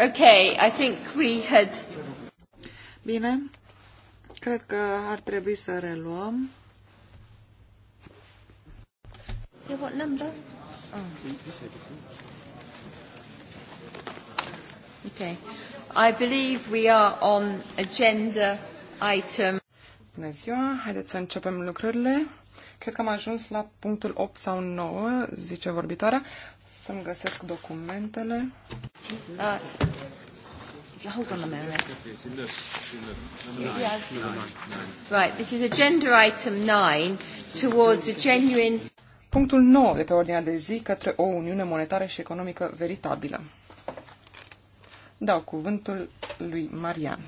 Okay, I think we had... Bine, cred că ar trebui să reluăm. Yeah, what number? Oh. Okay. I believe we are on agenda item. Bună ziua, haideți să începem lucrurile. Cred că am ajuns la punctul 8 sau 9, zice vorbitoarea. Să-mi găsesc documentele. Uh, Hold on a minute. Yeah. Right, this is agenda item 9 towards a genuine... Punctul 9 de pe ordinea de zi către o uniune monetară și economică veritabilă. Dau cuvântul lui Marian.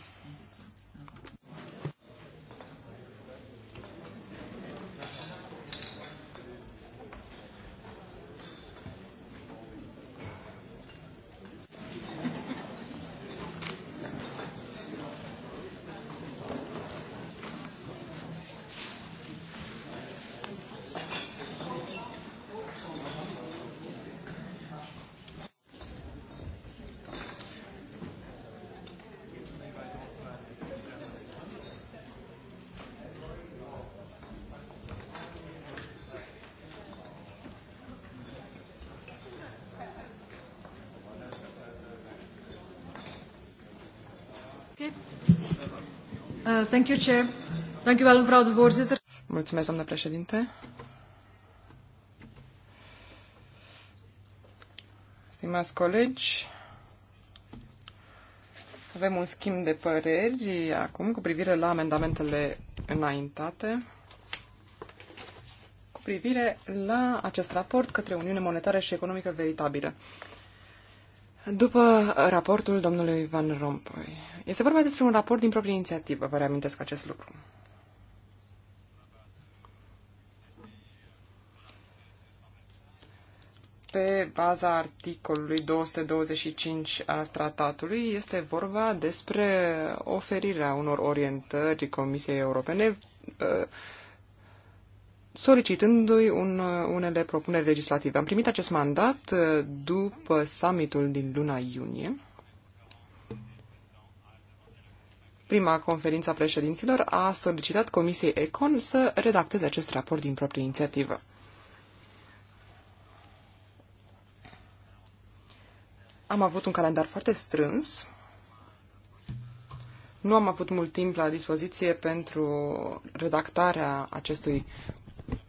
Uh, thank you, Chair. Thank you, de Mulțumesc, doamnă președinte. Stimați colegi, avem un schimb de păreri acum cu privire la amendamentele înaintate cu privire la acest raport către Uniune Monetară și Economică Veritabilă. După raportul domnului Van Rompuy, este vorba despre un raport din proprie inițiativă, vă reamintesc acest lucru. Pe baza articolului 225 al tratatului este vorba despre oferirea unor orientări Comisiei Europene uh, solicitându-i un, unele propuneri legislative. Am primit acest mandat uh, după summitul din luna iunie. Prima conferință a președinților a solicitat Comisiei Econ să redacteze acest raport din proprie inițiativă. Am avut un calendar foarte strâns. Nu am avut mult timp la dispoziție pentru redactarea acestui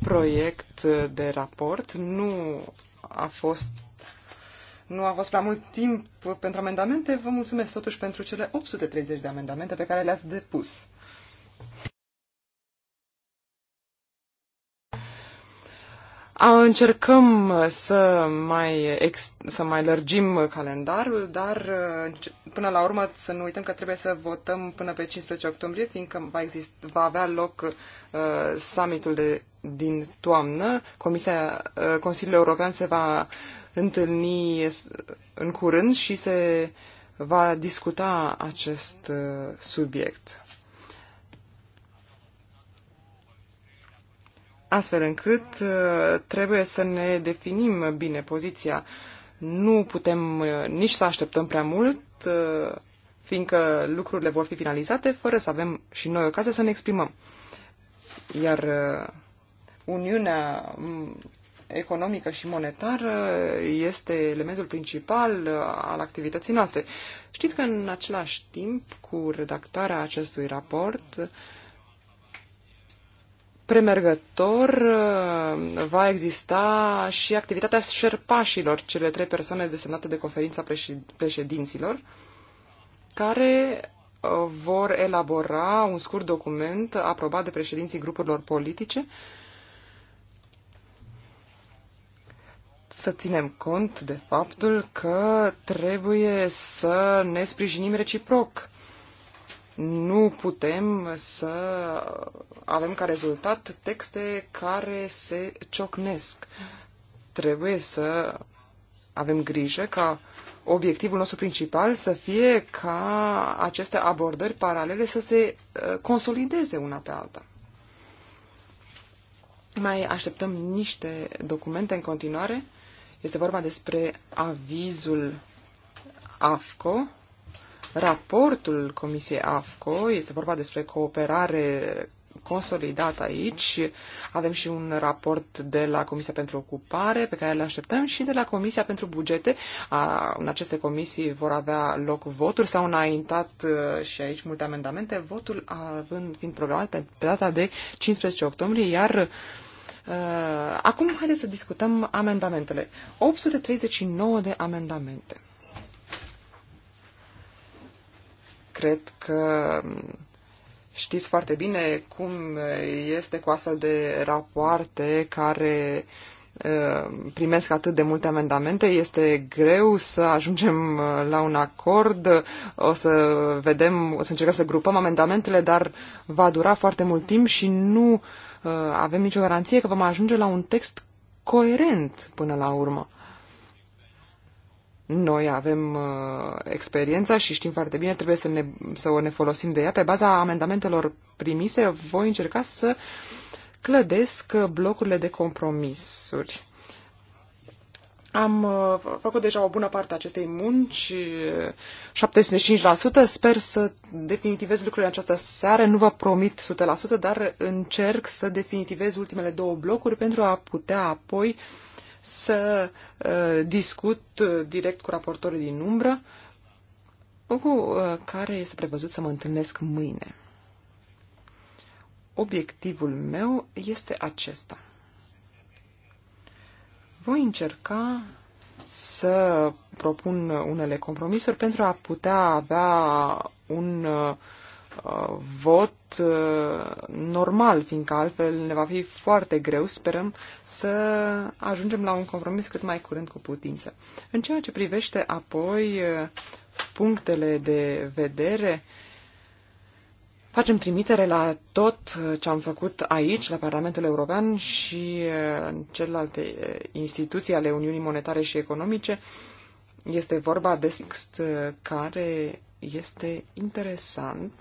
proiect de raport. Nu a fost nu a fost prea mult timp pentru amendamente. Vă mulțumesc totuși pentru cele 830 de amendamente pe care le-ați depus. Încercăm uh, să mai, ex, să mai lărgim calendarul, dar uh, până la urmă să nu uităm că trebuie să votăm până pe 15 octombrie, fiindcă va, exist, va avea loc uh, summitul de, din toamnă. Comisia, uh, Consiliul European se va întâlni uh, în curând și se va discuta acest uh, subiect. astfel încât uh, trebuie să ne definim bine poziția. Nu putem uh, nici să așteptăm prea mult, uh, fiindcă lucrurile vor fi finalizate fără să avem și noi ocazia să ne exprimăm. Iar Uniunea mm, economică și monetară este elementul principal al activității noastre. Știți că în același timp, cu redactarea acestui raport, premergător uh, va exista și activitatea șerpașilor, cele trei persoane desemnate de conferința președinților, care uh, vor elabora un scurt document aprobat de președinții grupurilor politice să ținem cont de faptul că trebuie să ne sprijinim reciproc nu putem să avem ca rezultat texte care se ciocnesc. Trebuie să avem grijă ca obiectivul nostru principal să fie ca aceste abordări paralele să se uh, consolideze una pe alta. Mai așteptăm niște documente în continuare. Este vorba despre avizul AFCO raportul Comisiei AFCO. Este vorba despre cooperare consolidat aici. Avem și un raport de la Comisia pentru Ocupare pe care le așteptăm și de la Comisia pentru Bugete. A, în aceste comisii vor avea loc voturi. S-au înaintat uh, și aici multe amendamente. Votul având, fiind programat pe data de 15 octombrie, iar uh, Acum haideți să discutăm amendamentele. 839 de amendamente. Cred că mm, știți foarte bine cum este cu astfel de rapoarte care mm, primesc atât de multe amendamente, este greu să ajungem mm, la un acord, o să vedem, o să încercăm să grupăm amendamentele, dar va dura foarte mult timp și nu avem nicio garanție că vom ajunge la un text coerent până la urmă. Noi avem uh, experiența și știm foarte bine, trebuie să ne, să ne folosim de ea. Pe baza amendamentelor primise, voi încerca să clădesc blocurile de compromisuri. Am uh, făcut deja o bună parte a acestei munci, 75%. Sper să definitivez lucrurile în această seară. Nu vă promit 100%, dar încerc să definitivez ultimele două blocuri pentru a putea apoi să uh, discut uh, direct cu raportorii din umbră, cu uh, care este prevăzut să mă întâlnesc mâine. Obiectivul meu este acesta. Voi încerca să propun unele compromisuri pentru a putea avea un uh, vot uh, normal, fiindcă altfel ne va fi foarte greu. Sperăm să ajungem la un compromis cât mai curând cu putință. În ceea ce privește apoi uh, punctele de vedere, Facem trimitere la tot uh, ce am făcut aici, la Parlamentul European și în celelalte instituții ale Uniunii Monetare și Economice. Este vorba de text care este interesant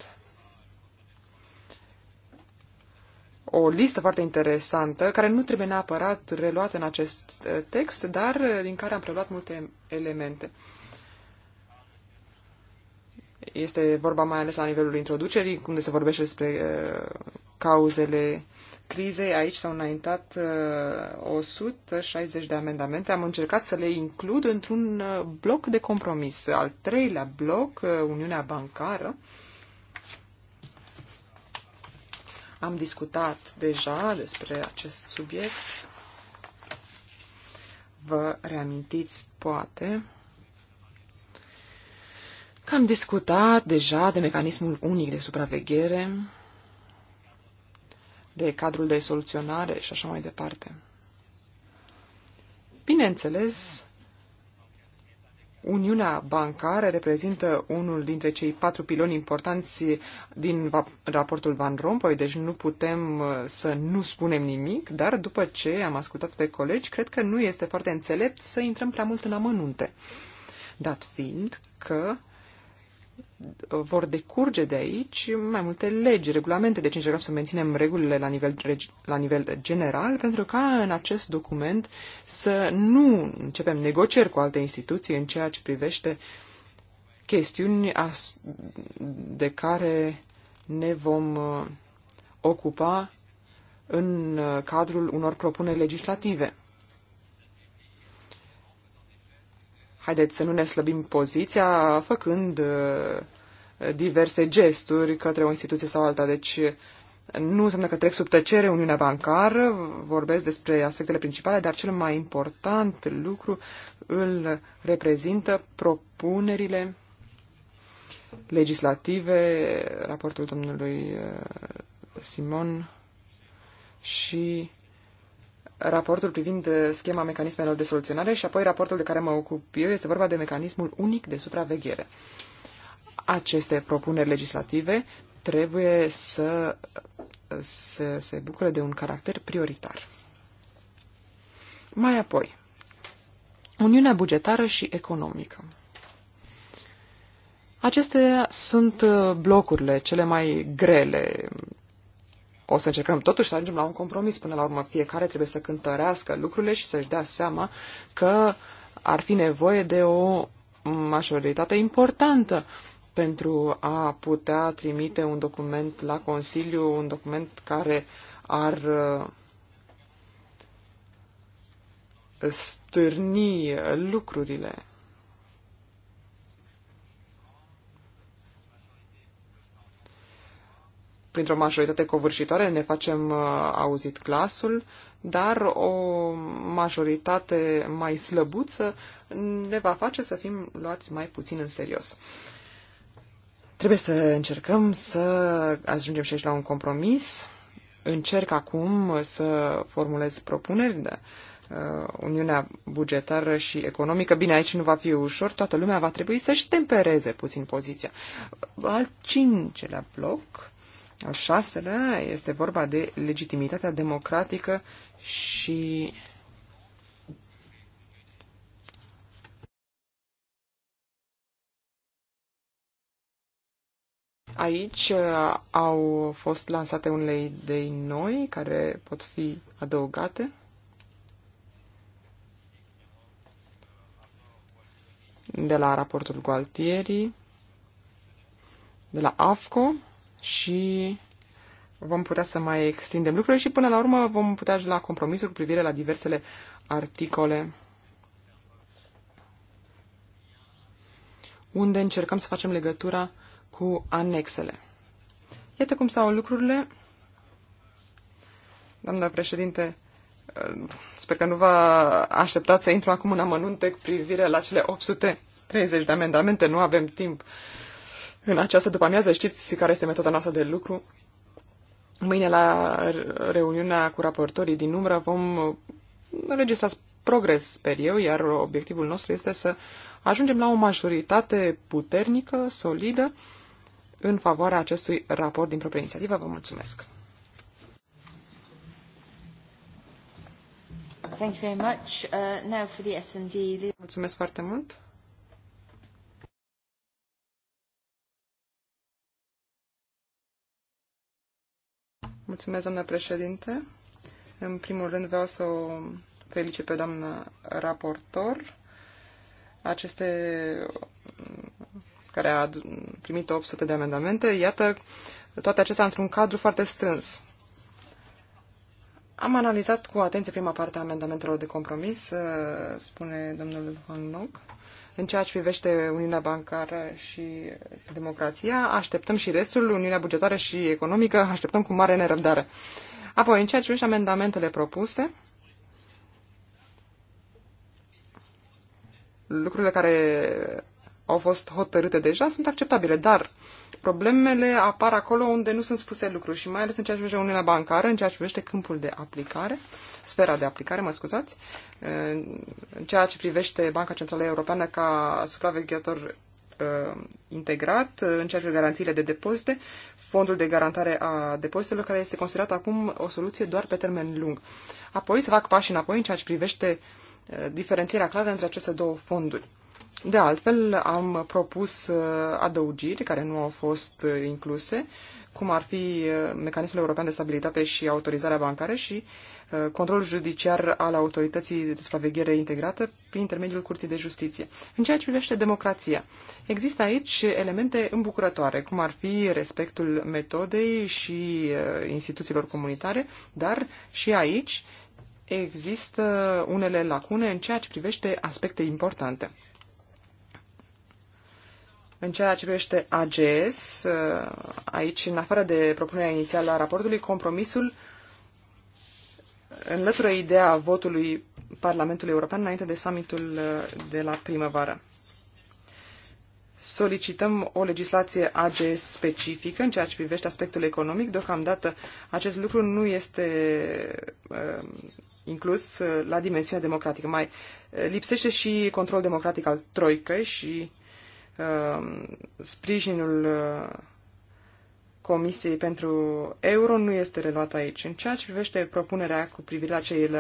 o listă foarte interesantă, care nu trebuie neapărat reluată în acest uh, text, dar uh, din care am preluat multe elemente. Este vorba mai ales la nivelul introducerii, unde se vorbește despre uh, cauzele crizei. Aici s-au înaintat uh, 160 de amendamente. Am încercat să le includ într-un uh, bloc de compromis, al treilea bloc, uh, Uniunea Bancară. Uh, Am discutat deja despre acest subiect. Vă reamintiți, poate, că am discutat deja de mecanismul unic de supraveghere, de cadrul de soluționare și așa mai departe. Bineînțeles, Uniunea bancară reprezintă unul dintre cei patru piloni importanți din raportul Van Rompuy, deci nu putem uh, să nu spunem nimic, dar după ce am ascultat pe colegi, cred că nu este foarte înțelept să intrăm prea mult în amănunte. Dat fiind că vor decurge de aici mai multe legi, regulamente, deci încercăm să menținem regulile la nivel, la nivel general, pentru ca în acest document să nu începem negocieri cu alte instituții în ceea ce privește chestiuni de care ne vom uh, ocupa în uh, cadrul unor propuneri legislative. Haideți să nu ne slăbim poziția făcând uh, diverse gesturi către o instituție sau alta. Deci nu înseamnă că trec sub tăcere Uniunea Bancară, vorbesc despre aspectele principale, dar cel mai important lucru îl reprezintă propunerile legislative, raportul domnului uh, Simon și raportul privind uh, schema mecanismelor de soluționare și apoi raportul de care mă ocup eu este vorba de mecanismul unic de supraveghere. Aceste propuneri legislative trebuie să, să se bucure de un caracter prioritar. Mai apoi, Uniunea bugetară și economică. Acestea sunt uh, blocurile cele mai grele o să încercăm totuși să ajungem la un compromis până la urmă. Fiecare trebuie să cântărească lucrurile și să-și dea seama că ar fi nevoie de o majoritate importantă pentru a putea trimite un document la Consiliu, un document care ar uh, stârni lucrurile. printr-o majoritate covârșitoare ne facem uh, auzit glasul, dar o majoritate mai slăbuță ne va face să fim luați mai puțin în serios. Trebuie să încercăm să ajungem și aici la un compromis. Încerc acum să formulez propuneri de uh, Uniunea Bugetară și Economică. Bine, aici nu va fi ușor, toată lumea va trebui să-și tempereze puțin poziția. Al cincelea bloc al șaselea este vorba de legitimitatea democratică și Aici uh, au fost lansate unele idei noi care pot fi adăugate. De la raportul Gualtieri, de la AFCO, și vom putea să mai extindem lucrurile și până la urmă vom putea ajunge la compromisuri cu privire la diversele articole unde încercăm să facem legătura cu anexele. Iată cum stau lucrurile. Doamna președinte, sper că nu va așteptați să intru acum în amănunte cu privire la cele 830 de amendamente, nu avem timp în această după-amiază. Știți care este metoda noastră de lucru. Mâine la reuniunea cu raportorii din umbră vom uh, înregistra progres, sper eu, iar obiectivul nostru este să ajungem la o majoritate puternică, solidă, în favoarea acestui raport din proprie inițiativă. Vă mulțumesc! Thank you very much. Uh, now for the S&D. Mulțumesc foarte mult! Mulțumesc, doamnă președinte. În primul rând vreau să o felicit pe doamnă raportor. Aceste care a primit 800 de amendamente, iată, toate acestea într-un cadru foarte strâns. Am analizat cu atenție prima parte a amendamentelor de compromis, uh, spune domnul Van Nock în ceea ce privește Uniunea Bancară și democrația. Așteptăm și restul, Uniunea Bugetară și Economică, așteptăm cu mare nerăbdare. Apoi, în ceea ce privește amendamentele propuse, lucrurile care au fost hotărâte deja sunt acceptabile, dar problemele apar acolo unde nu sunt spuse lucruri și mai ales în ceea ce privește Uniunea Bancară, în ceea ce privește câmpul de aplicare, sfera de aplicare, mă scuzați, în ceea ce privește Banca Centrală Europeană ca supraveghetor ă, integrat, în ceea ce privește garanțiile de depozite, fondul de garantare a depozitelor, care este considerat acum o soluție doar pe termen lung. Apoi să fac pași înapoi în ceea ce privește ă, diferențierea clară între aceste două fonduri. De altfel, am propus uh, adăugiri care nu au fost uh, incluse, cum ar fi uh, mecanismul european de stabilitate și autorizarea bancară și controlul judiciar al autorității de supraveghere integrată prin intermediul Curții de Justiție. În ceea ce privește democrația, există aici elemente îmbucurătoare, cum ar fi respectul metodei și instituțiilor comunitare, dar și aici există unele lacune în ceea ce privește aspecte importante. În ceea ce privește AGS, uh, aici, în afară de propunerea inițială a raportului, compromisul înlătură ideea votului Parlamentului European înainte de summitul uh, de la primăvară. Solicităm o legislație AGS specifică în ceea ce privește aspectul economic. Deocamdată acest lucru nu este uh, inclus uh, la dimensiunea democratică. Mai lipsește și control democratic al Troicăi și Um, sprijinul uh, Comisiei pentru Euro nu este reluat aici. În ceea ce privește propunerea cu privire la cei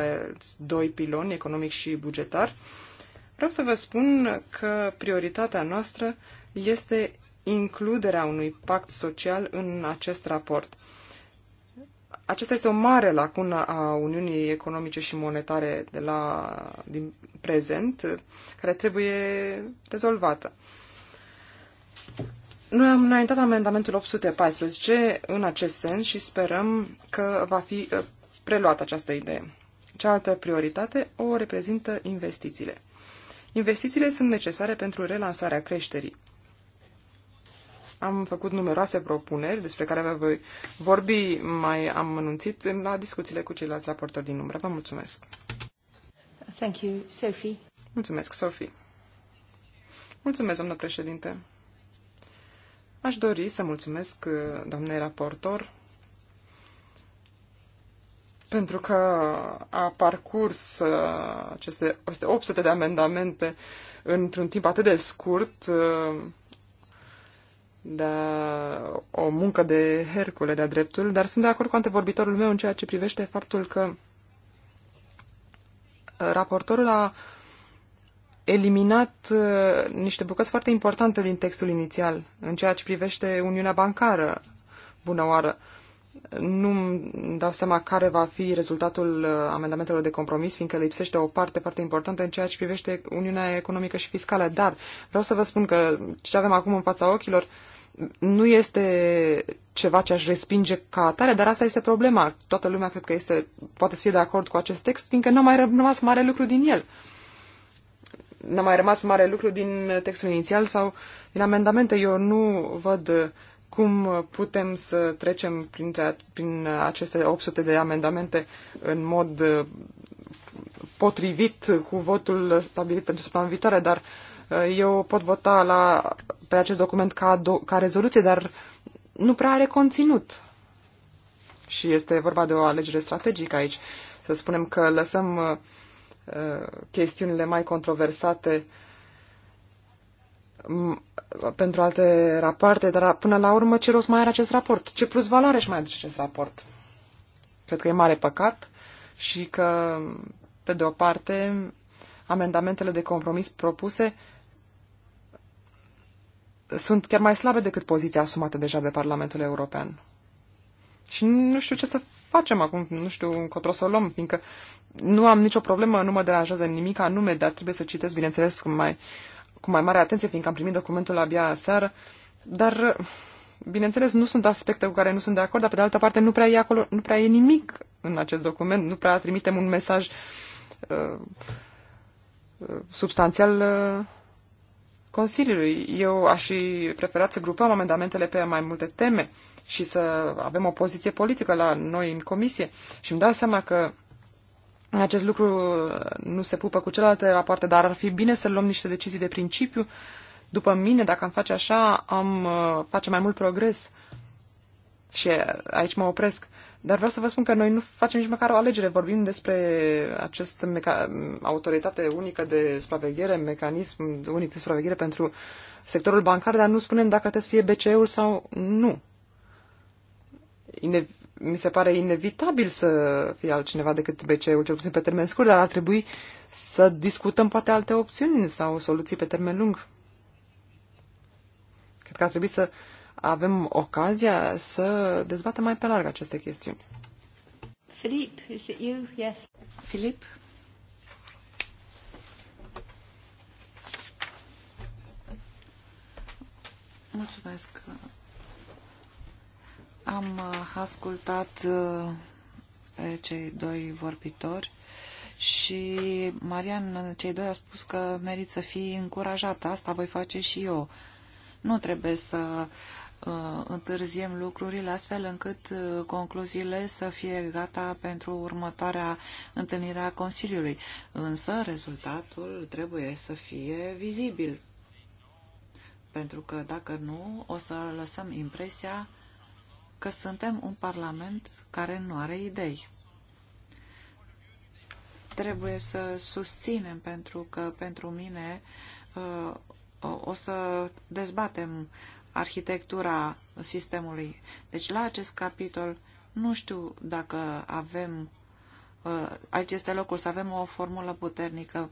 doi piloni, economic și bugetar, vreau să vă spun că prioritatea noastră este includerea unui pact social în acest raport. Acesta este o mare lacună a Uniunii Economice și Monetare de la, din prezent, care trebuie rezolvată. Noi am înaintat amendamentul 814 în acest sens și sperăm că va fi uh, preluată această idee. Cealaltă prioritate o reprezintă investițiile. Investițiile sunt necesare pentru relansarea creșterii. Am făcut numeroase propuneri despre care vă voi vorbi mai am anunțit la discuțiile cu ceilalți raportori din umbră. Vă mulțumesc. Thank you, Sophie. Mulțumesc, Sophie. Mulțumesc, doamnă președinte. Aș dori să mulțumesc uh, doamnei raportor pentru că a parcurs uh, aceste 800 de amendamente într-un timp atât de scurt, uh, de o muncă de Hercule de-a dreptul, dar sunt de acord cu antevorbitorul meu în ceea ce privește faptul că raportorul a eliminat uh, niște bucăți foarte importante din textul inițial, în ceea ce privește Uniunea Bancară, bună oară. Nu îmi dau seama care va fi rezultatul uh, amendamentelor de compromis, fiindcă lipsește o parte foarte importantă în ceea ce privește Uniunea Economică și Fiscală. Dar vreau să vă spun că ce avem acum în fața ochilor nu este ceva ce aș respinge ca atare, dar asta este problema. Toată lumea cred că este, poate să fie de acord cu acest text, fiindcă nu a mai rămas mare lucru din el n-a mai rămas mare lucru din textul inițial sau din amendamente. Eu nu văd cum putem să trecem printre, prin aceste 800 de amendamente în mod uh, potrivit cu votul stabilit pentru săptămâna viitoare, dar uh, eu pot vota la, pe acest document ca, do, ca rezoluție, dar nu prea are conținut. Și este vorba de o alegere strategică aici. Să spunem că lăsăm uh, chestiunile mai controversate pentru alte rapoarte, dar până la urmă ce rost mai are acest raport? Ce plus valoare și mai aduce acest raport? Cred că e mare păcat și că, pe de o parte, amendamentele de compromis propuse sunt chiar mai slabe decât poziția asumată deja de Parlamentul European. Și nu știu ce să facem acum, nu știu încotro să o luăm, fiindcă nu am nicio problemă, nu mă deranjează nimic anume, dar trebuie să citesc, bineînțeles, cu mai, cu mai mare atenție, fiindcă am primit documentul abia seară, dar, bineînțeles, nu sunt aspecte cu care nu sunt de acord, dar, pe de altă parte, nu prea e, acolo, nu prea e nimic în acest document, nu prea trimitem un mesaj uh, uh substanțial uh, Consiliului. Eu aș fi preferat să grupăm amendamentele pe mai multe teme și să avem o poziție politică la noi în comisie. Și îmi dau seama că acest lucru nu se pupă cu celelalte rapoarte, dar ar fi bine să luăm niște decizii de principiu. După mine, dacă am face așa, am uh, face mai mult progres. Și aici mă opresc. Dar vreau să vă spun că noi nu facem nici măcar o alegere. Vorbim despre acest meca- autoritate unică de supraveghere, mecanism unic de supraveghere pentru sectorul bancar, dar nu spunem dacă trebuie să fie BCE-ul sau nu mi se pare inevitabil să fie altcineva decât BCE-ul, cel puțin pe termen scurt, dar ar trebui să discutăm poate alte opțiuni sau soluții pe termen lung. Cred că ar trebui să avem ocazia să dezbatem mai pe larg aceste chestiuni. Filip, is it you? Yes. Filip? Mulțumesc, am uh, ascultat uh, pe cei doi vorbitori și Marian, cei doi au spus că merit să fii încurajată. Asta voi face și eu. Nu trebuie să uh, întârziem lucrurile astfel încât uh, concluziile să fie gata pentru următoarea întâlnire a Consiliului. Însă rezultatul trebuie să fie vizibil. Pentru că dacă nu, o să lăsăm impresia că suntem un parlament care nu are idei. Trebuie să susținem, pentru că pentru mine uh, o să dezbatem arhitectura sistemului. Deci la acest capitol nu știu dacă avem uh, aceste locuri, să avem o formulă puternică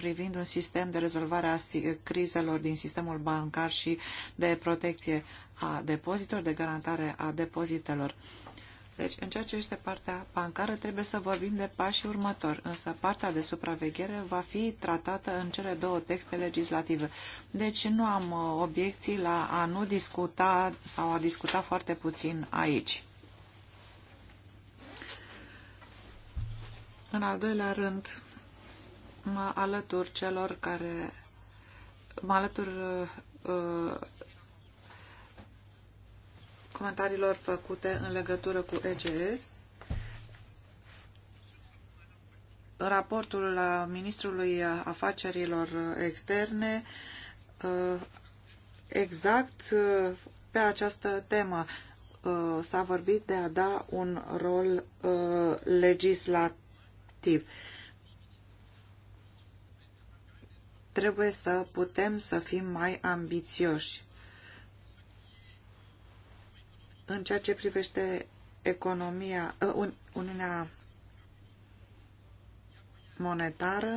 privind un sistem de rezolvare a crizelor din sistemul bancar și de protecție a depozitelor, de garantare a depozitelor. Deci, în ceea ce este partea bancară, trebuie să vorbim de pașii următori, însă partea de supraveghere va fi tratată în cele două texte legislative. Deci nu am uh, obiecții la a nu discuta sau a discuta foarte puțin aici. În al doilea rând, mă alătur celor care mă alătur uh, comentariilor făcute în legătură cu EGS. În raportul Ministrului Afacerilor Externe uh, exact uh, pe această temă uh, s-a vorbit de a da un rol legislativ. trebuie să putem să fim mai ambițioși în ceea ce privește economia, ă, Uniunea Monetară.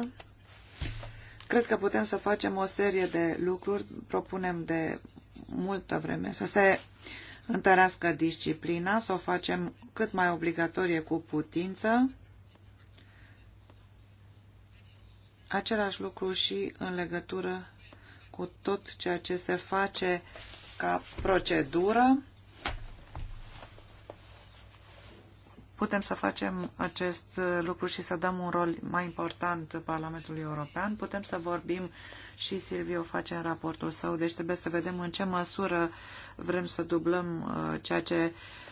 Cred că putem să facem o serie de lucruri. Propunem de multă vreme să se întărească disciplina, să o facem cât mai obligatorie cu putință Același lucru și în legătură cu tot ceea ce se face ca procedură. Putem să facem acest lucru și să dăm un rol mai important Parlamentului European. Putem să vorbim și Silviu face în raportul său, deci trebuie să vedem în ce măsură vrem să dublăm uh, ceea ce uh,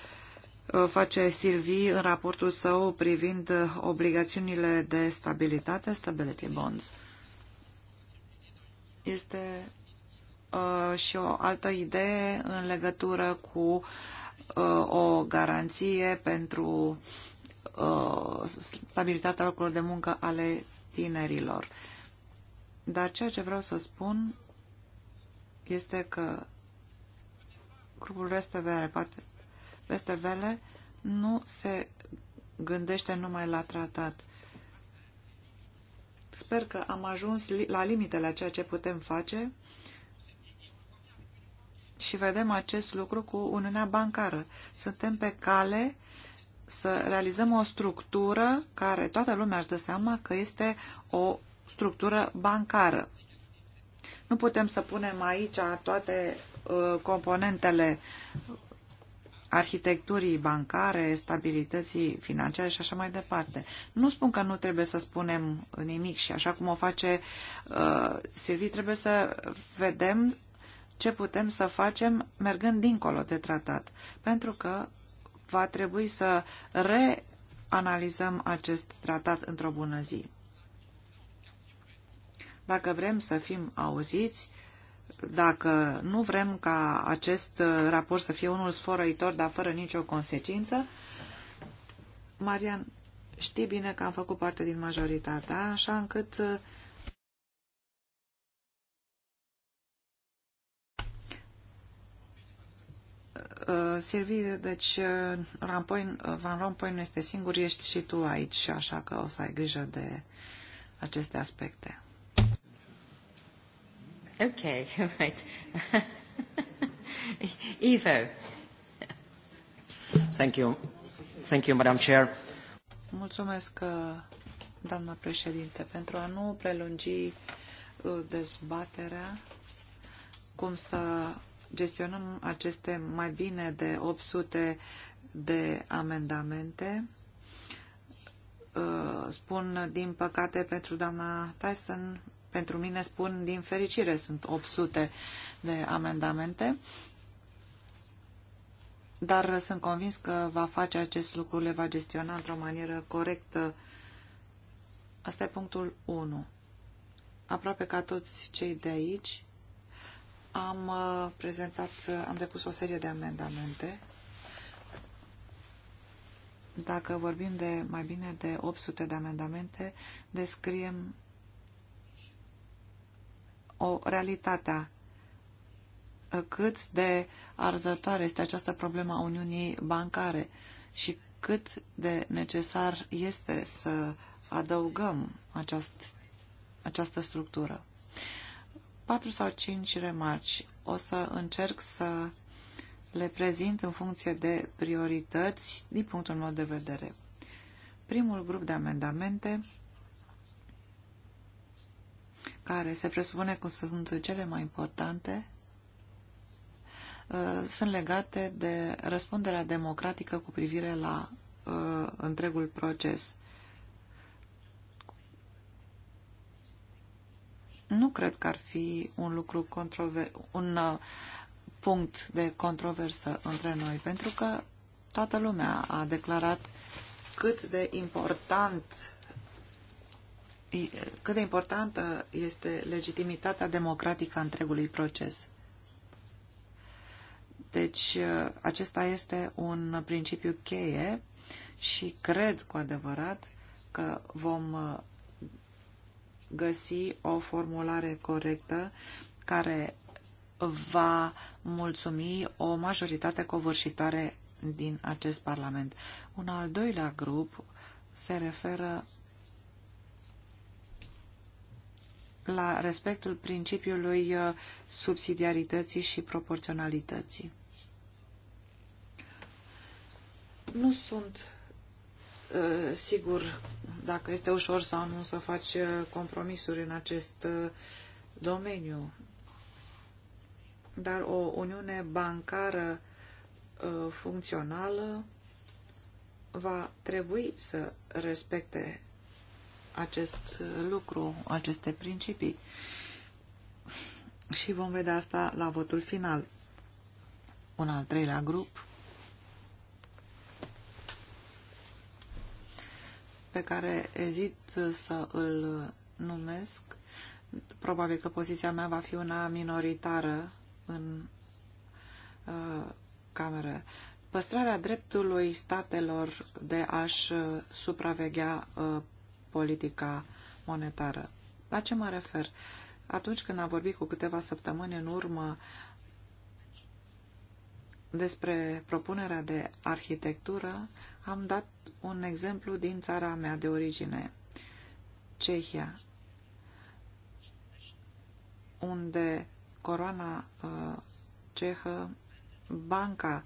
Uh, face Silvi în raportul său privind uh, obligațiunile de stabilitate, Stability Bonds. Este uh, și o altă idee în legătură cu uh, o garanție pentru uh, stabilitatea locurilor de muncă ale tinerilor. Dar ceea ce vreau să spun este că grupul RSTV are poate peste vele nu se gândește numai la tratat. Sper că am ajuns la limitele a ceea ce putem face și vedem acest lucru cu Uniunea Bancară. Suntem pe cale să realizăm o structură care toată lumea își dă seama că este o structură bancară. Nu putem să punem aici toate uh, componentele arhitecturii bancare, stabilității financiare și așa mai departe. Nu spun că nu trebuie să spunem nimic și așa cum o face uh, Silvi, trebuie să vedem ce putem să facem mergând dincolo de tratat. Pentru că va trebui să reanalizăm acest tratat într-o bună zi. Dacă vrem să fim auziți, dacă nu vrem ca acest uh, raport să fie unul sfărăitor, dar fără nicio consecință, Marian, știi bine că am făcut parte din majoritatea, așa încât Uh, uh Silvii, deci uh, Rampoin, uh, Van Rompuy nu este singur, ești și tu aici, așa că o să ai grijă de aceste aspecte. Okay, all right. Ivo. Thank you. Thank you, Madam Chair. Mulțumesc, uh, doamnă președinte, pentru a nu prelungi uh, dezbaterea cum să gestionăm aceste mai bine de 800 de amendamente. Uh, spun, din păcate, pentru doamna Tyson, pentru mine spun din fericire, sunt 800 de amendamente, dar sunt convins că va face acest lucru, le va gestiona într-o manieră corectă. Asta e punctul 1. Aproape ca toți cei de aici, am uh, prezentat, uh, am depus o serie de amendamente. Dacă vorbim de mai bine de 800 de amendamente, descriem o realitatea Cât de arzătoare este această problemă a Uniunii Bancare și cât de necesar este să adăugăm aceast, această structură. Patru sau cinci remarci. O să încerc să le prezint în funcție de priorități din punctul meu de vedere. Primul grup de amendamente care se presupune că sunt cele mai importante, uh, sunt legate de răspunderea democratică cu privire la uh, întregul proces. Nu cred că ar fi un lucru controver un uh, punct de controversă între noi, pentru că toată lumea a declarat cât de important cât de importantă este legitimitatea democratică a întregului proces. Deci, acesta este un principiu cheie și cred cu adevărat că vom găsi o formulare corectă care va mulțumi o majoritate covârșitoare din acest Parlament. Un al doilea grup se referă la respectul principiului uh, subsidiarității și proporționalității. Nu sunt uh, sigur dacă este ușor sau nu să faci uh, compromisuri în acest domeniu, dar o uniune bancară funcțională va trebui să respecte acest uh, lucru, aceste principii. Și vom vedea asta la votul final. Un al treilea grup pe care ezit să îl numesc. Probabil că poziția mea va fi una minoritară în uh, cameră. Păstrarea dreptului statelor de a-și supraveghea uh, politica monetară. La ce mă refer? Atunci când am vorbit cu câteva săptămâni în urmă despre propunerea de arhitectură, am dat un exemplu din țara mea de origine, Cehia, unde coroana uh, cehă, banca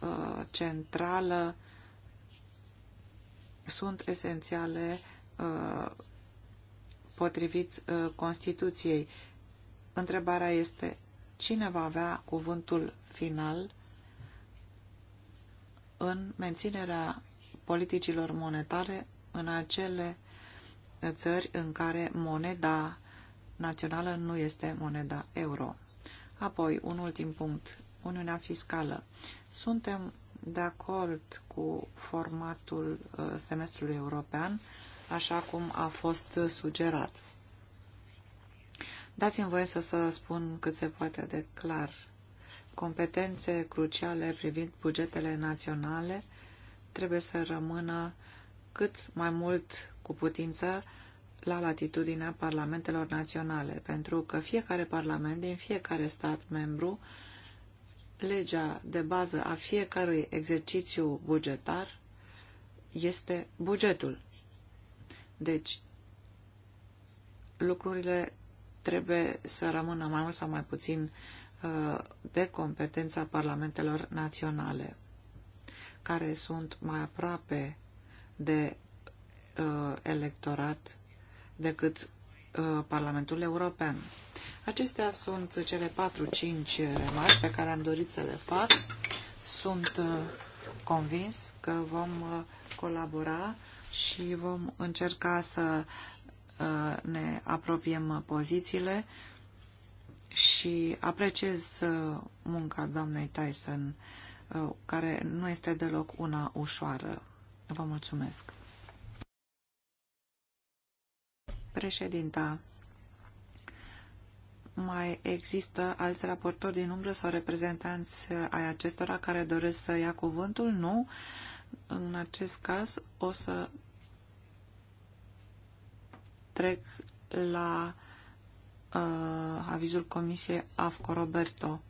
uh, centrală sunt esențiale Uh, potrivit uh, Constituției. Întrebarea este cine va avea cuvântul final în menținerea politicilor monetare în acele țări în care moneda națională nu este moneda euro. Apoi, un ultim punct, Uniunea Fiscală. Suntem de acord cu formatul uh, semestrului european, așa cum a fost sugerat. Dați-mi voie să, să spun cât se poate de clar. Competențe cruciale privind bugetele naționale trebuie să rămână cât mai mult cu putință la latitudinea parlamentelor naționale, pentru că fiecare parlament din fiecare stat membru, legea de bază a fiecărui exercițiu bugetar este bugetul. Deci, lucrurile trebuie să rămână mai mult sau mai puțin uh, de competența parlamentelor naționale, care sunt mai aproape de uh, electorat decât uh, Parlamentul European. Acestea sunt cele 4-5 remarci pe care am dorit să le fac. Sunt convins că vom colabora și vom încerca să uh, ne apropiem pozițiile și apreciez uh, munca doamnei Tyson, uh, care nu este deloc una ușoară. Vă mulțumesc. Președinta, mai există alți raportori din umbră sau reprezentanți ai acestora care doresc să ia cuvântul? Nu. În acest caz o să trec la uh, avizul Comisiei AFCO Roberto.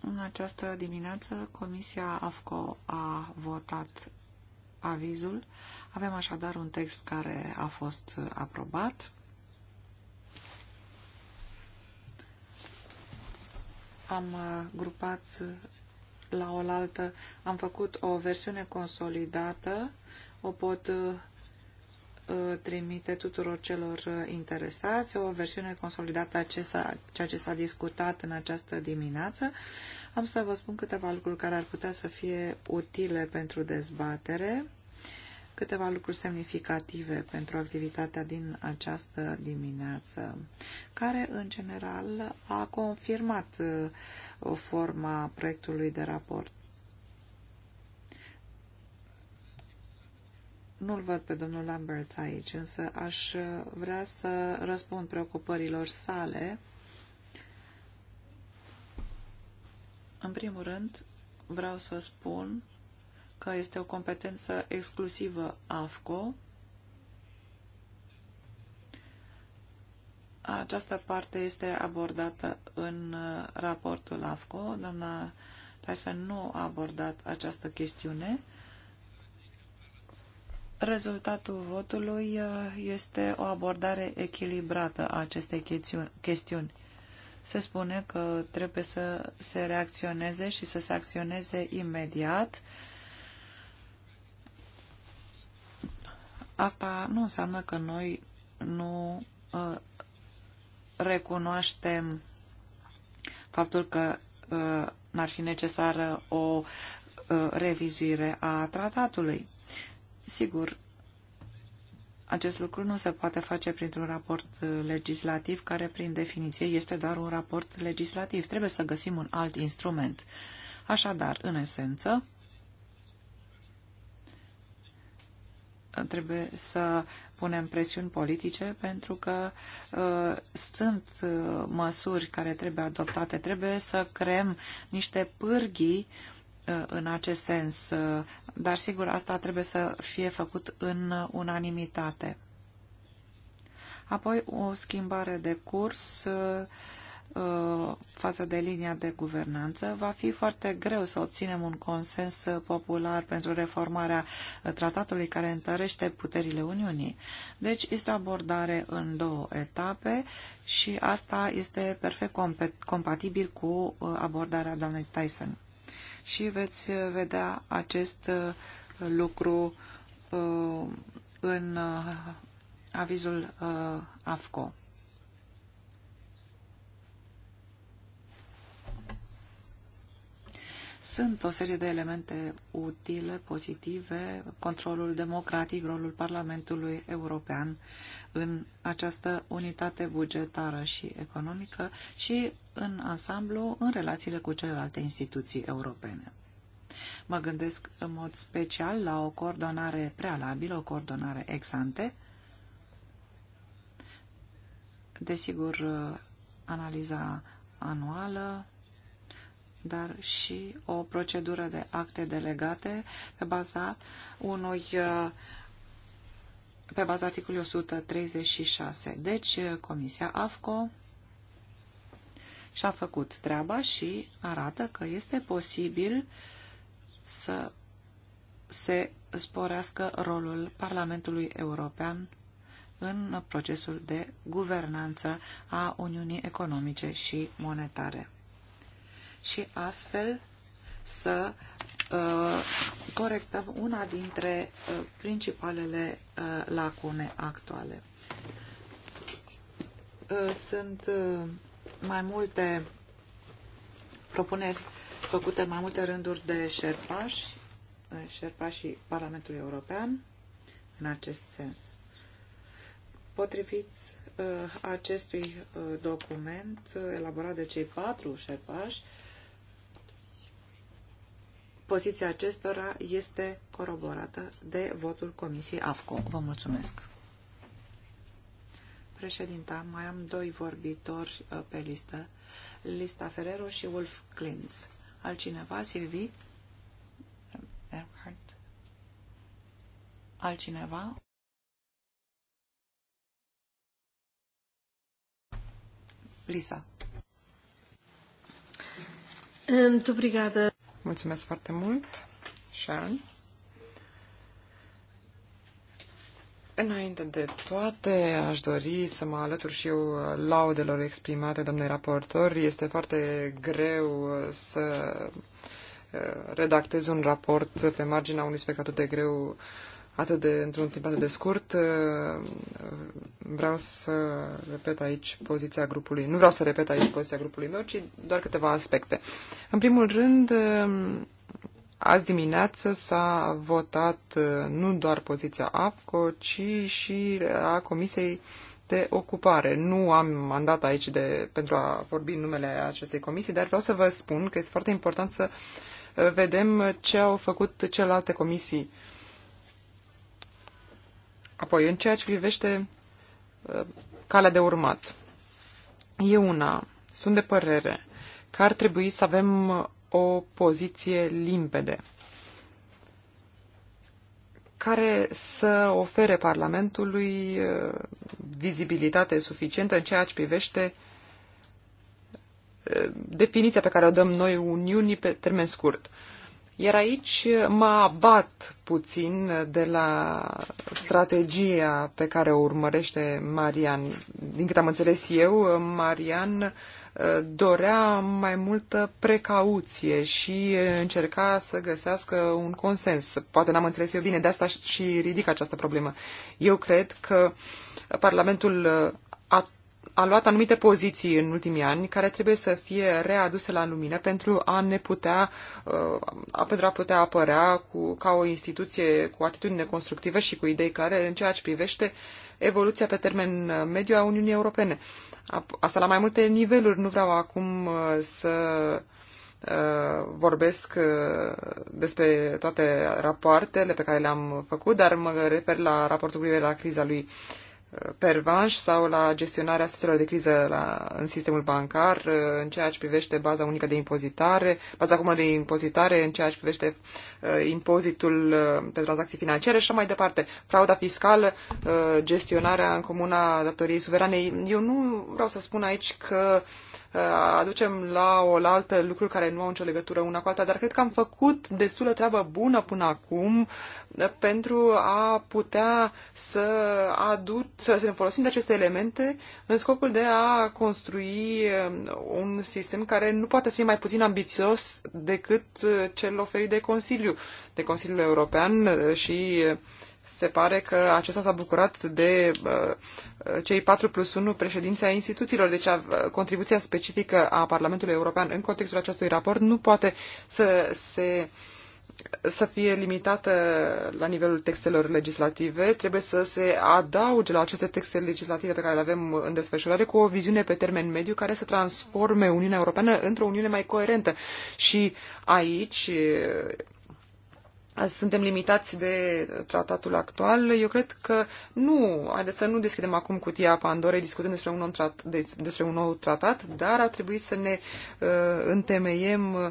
În această dimineață, Comisia AFCO a votat avizul. Avem așadar un text care a fost aprobat. am grupat la oaltă, am făcut o versiune consolidată, o pot uh, trimite tuturor celor uh, interesați o versiune consolidată a ceea ce s-a discutat în această dimineață. Am să vă spun câteva lucruri care ar putea să fie utile pentru dezbatere câteva lucruri semnificative pentru activitatea din această dimineață, care în general a confirmat uh, forma proiectului de raport. Nu-l văd pe domnul Lambert aici, însă aș uh, vrea să răspund preocupărilor sale. În primul rând, vreau să spun că este o competență exclusivă AFCO. Această parte este abordată în raportul AFCO. Doamna Tyson nu a abordat această chestiune. Rezultatul votului uh, este o abordare echilibrată a acestei chestiuni. Se spune că trebuie să se reacționeze și să se acționeze imediat Asta nu înseamnă că noi nu uh, recunoaștem faptul că uh, n-ar fi necesară o uh, revizuire a tratatului. Sigur, acest lucru nu se poate face printr-un raport uh, legislativ, care prin definiție este doar un raport legislativ. Trebuie să găsim un alt instrument. Așadar, în esență, trebuie să punem presiuni politice pentru că uh, sunt uh, măsuri care trebuie adoptate. Trebuie să creăm niște pârghii uh, în acest sens, uh, dar sigur asta trebuie să fie făcut în unanimitate. Apoi o schimbare de curs uh, Uh, față de linia de guvernanță, va fi foarte greu să obținem un consens popular pentru reformarea tratatului care întărește puterile Uniunii. Deci este o abordare în două etape și asta este perfect compatibil cu uh, abordarea doamnei Tyson. Și veți vedea acest uh, lucru în avizul AFCO. Sunt o serie de elemente utile, pozitive, controlul democratic, rolul Parlamentului European în această unitate bugetară și economică și în ansamblu în relațiile cu celelalte instituții europene. Mă gândesc în mod special la o coordonare prealabilă, o coordonare ex ante. Desigur, analiza anuală, dar și o procedură de acte delegate pe baza unui uh, pe baza articolului 136. Deci, uh, Comisia AFCO și-a făcut treaba și arată că este posibil să se sporească rolul Parlamentului European în procesul de guvernanță a Uniunii Economice și Monetare și astfel să uh, corectăm una dintre uh, principalele uh, lacune actuale. Sunt mai multe propuneri făcute mai multe rânduri de șerpași, șerpașii Parlamentului European în acest sens. Potrivit acestui document elaborat de cei patru șerpași, Poziția acestora este coroborată de votul Comisiei AFCO. Vă mulțumesc. Președinta, mai am doi vorbitori uh, pe listă. Lista Ferrero și Wolf Klintz. Altcineva, Silvi? Erhard. Altcineva? Lisa. Muito obrigada. Mulțumesc foarte mult, Sharon. Înainte de toate, aș dori să mă alătur și eu laudelor exprimate, domnule raportor. Este foarte greu să eh, redactez un raport pe marginea unui subiect atât de greu uh, atât de, într-un timp atât de scurt, uh, vreau să repet aici poziția grupului, nu vreau să repet aici poziția grupului meu, ci doar câteva aspecte. În primul rând, um, azi dimineață s-a votat uh, nu doar poziția AFCO, ci și a Comisiei de ocupare. Nu am mandat aici de, pentru a vorbi în numele acestei comisii, dar vreau să vă spun că este foarte important să uh, vedem ce au făcut celelalte comisii Apoi, în ceea ce privește uh, calea de urmat, e una, sunt de părere că ar trebui să avem uh, o poziție limpede care să ofere Parlamentului uh, vizibilitate suficientă în ceea ce privește definiția pe care o dăm noi Uniunii pe termen scurt. Iar aici mă abat puțin de la strategia pe care o urmărește Marian. Din câte am înțeles eu, Marian uh, dorea mai multă precauție și încerca să găsească un consens. Poate n-am înțeles eu bine, de asta și ridic această problemă. Eu cred că Parlamentul a a luat anumite poziții în ultimii ani care trebuie să fie readuse la lumină pentru a ne putea, a, uh, pentru a putea apărea cu, ca o instituție cu atitudine constructivă și cu idei clare în ceea ce privește evoluția pe termen uh, mediu a Uniunii Europene. Asta la mai multe niveluri. Nu vreau acum uh, să vorbesc despre toate rapoartele pe care le-am făcut, dar mă refer la raportul privire la criza lui uh, pervanș sau la gestionarea situațiilor de criză la, în sistemul bancar, uh, în ceea ce privește baza unică de impozitare, baza comună de impozitare, în ceea ce privește uh, impozitul uh, pe tranzacții financiare și așa mai departe, frauda fiscală, uh, gestionarea în comuna datoriei suverane. Eu nu vreau să spun aici că uh, Uh, aducem la o la altă lucruri care nu au nicio legătură una cu alta, dar cred că am făcut destulă treabă bună până acum uh, pentru a putea să aduc, să ne folosim de aceste elemente în scopul de a construi uh, un sistem care nu poate să fie mai puțin ambițios decât cel oferit de Consiliu, de Consiliul European și se pare că acesta s-a bucurat de uh, cei 4 plus 1 președinții a instituțiilor. Deci a, contribuția specifică a Parlamentului European în contextul acestui raport nu poate să se să fie limitată la nivelul textelor legislative, trebuie să se adauge la aceste texte legislative pe care le avem în desfășurare cu o viziune pe termen mediu care să transforme Uniunea Europeană într-o Uniune mai coerentă. Și aici suntem limitați de tratatul actual, eu cred că nu, haideți să nu deschidem acum cutia Pandorei discutând despre un, nou trat, despre un nou tratat, dar ar trebui să ne uh, întemeiem uh,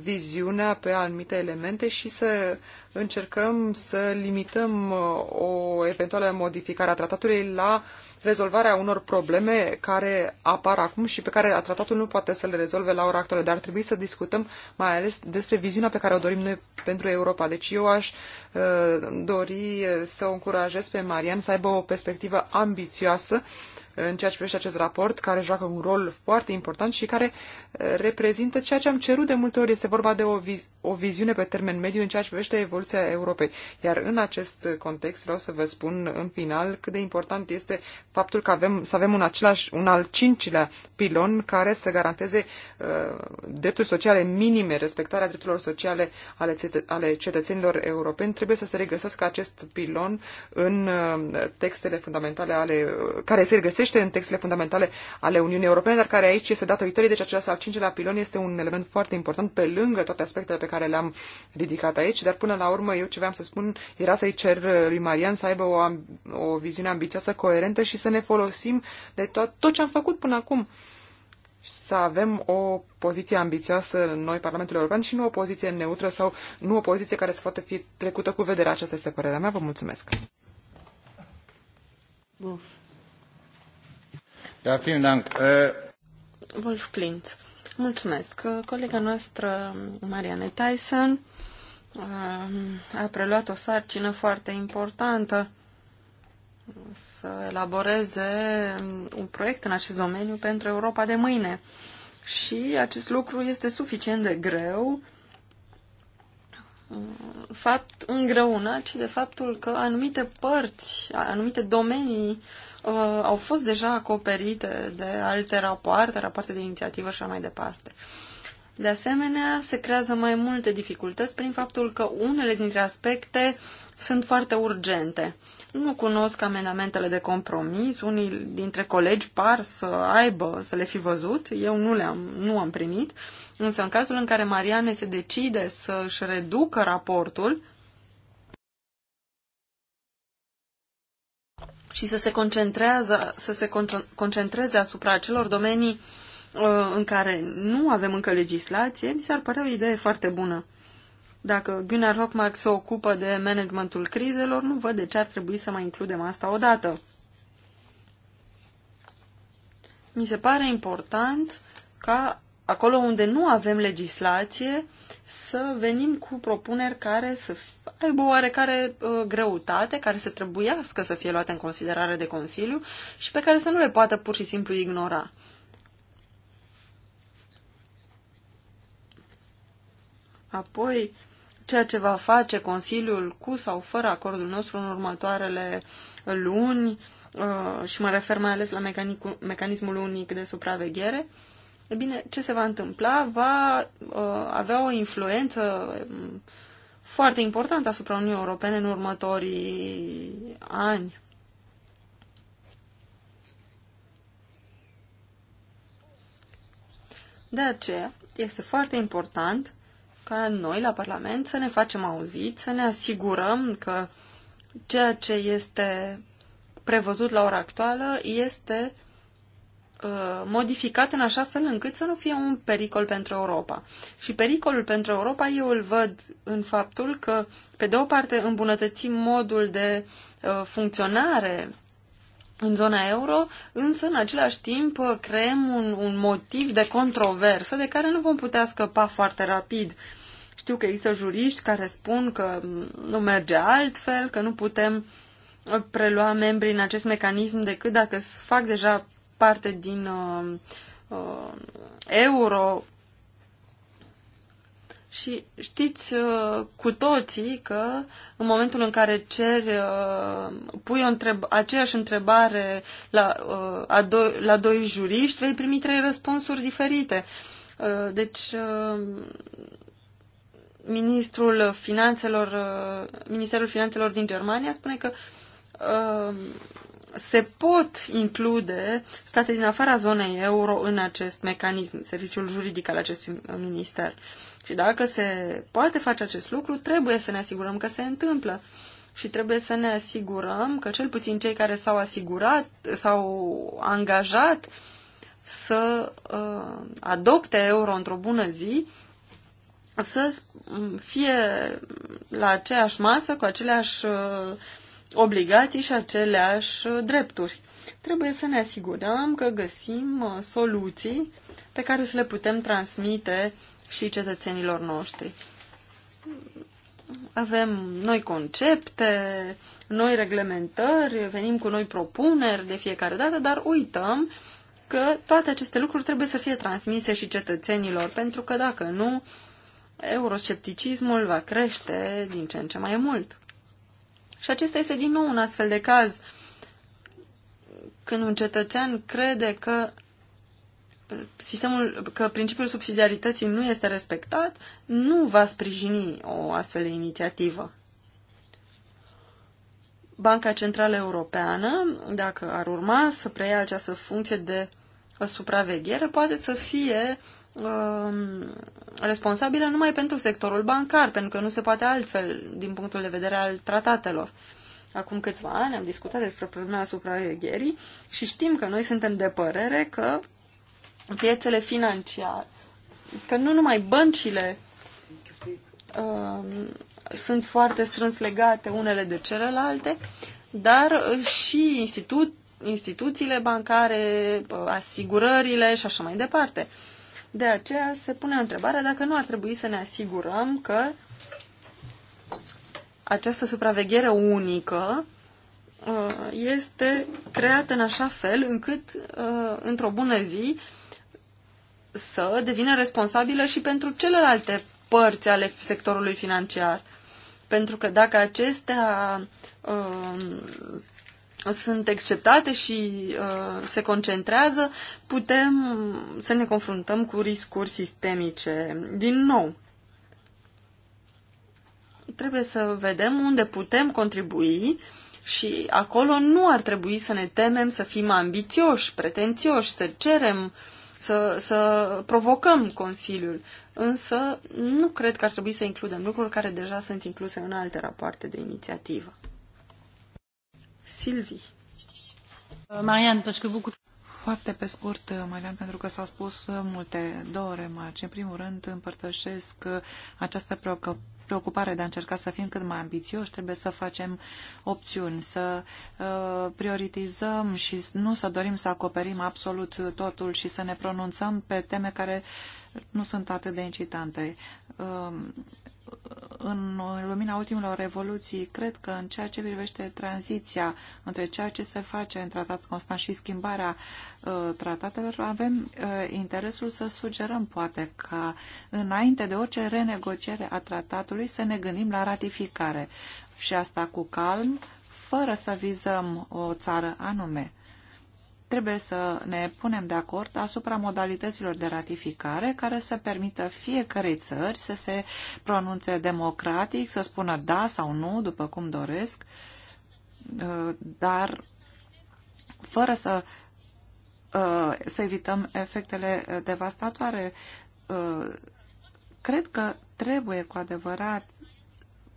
viziunea pe anumite elemente și să încercăm să limităm uh, o eventuală modificare a tratatului la uh, rezolvarea unor probleme care apar acum și pe care tratatul nu poate să le rezolve la ora actuală, dar ar trebui să discutăm mai ales despre viziunea pe care o dorim noi pentru Europa. Deci eu aș uh, dori să o încurajez pe Marian să aibă o perspectivă ambițioasă uh, în ceea ce privește acest raport, care joacă un rol foarte important și care uh, reprezintă ceea ce am cerut de multe ori. Este vorba de o, viz- o viziune pe termen mediu în ceea ce privește evoluția Europei. Iar în acest context vreau să vă spun în final cât de important este faptul că avem, să avem un, același, un al cincilea pilon care să garanteze uh, drepturi sociale minime, respectarea drepturilor sociale ale, cetă- ale cetățenilor europeni. Trebuie să se regăsească acest pilon în uh, textele fundamentale ale, uh, care se regăsește regăsește în textele fundamentale ale Uniunii Europene, dar care aici este dată viitorii. deci acesta al cincilea pilon este un element foarte important pe lângă toate aspectele pe care le-am ridicat aici, dar până la urmă eu ce vreau să spun era să-i cer lui Marian să aibă o, o viziune ambițioasă, coerentă și să ne folosim de tot, tot ce am făcut până acum să avem o poziție ambițioasă în noi, Parlamentul European, și nu o poziție neutră sau nu o poziție care să poate fi trecută cu vederea. Aceasta este părerea mea. Vă mulțumesc. Wolf. Da, äh, Wolf Mulțumesc. Colega noastră, Marianne Tyson, um, a preluat o sarcină foarte importantă să elaboreze un proiect în acest domeniu pentru Europa de mâine. Și acest lucru este suficient de greu Uh, fapt îngreunat, ci de faptul că anumite părți, anumite domenii uh, au fost deja acoperite de alte rapoarte, rapoarte de inițiativă și așa mai departe. De asemenea, se creează mai multe dificultăți prin faptul că unele dintre aspecte sunt foarte urgente. Nu cunosc amendamentele de compromis, unii dintre colegi par să aibă, să le fi văzut, eu nu le-am, nu am primit, uh, Însă în cazul în care Mariane se decide să își reducă raportul și să se, concentrează, să se concentreze asupra acelor domenii uh, în care nu avem încă legislație, mi s-ar părea o idee foarte bună. Dacă Gunnar Hockmark se ocupă de managementul crizelor, nu văd de ce ar trebui să mai includem asta odată. Mi se pare important ca acolo unde nu avem legislație, să venim cu propuneri care să aibă oarecare uh, greutate, care să trebuiască să fie luate în considerare de Consiliu și pe care să nu le poată pur și simplu ignora. Apoi, ceea ce va face Consiliul cu sau fără acordul nostru în următoarele luni, uh, și mă refer mai ales la mecanicul, mecanismul unic de supraveghere, uh, E bine, ce se va întâmpla? Va uh, avea o influență mm, foarte importantă asupra Uniunii Europene în următorii ani. De aceea, este foarte important ca noi la Parlament să ne facem auzit, să ne asigurăm că ceea ce este prevăzut la ora actuală este Uh, modificat în așa fel încât să nu fie un pericol pentru Europa. Și pericolul pentru Europa eu îl văd în faptul că, pe de o parte, îmbunătățim modul de uh, funcționare în zona euro, însă în același timp creăm un, un motiv de controversă de care nu vom putea scăpa foarte rapid. Știu că există juriști care spun că nu merge altfel, că nu putem uh, prelua membrii în acest mecanism decât dacă fac deja parte din uh, uh, euro. Și știți uh, cu toții că în momentul în care ceri, uh, pui o întreb- aceeași întrebare la, uh, a do- la doi juriști, vei primi trei răspunsuri diferite. Uh, deci, uh, ministrul finanțelor, uh, Ministerul Finanțelor din Germania spune că uh, se pot include state din afara zonei euro în acest mecanism, serviciul juridic al acestui minister. Și dacă se poate face acest lucru, trebuie să ne asigurăm că se întâmplă. Și trebuie să ne asigurăm că cel puțin cei care s-au asigurat, s-au angajat să uh, adopte euro într-o bună zi, să fie la aceeași masă, cu aceleași uh, obligații și aceleași drepturi. Trebuie să ne asigurăm că găsim uh, soluții pe care să le putem transmite și cetățenilor noștri. Avem noi concepte, noi reglementări, venim cu noi propuneri de fiecare dată, dar uităm că toate aceste lucruri trebuie să fie transmise și cetățenilor, pentru că dacă nu, euroscepticismul va crește din ce în ce mai mult. Și acesta este din nou un astfel de caz. Când un cetățean crede că uh, sistemul, că principiul subsidiarității nu este respectat, nu va sprijini o astfel de inițiativă. Banca Centrală Europeană, dacă ar urma să preia această funcție de supraveghere, poate să fie Um, responsabilă numai pentru sectorul bancar, pentru că nu se poate altfel din punctul de vedere al tratatelor. Acum câțiva ani am discutat despre problema supravegherii și știm că noi suntem de părere că piețele financiare, că nu numai băncile uh, sunt foarte strâns legate unele de celelalte, dar și institu- instituțiile bancare, uh, asigurările și așa mai departe. Uh, de aceea se pune întrebarea dacă nu ar trebui să ne asigurăm că această supraveghere unică uh, este creată în așa fel încât uh, într-o bună zi să devină responsabilă și pentru celelalte părți ale sectorului financiar. Pentru că dacă acestea uh, sunt acceptate și uh, se concentrează, putem să ne confruntăm cu riscuri sistemice. Din nou, trebuie să vedem unde putem contribui și acolo nu ar trebui să ne temem să fim ambițioși, pretențioși, să cerem, să, să provocăm Consiliul. Însă nu cred că ar trebui să includem lucruri care deja sunt incluse în alte rapoarte de inițiativă. Uh, Marian, pentru că beaucoup... Foarte pe scurt, uh, Marian, pentru că s-au spus uh, multe, două remarci. În primul rând, împărtășesc această preocupare de a încerca să fim cât mai ambițioși, trebuie să facem opțiuni, să uh, prioritizăm și nu să dorim să acoperim absolut totul și să ne pronunțăm pe teme care nu sunt atât de incitante. Uh, în lumina ultimelor revoluții, cred că în ceea ce privește tranziția între ceea ce se face în tratat constant și schimbarea uh, tratatelor, avem uh, interesul să sugerăm, poate, ca înainte de orice renegociere a tratatului să ne gândim la ratificare. Și asta cu calm, fără să vizăm o țară anume trebuie să ne punem de acord asupra modalităților de ratificare care să permită fiecarei țări să se pronunțe democratic, să spună da sau nu, după cum doresc, uh, dar fără să, uh, să evităm efectele devastatoare. Uh, cred că trebuie cu adevărat,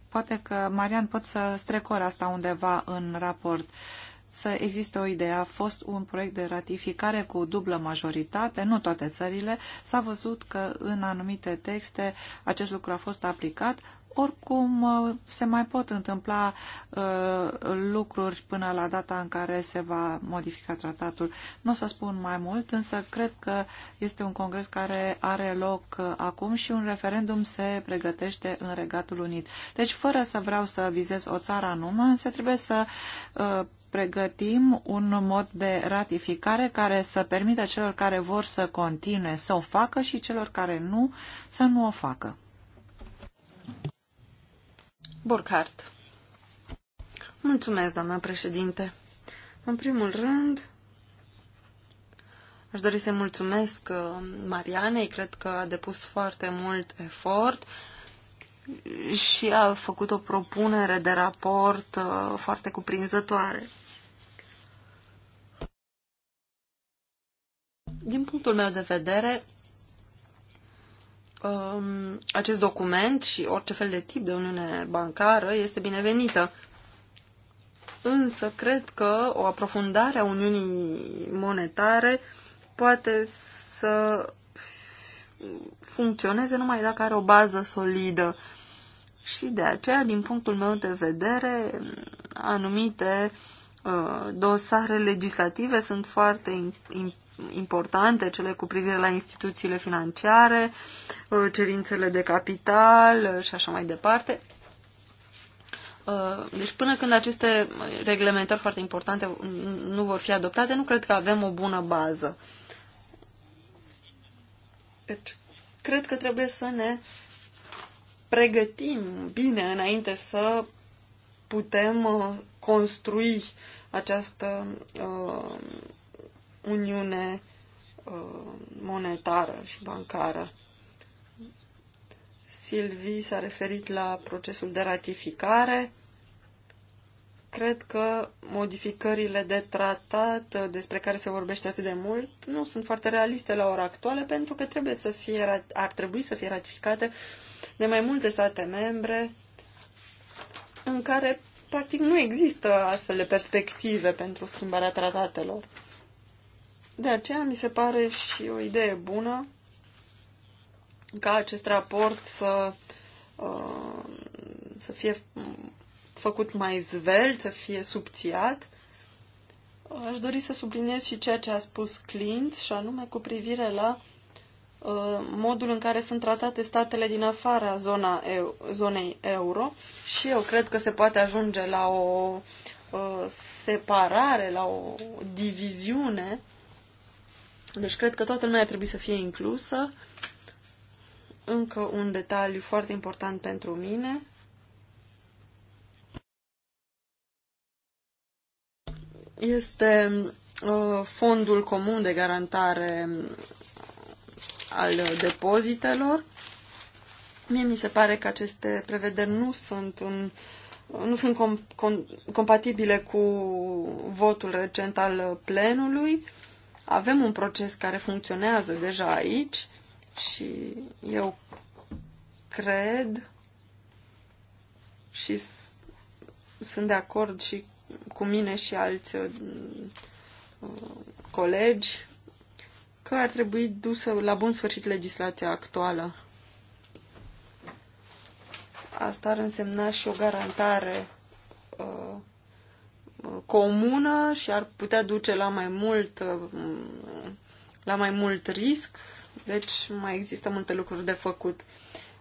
poate că, Marian, pot să strecor asta undeva în raport, uh, să existe o idee. A fost un proiect de ratificare cu dublă majoritate, nu toate țările. S-a văzut că în anumite texte acest lucru a fost aplicat, oricum, uh, se mai pot întâmpla uh, lucruri până la data în care se va modifica tratatul. Nu o să spun mai mult, însă cred că este un congres care are loc uh, acum și un referendum se pregătește în Regatul Unit. Deci, fără să vreau să vizez o țară anume, însă trebuie să uh, pregătim un mod de ratificare care să permită celor care vor să continue să o facă și celor care nu să nu o facă. Burkhardt. Mulțumesc, doamna președinte. În primul rând, aș dori să mulțumesc uh, Marianei, cred că a depus foarte mult efort și a făcut o propunere de raport uh, foarte cuprinzătoare. Din punctul meu de vedere, um, acest document și orice fel de tip de uniune bancară este binevenită. Însă cred că o aprofundare a uniunii monetare poate să funcționeze numai dacă are o bază solidă. Și de aceea, din punctul meu de vedere, anumite uh, dosare legislative sunt foarte importante, cele cu privire la instituțiile financiare, uh, cerințele de capital uh, și așa mai departe. Uh, deci până când aceste reglementări foarte importante nu vor fi adoptate, nu cred că avem o bună bază. Deci, cred că trebuie să ne pregătim bine înainte să putem construi această uh, uniune uh, monetară și bancară. Silvi s-a referit la procesul de ratificare. Cred că modificările de tratat uh, despre care se vorbește atât de mult nu sunt foarte realiste la ora actuală pentru că trebuie să fie, ar trebui să fie ratificate de mai multe state membre în care practic nu există astfel de perspective pentru schimbarea tratatelor. De aceea mi se pare și o idee bună ca acest raport să, uh, să fie făcut mai zvelt, să fie subțiat. Aș dori să subliniez și ceea ce a spus Clint, și anume cu privire la uh, modul în care sunt tratate statele din afara zona, zonei euro și eu cred că se poate ajunge la o uh, separare, la o diviziune deci cred că toată lumea ar trebui să fie inclusă. Încă un detaliu foarte important pentru mine. Este uh, fondul comun de garantare al depozitelor. Mie mi se pare că aceste prevederi nu sunt un nu sunt com, com, compatibile cu votul recent al plenului. Avem un proces care funcționează deja aici și eu cred și sunt de acord și cu mine și alți uh, colegi că ar trebui dusă la bun sfârșit legislația actuală. Asta ar însemna și o garantare uh, comună și ar putea duce la mai mult, mm, la mai mult risc, deci mai există multe lucruri de făcut.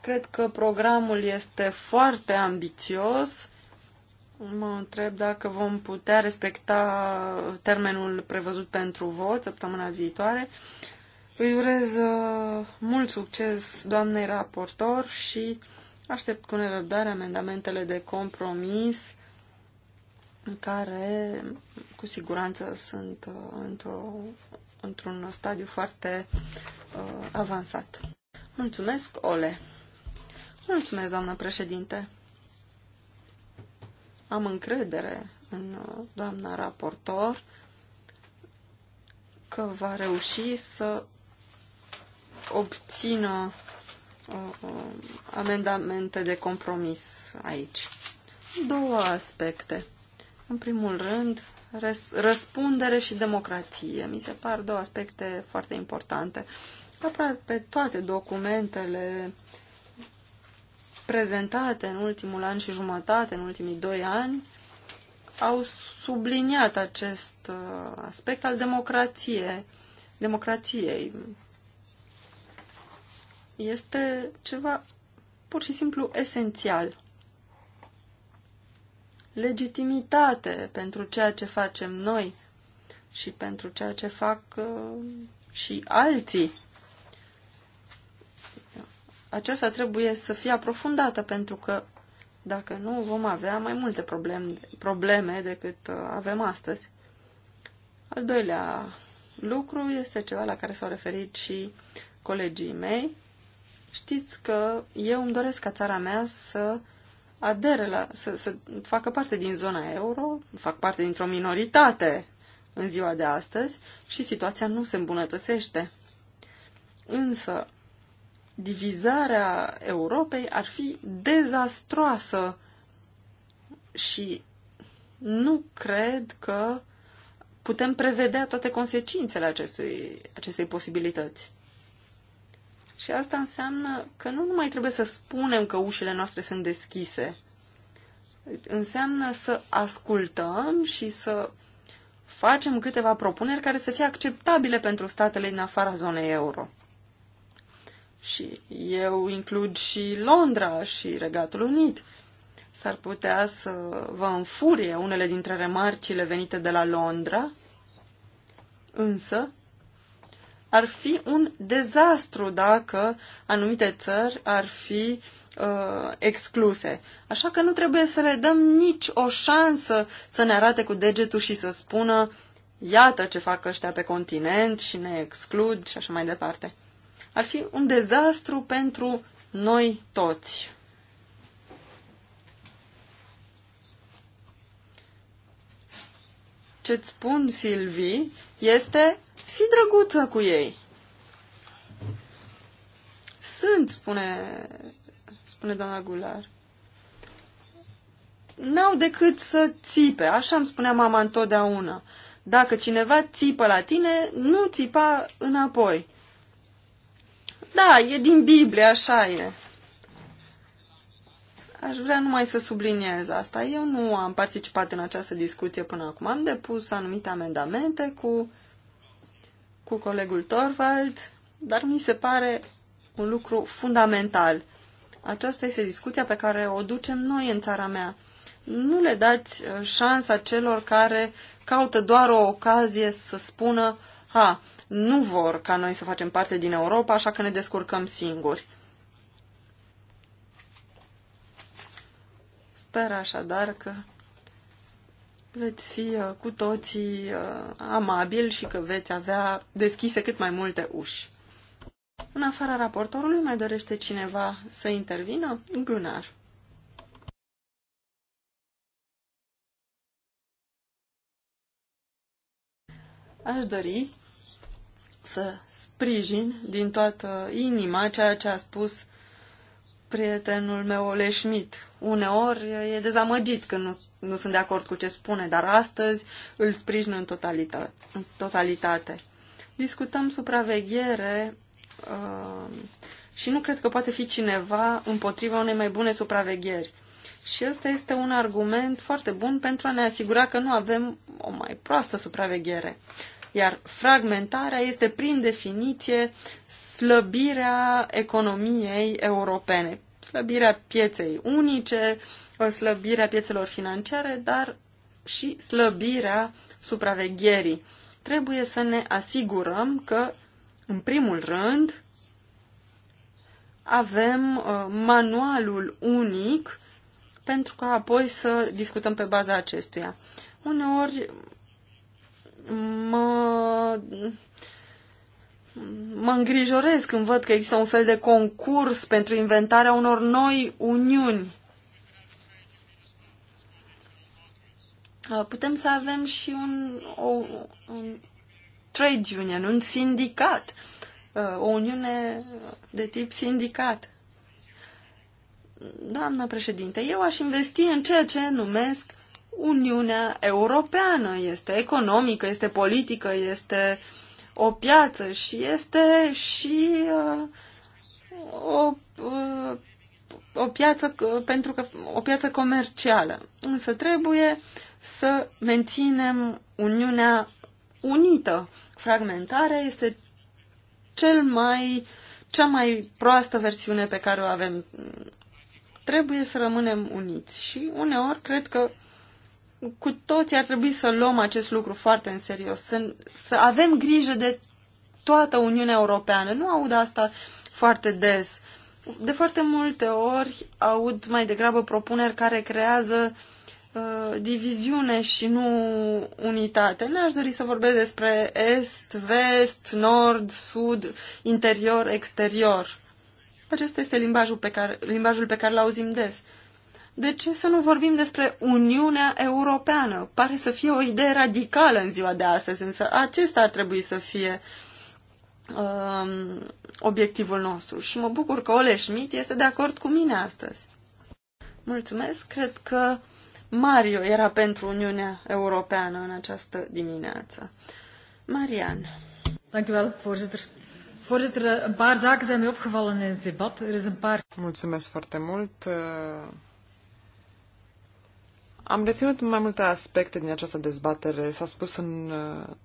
Cred că programul este foarte ambițios. Mă întreb dacă vom putea respecta termenul prevăzut pentru vot săptămâna viitoare. Îi urez uh, mult succes doamnei raportor și aștept cu nerăbdare amendamentele de compromis care cu siguranță sunt uh, într-o, într-un stadiu foarte uh, avansat. Mulțumesc, Ole! Mulțumesc, doamnă președinte! Am încredere în uh, doamna raportor că va reuși să obțină uh, uh amendamente de compromis aici. Două aspecte. În primul rând, răspundere și democrație. Mi se par două aspecte foarte importante. Aproape toate documentele prezentate în ultimul an și jumătate, în ultimii doi ani, au subliniat acest uh, aspect al democrației. democrației. Este ceva pur și simplu esențial legitimitate pentru ceea ce facem noi și pentru ceea ce fac uh, și alții. Aceasta trebuie să fie aprofundată pentru că dacă nu vom avea mai multe probleme, probleme decât uh, avem astăzi. Al doilea lucru este ceva la care s-au referit și colegii mei. Știți că eu îmi doresc ca țara mea să uh, adere la, să, să facă parte din zona euro, fac parte dintr-o minoritate în ziua de astăzi și situația nu se îmbunătățește. Însă, divizarea Europei ar fi dezastroasă și nu cred că putem prevedea toate consecințele acestui, acestei posibilități. Și asta înseamnă că nu numai trebuie să spunem că ușile noastre sunt deschise, înseamnă să ascultăm și să facem câteva propuneri care să fie acceptabile pentru statele din afara zonei euro. Și eu includ și Londra și Regatul Unit. S-ar putea să vă înfurie unele dintre remarcile venite de la Londra, însă ar fi un dezastru dacă anumite țări ar fi uh, excluse. Așa că nu trebuie să le dăm nici o șansă să ne arate cu degetul și să spună iată ce fac ăștia pe continent și ne exclud și așa mai departe. Ar fi un dezastru pentru noi toți. Ce-ți spun, Silvi, este fi drăguță cu ei. Sunt, spune, spune doamna Gular. N-au decât să țipe, așa îmi spunea mama întotdeauna. Dacă cineva țipă la tine, nu țipa înapoi. Da, e din Biblie, așa e. Aș vrea numai să subliniez asta. Eu nu am participat în această discuție până acum. Am depus anumite amendamente cu cu colegul Torvald, dar mi se pare un lucru fundamental. Aceasta este discuția pe care o ducem noi în țara mea. Nu le dați uh, șansa celor care caută doar o ocazie să spună, ha, nu vor ca noi să facem parte din Europa, așa că ne descurcăm singuri. Sper așadar că veți fi uh, cu toții uh, amabili și că veți avea deschise cât mai multe uși. În afara raportorului, mai dorește cineva să intervină? Gunnar. Aș dori să sprijin din toată inima ceea ce a spus prietenul meu Oleșmit. Uneori e dezamăgit când nu nu sunt de acord cu ce spune, dar astăzi îl sprijin în totalitate. În totalitate. Discutăm supraveghere uh, și nu cred că poate fi cineva împotriva unei mai bune supravegheri. Și ăsta este un argument foarte bun pentru a ne asigura că nu avem o mai proastă supraveghere. Iar fragmentarea este, prin definiție, slăbirea economiei europene, slăbirea pieței unice, uh, slăbirea piețelor financiare, dar și slăbirea supravegherii. Trebuie să ne asigurăm că, în primul rând, avem uh, manualul unic pentru ca apoi să discutăm pe baza acestuia. Uneori mă, mă îngrijorez când văd că există un fel de concurs pentru inventarea unor noi uniuni Uh, putem să avem și un, o, un trade union, un sindicat, uh, o uniune de tip sindicat. Doamna președinte, eu aș investi în ceea ce numesc Uniunea Europeană. Este economică, este politică, este o piață și este și uh, o uh, o piață, pentru că, o piață comercială. Însă trebuie să menținem Uniunea unită. Fragmentarea este cel mai, cea mai proastă versiune pe care o avem. Trebuie să rămânem uniți și uneori cred că cu toți ar trebui să luăm acest lucru foarte în serios, să, să avem grijă de toată Uniunea Europeană. Nu aud asta foarte des. De foarte multe ori aud mai degrabă propuneri care creează uh, diviziune și nu unitate. N-aș dori să vorbesc despre est, vest, nord, sud, interior, exterior. Acesta este limbajul pe care, limbajul pe care l-auzim des. De ce să nu vorbim despre Uniunea Europeană? Pare să fie o idee radicală în ziua de astăzi, însă acesta ar trebui să fie uh, Um, obiectivul nostru. Și mă bucur că Ole Schmidt este de acord cu mine astăzi. Mulțumesc, cred că Mario era pentru Uniunea Europeană în această dimineață. Marian. Eh, debat. Er Mulțumesc foarte mult. Eh, am reținut mai multe aspecte din această dezbatere. S-a spus în eh,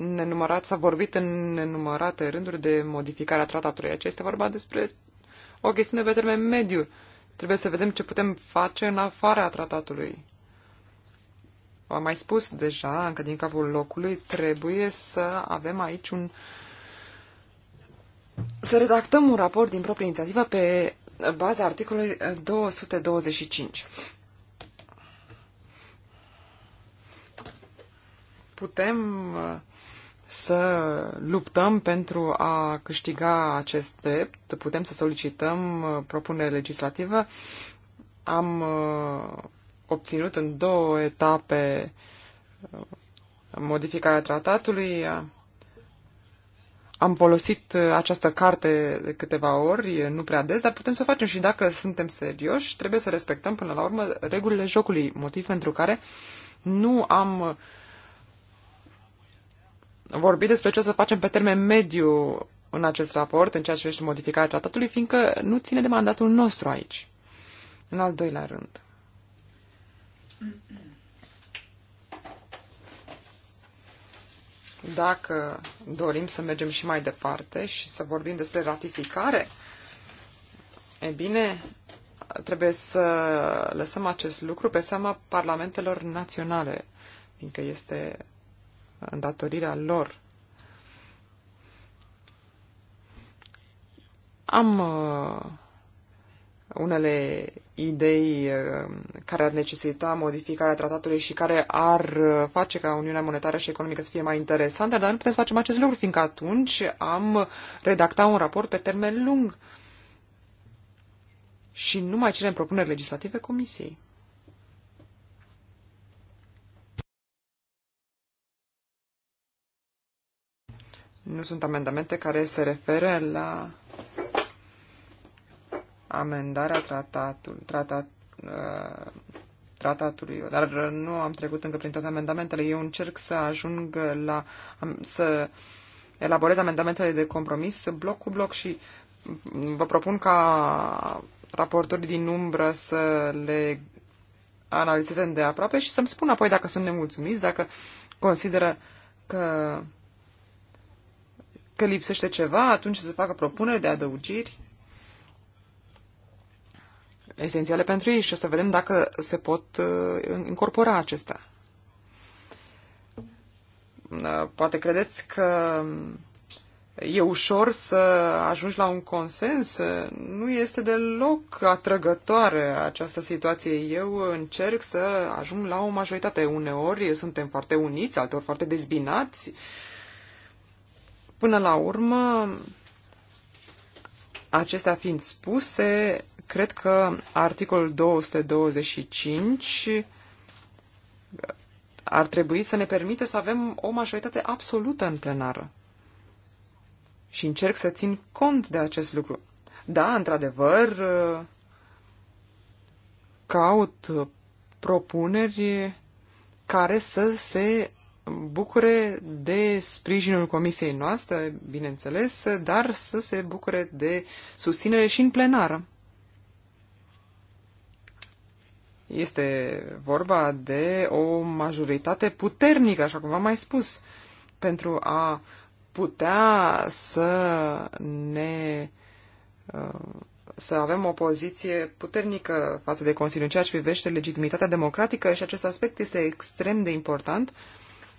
nenumărat, s-a vorbit în nenumărate rânduri de modificarea tratatului. Aici este vorba despre o chestiune pe termen mediu. Trebuie să vedem ce putem face în afara tratatului. am mai spus deja, încă din capul locului, trebuie să avem aici un... să redactăm un raport din proprie inițiativă pe baza articolului 225. Putem uh, să luptăm pentru a câștiga acest drept. Putem să solicităm uh, propunere legislativă. Am uh, obținut în două etape uh, modificarea tratatului. Am folosit această carte de câteva ori, nu prea des, dar putem să o facem și dacă suntem serioși, trebuie să respectăm până la urmă regulile jocului, motiv pentru care nu am uh, vorbi despre ce o să facem pe termen mediu în acest raport, în ceea ce privește modificarea tratatului, fiindcă nu ține de mandatul nostru aici. În al doilea rând. Dacă dorim să mergem și mai departe și să vorbim despre ratificare, e bine, trebuie să lăsăm acest lucru pe seama parlamentelor naționale, fiindcă este îndatorirea lor. Am uh, unele idei uh, care ar necesita modificarea tratatului și care ar uh, face ca Uniunea Monetară și Economică să fie mai interesantă, dar nu putem să facem acest lucru, fiindcă atunci am redactat un raport pe termen lung și nu mai cerem propuneri legislative Comisiei. Nu sunt amendamente care se referă la amendarea tratatul, tratat, uh, tratatului, dar nu am trecut încă prin toate amendamentele. Eu încerc să ajung la, să elaborez amendamentele de compromis bloc cu bloc și vă propun ca raportori din umbră să le analizeze de aproape și să-mi spun apoi dacă sunt nemulțumiți, dacă consideră că că lipsește ceva, atunci să se facă propunere de adăugiri esențiale pentru ei și să vedem dacă se pot uh, incorpora acestea. Uh, poate credeți că um, e ușor să ajungi la un consens. Nu este deloc atrăgătoare această situație. Eu încerc să ajung la o majoritate. Uneori suntem foarte uniți, alteori foarte dezbinați, Până la urmă, acestea fiind spuse, cred că articolul 225 ar trebui să ne permite să avem o majoritate absolută în plenară. Și încerc să țin cont de acest lucru. Da, într-adevăr, caut propuneri care să se bucure de sprijinul comisiei noastre, bineînțeles, dar să se bucure de susținere și în plenară. Este vorba de o majoritate puternică, așa cum v-am mai spus, pentru a putea să ne uh, să avem o poziție puternică față de Consiliu în ceea ce privește legitimitatea democratică și acest aspect este extrem de important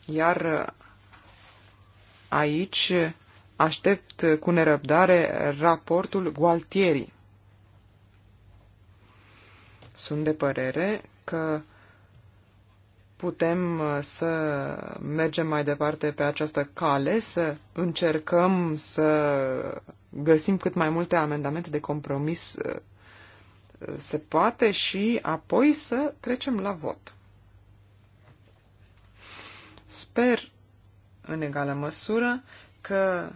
iar aici aștept cu nerăbdare raportul Gualtieri. Sunt de părere că putem uh, să mergem mai departe pe această cale, să încercăm să găsim cât mai multe amendamente de compromis uh, se poate și apoi să trecem la vot. Sper, în egală măsură, că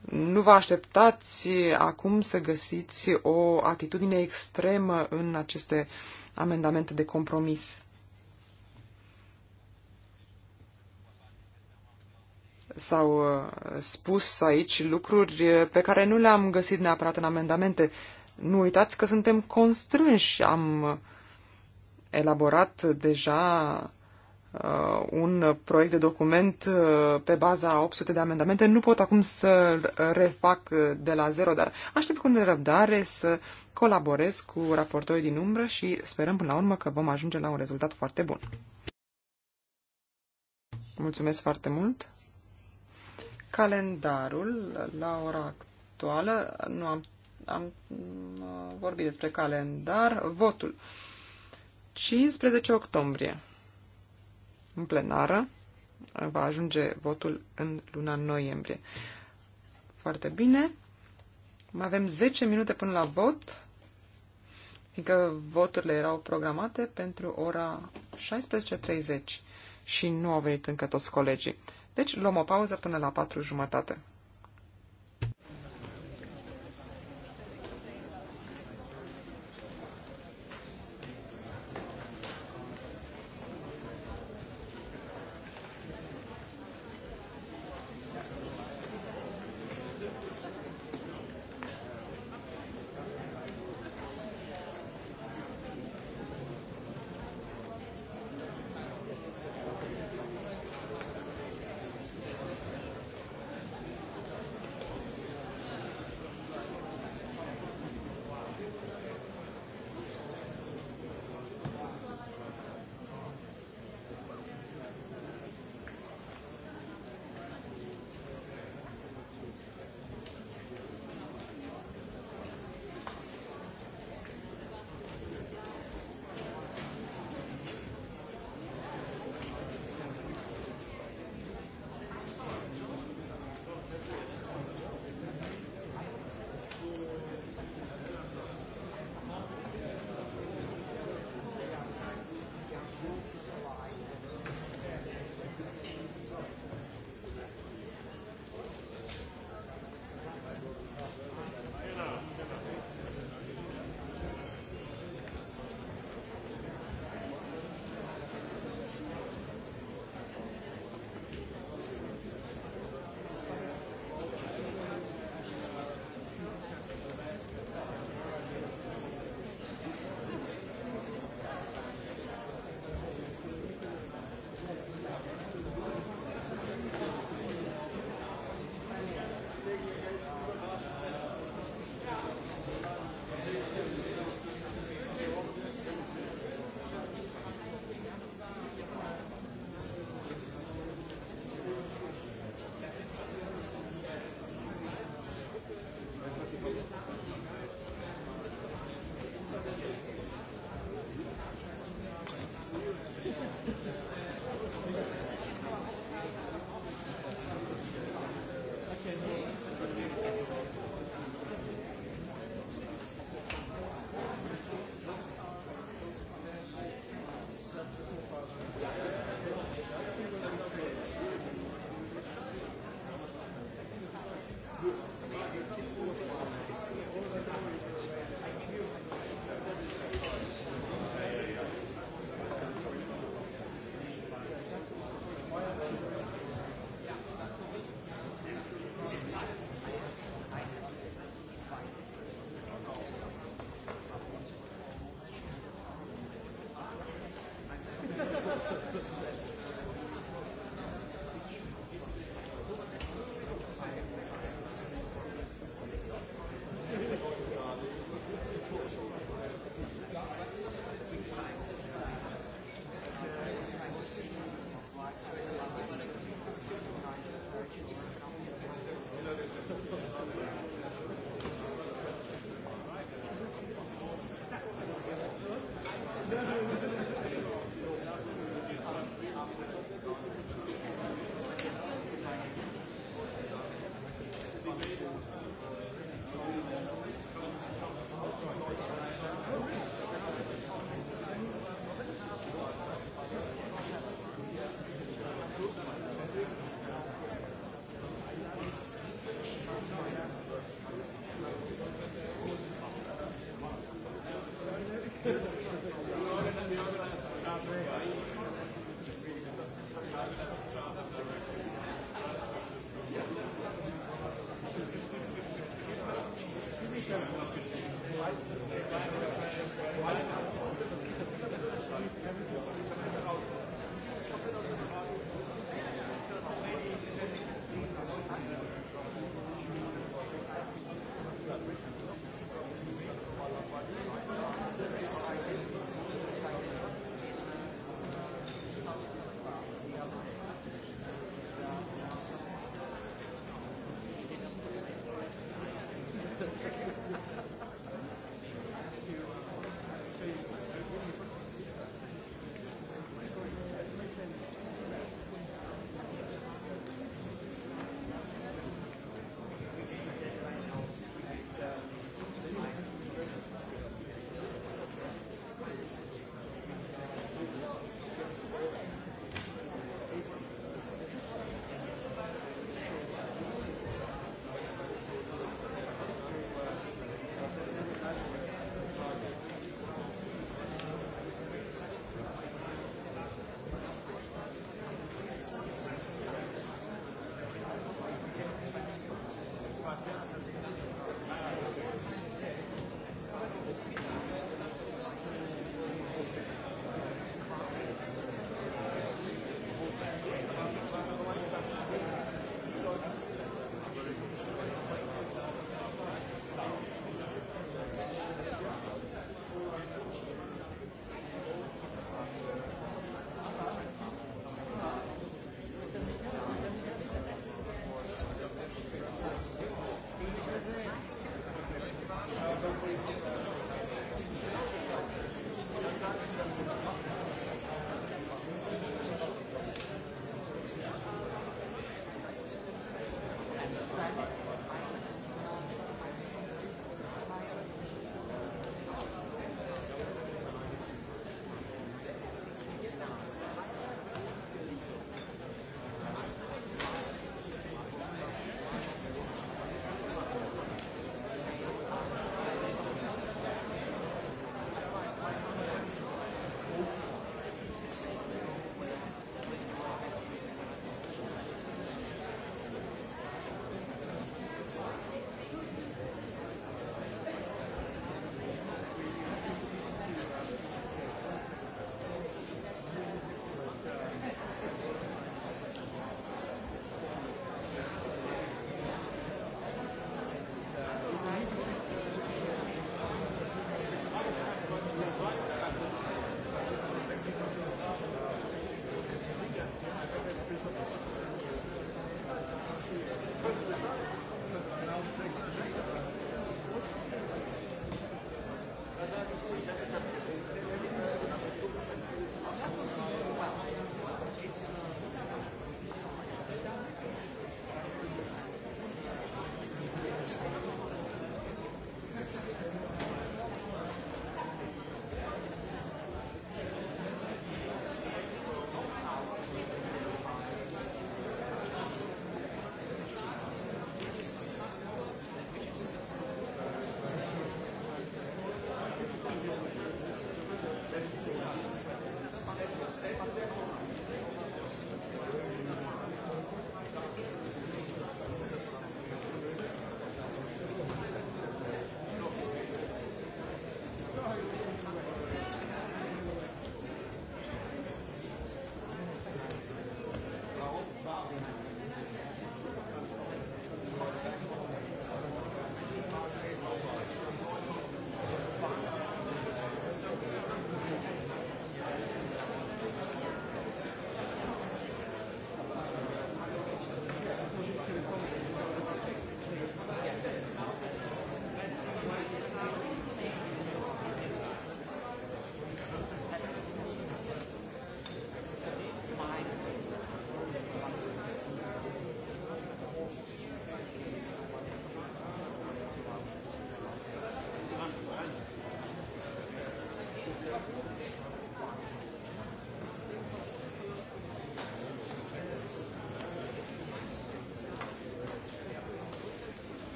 nu vă așteptați acum să găsiți o atitudine extremă în aceste amendamente de compromis. S-au uh, spus aici lucruri uh, pe care nu le-am găsit neapărat în amendamente. Nu uitați că suntem constrânși, am uh, elaborat deja uh, un proiect de document uh, pe baza 800 de amendamente. Nu pot acum să refac uh, de la zero, dar aștept cu nerăbdare să colaborez cu raportorii din umbră și sperăm până la urmă că vom ajunge la un rezultat foarte bun. Mulțumesc foarte mult. Calendarul la ora actuală, nu am, am vorbit despre calendar, votul. 15 octombrie, în plenară, va ajunge votul în luna noiembrie. Foarte bine. Mai avem 10 minute până la vot, fiindcă voturile erau programate pentru ora 16.30 și nu au venit încă toți colegii. Deci luăm o pauză până la 4 jumătate.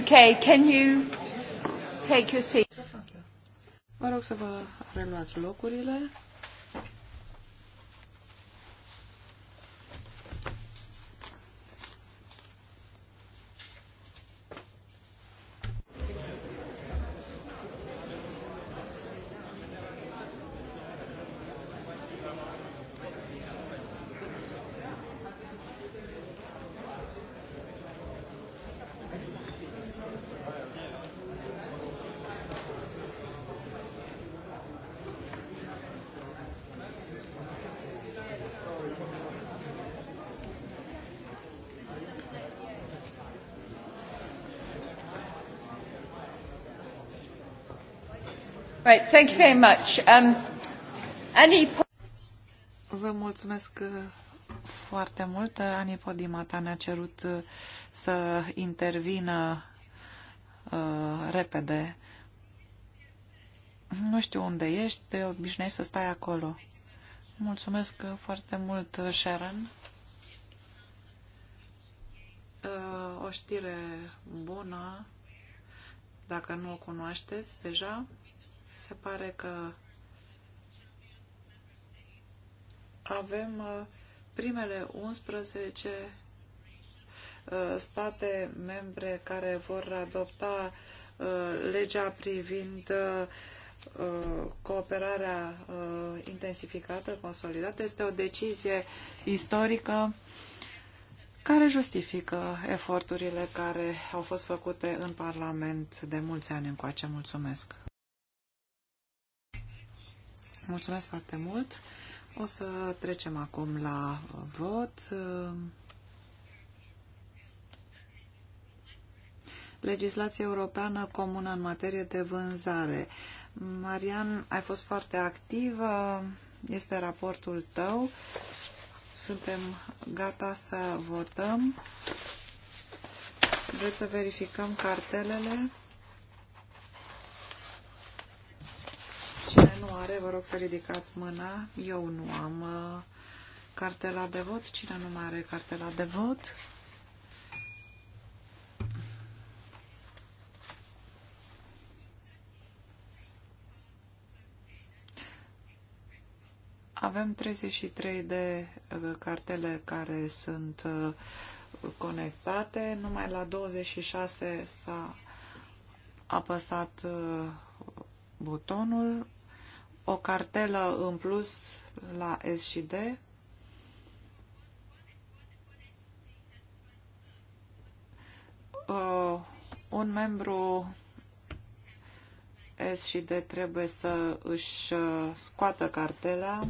Okay, can you take your seat? Vă rog să vă reluați locurile. Right, thank you very much. Um, any... Vă mulțumesc uh, foarte mult. Uh, Ani Podimata ne-a cerut uh, să intervină uh, repede. Nu știu unde ești, te obișnuiești să stai acolo. Mulțumesc foarte mult, Sharon. Uh, o știre bună, dacă nu o cunoașteți deja. Se pare că avem uh, primele 11 uh, state membre care vor adopta uh, legea privind cooperarea intensificată, consolidată. Este o decizie istorică care justifică eforturile care au fost făcute în Parlament de mulți ani încoace. Mulțumesc! Mulțumesc foarte mult. O să trecem acum la vot. Legislația europeană comună în materie de vânzare. Marian, ai fost foarte activă, este raportul tău. Suntem gata să votăm. Vreți să verificăm cartelele? nu are, vă rog să ridicați mâna. Eu nu am uh, cartela de vot. Cine nu mai are cartela de vot? Avem 33 de uh, cartele care sunt uh, conectate. Numai la 26 s-a apăsat butonul o cartelă în plus la S și D. Uh, un membru S și D trebuie să își uh, scoată cartela,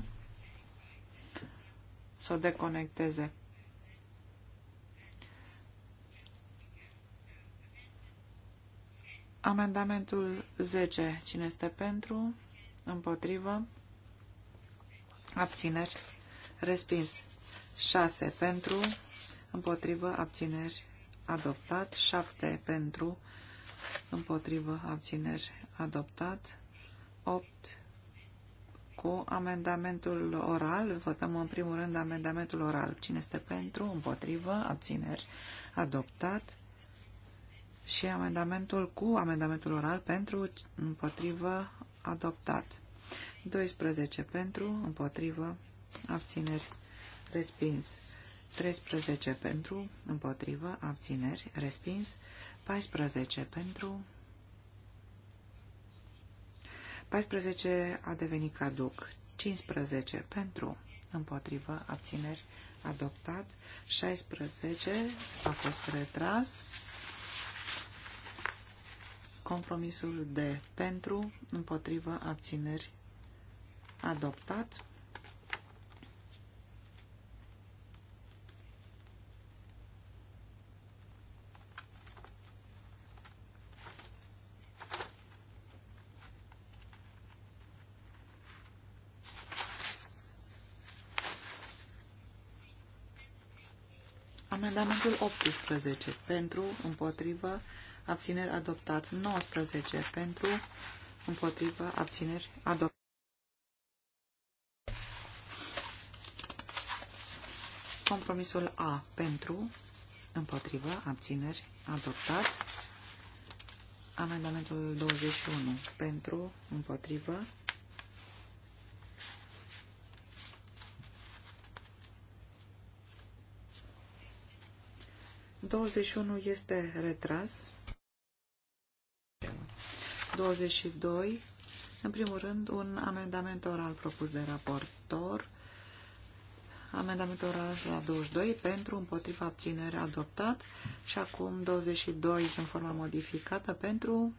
să o deconecteze. Amendamentul 10. Cine este pentru? împotrivă, abțineri, respins. 6 pentru, împotrivă, abțineri, adoptat. 7 pentru, împotrivă, abțineri, adoptat. 8 cu amendamentul oral. Votăm în primul rând amendamentul oral. Cine este pentru, împotrivă, abțineri, adoptat. Și amendamentul cu amendamentul oral pentru, împotrivă, adoptat. 12 pentru, împotrivă, abțineri, respins. 13 pentru, împotrivă, abțineri, respins. 14 pentru, 14 a devenit caduc, 15 pentru, împotrivă, abțineri, adoptat, 16 a fost retras, Compromisul de pentru, împotrivă, abțineri, adoptat. Amendamentul 18 pentru, împotrivă, abțineri adoptat. 19 pentru, împotrivă, abțineri adoptat. Compromisul A pentru, împotrivă, abțineri adoptat. Amendamentul 21 pentru, împotrivă, 21 este retras. 22. În primul rând, un amendament oral propus de raportor. amendament oral la 22 pentru, împotriva abținere adoptat și acum 22 în forma modificată pentru,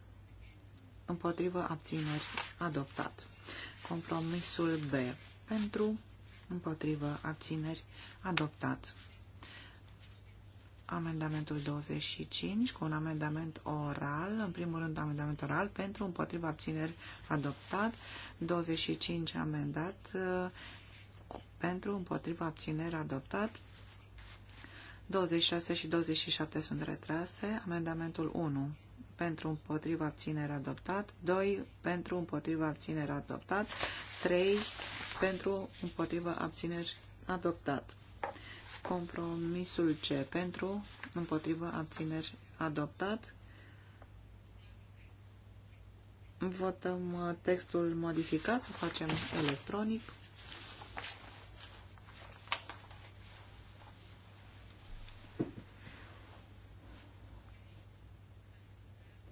împotriva abțineri adoptat. Compromisul B pentru, împotriva abțineri adoptat amendamentul 25 cu un amendament oral, în primul rând amendament oral pentru împotriva abțineri adoptat, 25 amendat uh, pentru împotriva abțineri adoptat, 26 și 27 sunt retrase, amendamentul 1 pentru împotriva abțineri adoptat, 2 pentru împotriva abțineri adoptat, 3 pentru împotriva abțineri adoptat. Compromisul C pentru, împotriva abțineri, adoptat. Votăm uh, textul modificat, să facem electronic.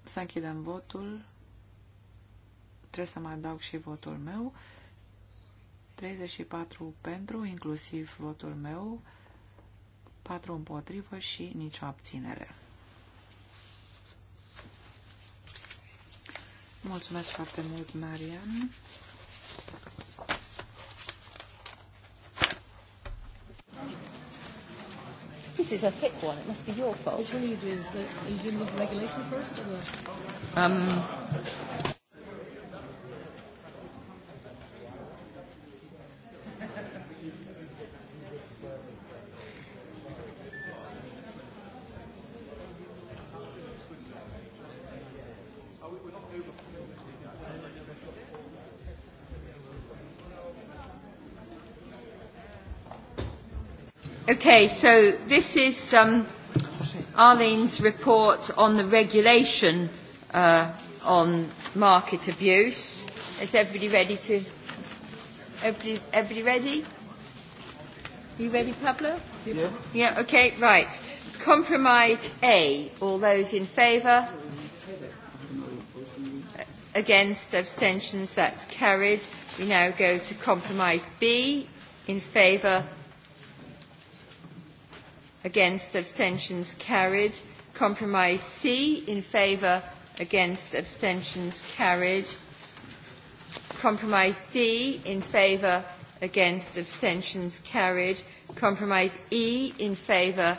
Să închidem votul. Trebuie să mai adaug și votul meu. 34 pentru, inclusiv votul meu patru împotrivă și nicio abținere. Mulțumesc foarte mult, Marian. This is a thick one. It must be your fault. Which one are you doing? The, are you doing the regulation first or the... Um, Okay, so this is um, Arlene's report on the regulation uh, on market abuse. Is everybody ready to? Everybody, everybody ready? Are you ready, Pablo? Yeah. Yeah. Okay. Right. Compromise A. All those in favour? Against abstentions. That's carried. We now go to compromise B. In favour against abstentions carried. Compromise C in favour against abstentions carried. Compromise D in favour against abstentions carried. Compromise E in favour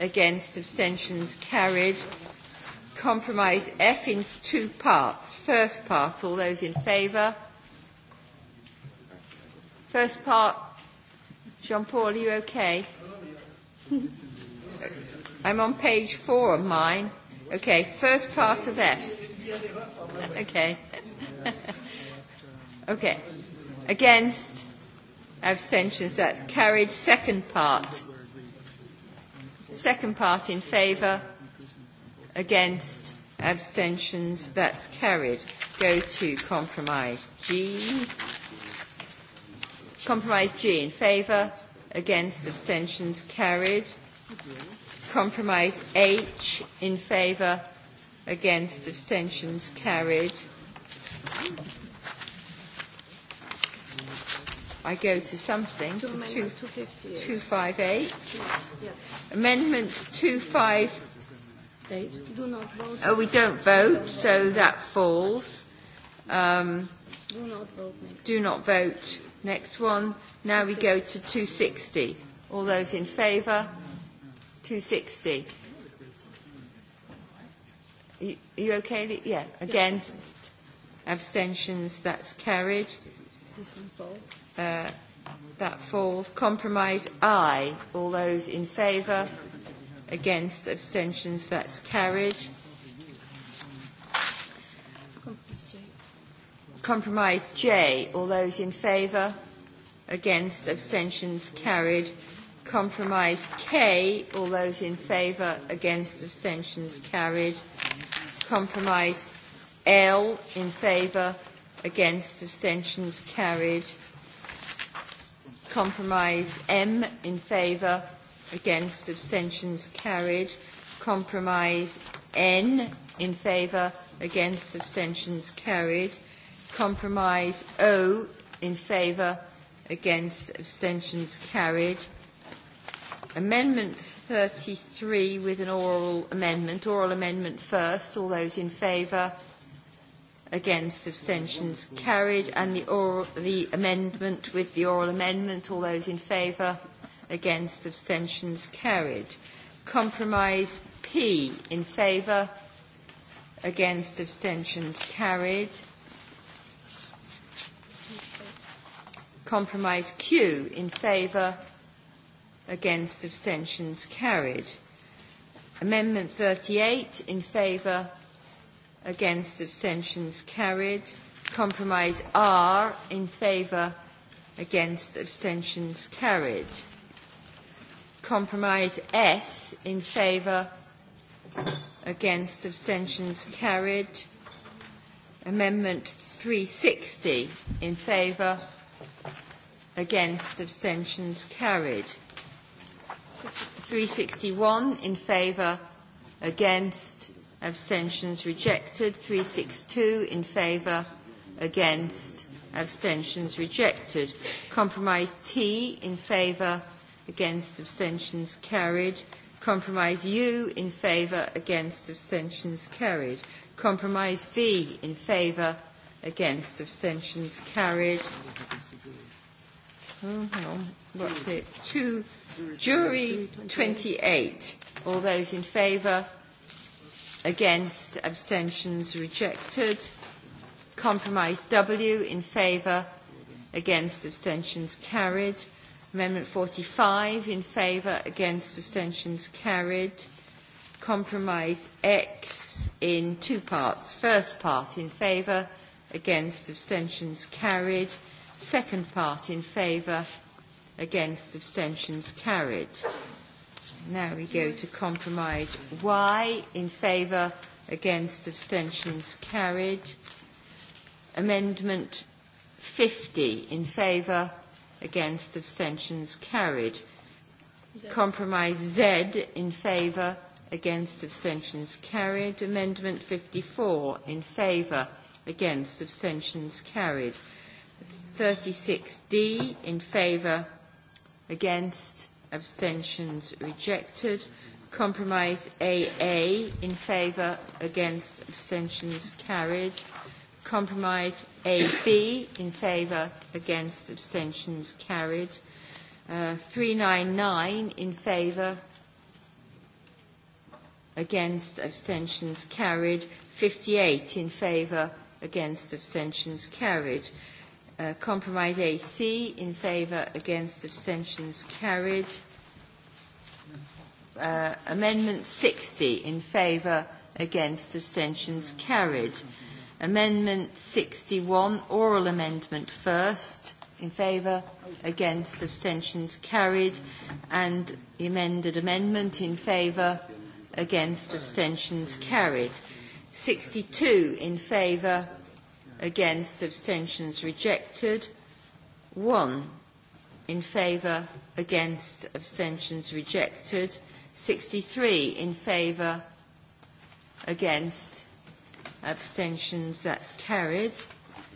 against abstentions carried. Compromise F in two parts. First part, all those in favour. First part, Jean-Paul, are you okay? I'm on page four of mine. Okay, first part of F. Okay. okay. Against abstentions, that's carried. Second part. Second part in favour. Against abstentions, that's carried. Go to compromise G. Compromise G in favour against abstentions carried. Compromise H in favour against abstentions carried. I go to something, to 258. Yeah. Amendment 258. Do not vote. Oh, we don't vote, so that falls. Um, do not vote. Do not vote Next one. Now we go to 260. All those in favour? 260. You, you okay? Yeah. Against? Abstentions? That's carried. This one falls. Uh, that falls. Compromise I. All those in favour? Against? Abstentions? That's carried. Compromise J. All those in favour? Against? Abstentions carried. Compromise K. All those in favour? Against? Abstentions carried. Compromise L. In favour? Against? Abstentions carried. Compromise M. In favour? Against? Abstentions carried. Compromise N. In favour? Against? Abstentions carried. Compromise O in favour, against, abstentions carried. Amendment 33 with an oral amendment. Oral amendment first. All those in favour? Against? Abstentions carried. And the, oral, the amendment with the oral amendment. All those in favour? Against? Abstentions carried. Compromise P in favour? Against? Abstentions carried. Compromise Q in favour, against abstentions carried. Amendment 38 in favour, against abstentions carried. Compromise R in favour, against abstentions carried. Compromise S in favour, against abstentions carried. Amendment 360 in favour, against, abstentions carried. 361 in favour, against, abstentions rejected. 362 in favour, against, abstentions rejected. Compromise T in favour, against, abstentions carried. Compromise U in favour, against, abstentions carried. Compromise V in favour, against, abstentions carried. Oh, hang on. What's it? Two. Jury 28. All those in favour? Against? Abstentions rejected. Compromise W in favour? Against? Abstentions carried. Amendment 45 in favour? Against? Abstentions carried. Compromise X in two parts. First part in favour? Against? Abstentions carried. Second part in favour, against, abstentions carried. Now we go to compromise Y in favour, against, abstentions carried. Amendment 50 in favour, against, abstentions carried. Compromise Z in favour, against, abstentions carried. Amendment 54 in favour, against, abstentions carried. 36D in favor, against, abstentions rejected. Compromise AA in favor, against, abstentions carried. Compromise AB in favor, against, abstentions carried. 399 uh, in favor, against, abstentions carried. 58 in favor, against, abstentions carried. Uh, compromise AC in favour against abstentions carried. Uh, amendment 60 in favour against abstentions carried. Amendment 61 oral amendment first in favour against abstentions carried and the amended amendment in favour against abstentions carried. 62 in favour against, abstentions rejected. 1 in favour, against, abstentions rejected. 63 in favour, against, abstentions, that's carried.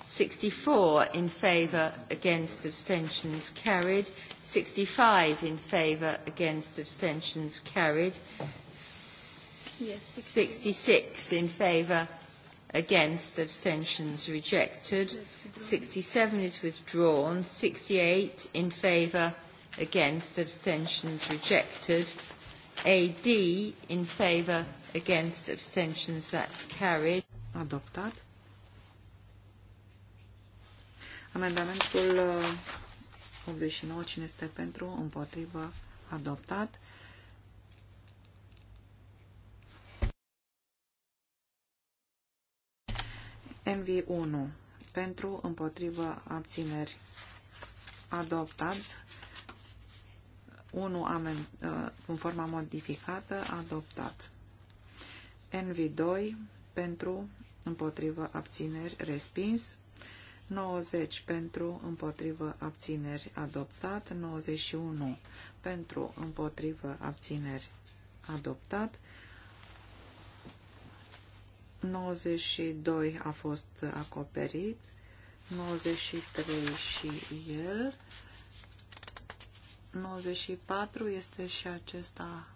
64 in favour, against, abstentions carried. 65 in favour, against, abstentions carried. Yes, 66 in favour, against, abstentions rejected. 67 is withdrawn. 68 in favour, against, abstentions rejected. AD in favour, against, abstentions, that's carried. Adoptat. Amendamentul 89, uh, cine este pentru, împotrivă, adoptat. MV1 pentru împotrivă abțineri adoptat 1 amen, uh, în forma modificată adoptat NV2 pentru împotrivă abțineri respins 90 pentru împotrivă abțineri adoptat 91 pentru împotrivă abțineri adoptat 92 a fost acoperit, 93 și el, 94 este și acesta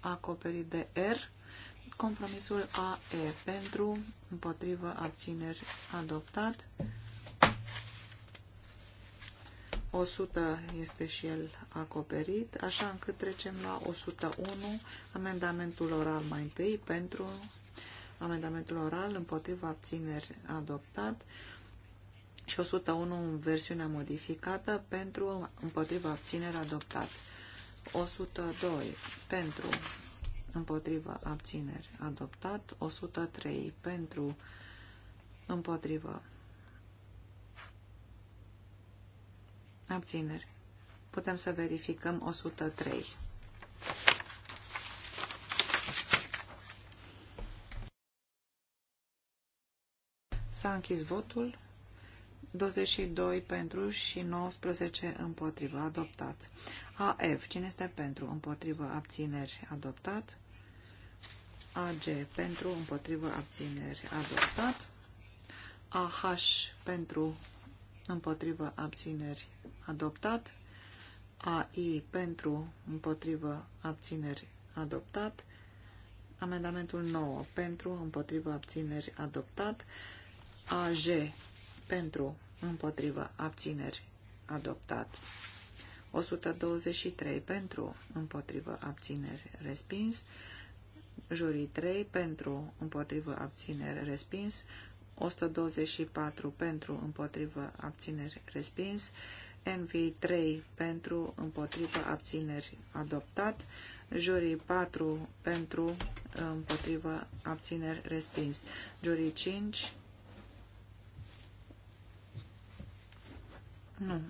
acoperit de R, compromisul AE pentru, împotrivă, abțineri, adoptat, 100 este și el acoperit, așa încât trecem la 101, amendamentul oral mai întâi, pentru, Amendamentul oral împotriva abțineri adoptat și 101 în versiunea modificată pentru împotriva abțineri adoptat. 102 pentru împotriva abțineri adoptat. 103 pentru împotriva abțineri. Putem să verificăm 103. S-a închis votul. 22 pentru și 19 împotrivă. Adoptat. AF. Cine este pentru? Împotrivă. Abțineri. Adoptat. AG. Pentru. Împotrivă. Abțineri. Adoptat. AH. Pentru. Împotrivă. Abțineri. Adoptat. AI. Pentru. Împotrivă. Abțineri. Adoptat. Amendamentul 9. Pentru. Împotrivă. Abțineri. Adoptat. AJ pentru împotrivă abțineri adoptat. 123 pentru împotrivă abțineri respins. Jurii 3 pentru împotrivă abțineri respins. 124 pentru împotrivă abțineri respins. NV3 pentru împotrivă abțineri adoptat, jurii 4 pentru împotrivă abțineri respins, jurii 5 Nu.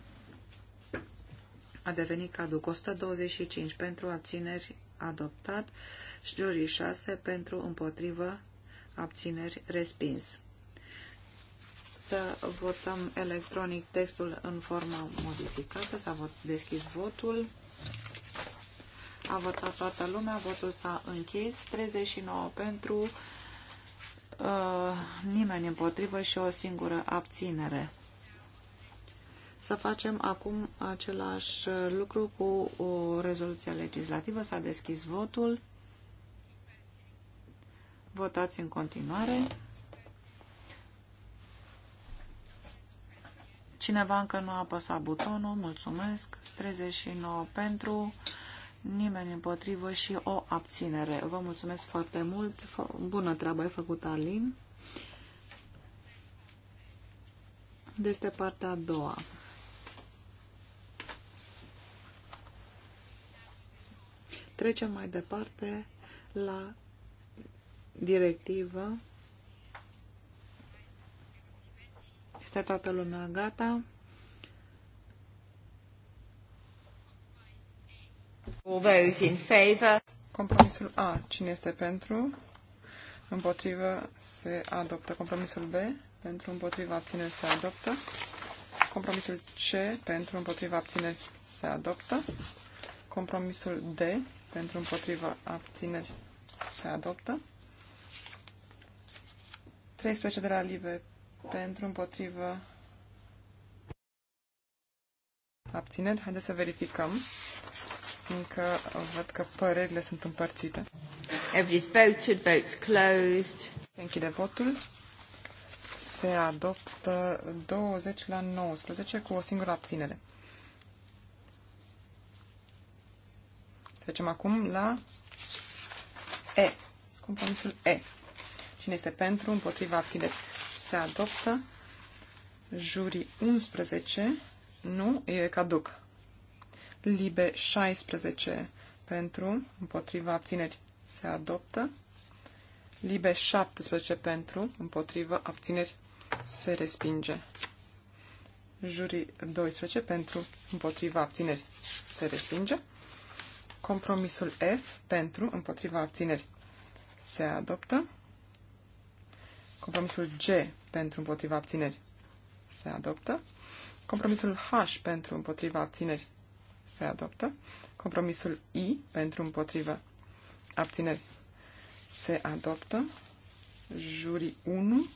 A devenit caduc 125 pentru abțineri adoptat, jurii 6 pentru împotrivă abțineri respins. Să votăm electronic textul în forma modificată. S-a vot, deschis votul. A votat toată lumea, votul s-a închis, 39 pentru, uh, nimeni împotrivă și o singură abținere să facem acum același lucru cu o rezoluție legislativă. S-a deschis votul. Votați în continuare. Cineva încă nu a apăsat butonul. Mulțumesc. 39 pentru, nimeni împotrivă și o abținere. Vă mulțumesc foarte mult. Bună treabă ai făcut, Alin. Deste deci, partea a doua. Trecem mai departe la directivă. Este toată lumea gata. All those in favor. Compromisul A. Cine este pentru? Împotrivă se adoptă. Compromisul B. Pentru împotrivă abțineri se adoptă. Compromisul C. Pentru împotrivă abțineri se adoptă. Compromisul D pentru împotriva abțineri se adoptă. 13 de la Live pentru împotriva abțineri. Haideți să verificăm, fiindcă văd că părerile sunt împărțite. Everybody's voted, votes closed. Închide votul. Se adoptă 20 la 19 cu o singură abținere. Trecem acum la E. Compromisul E. Cine este pentru, împotriva, abține, se adoptă. Jurii 11, nu, e caduc. Libe 16, pentru, împotriva, abțineri, se adoptă. Libe 17 pentru, împotriva abțineri, se respinge. Jurii 12 pentru, împotriva, abțineri, se respinge. Compromisul F pentru împotriva abțineri se adoptă. Compromisul G pentru împotriva abțineri se adoptă. Compromisul H pentru împotriva abțineri se adoptă. Compromisul I pentru împotriva abțineri se adoptă. Jurii 1.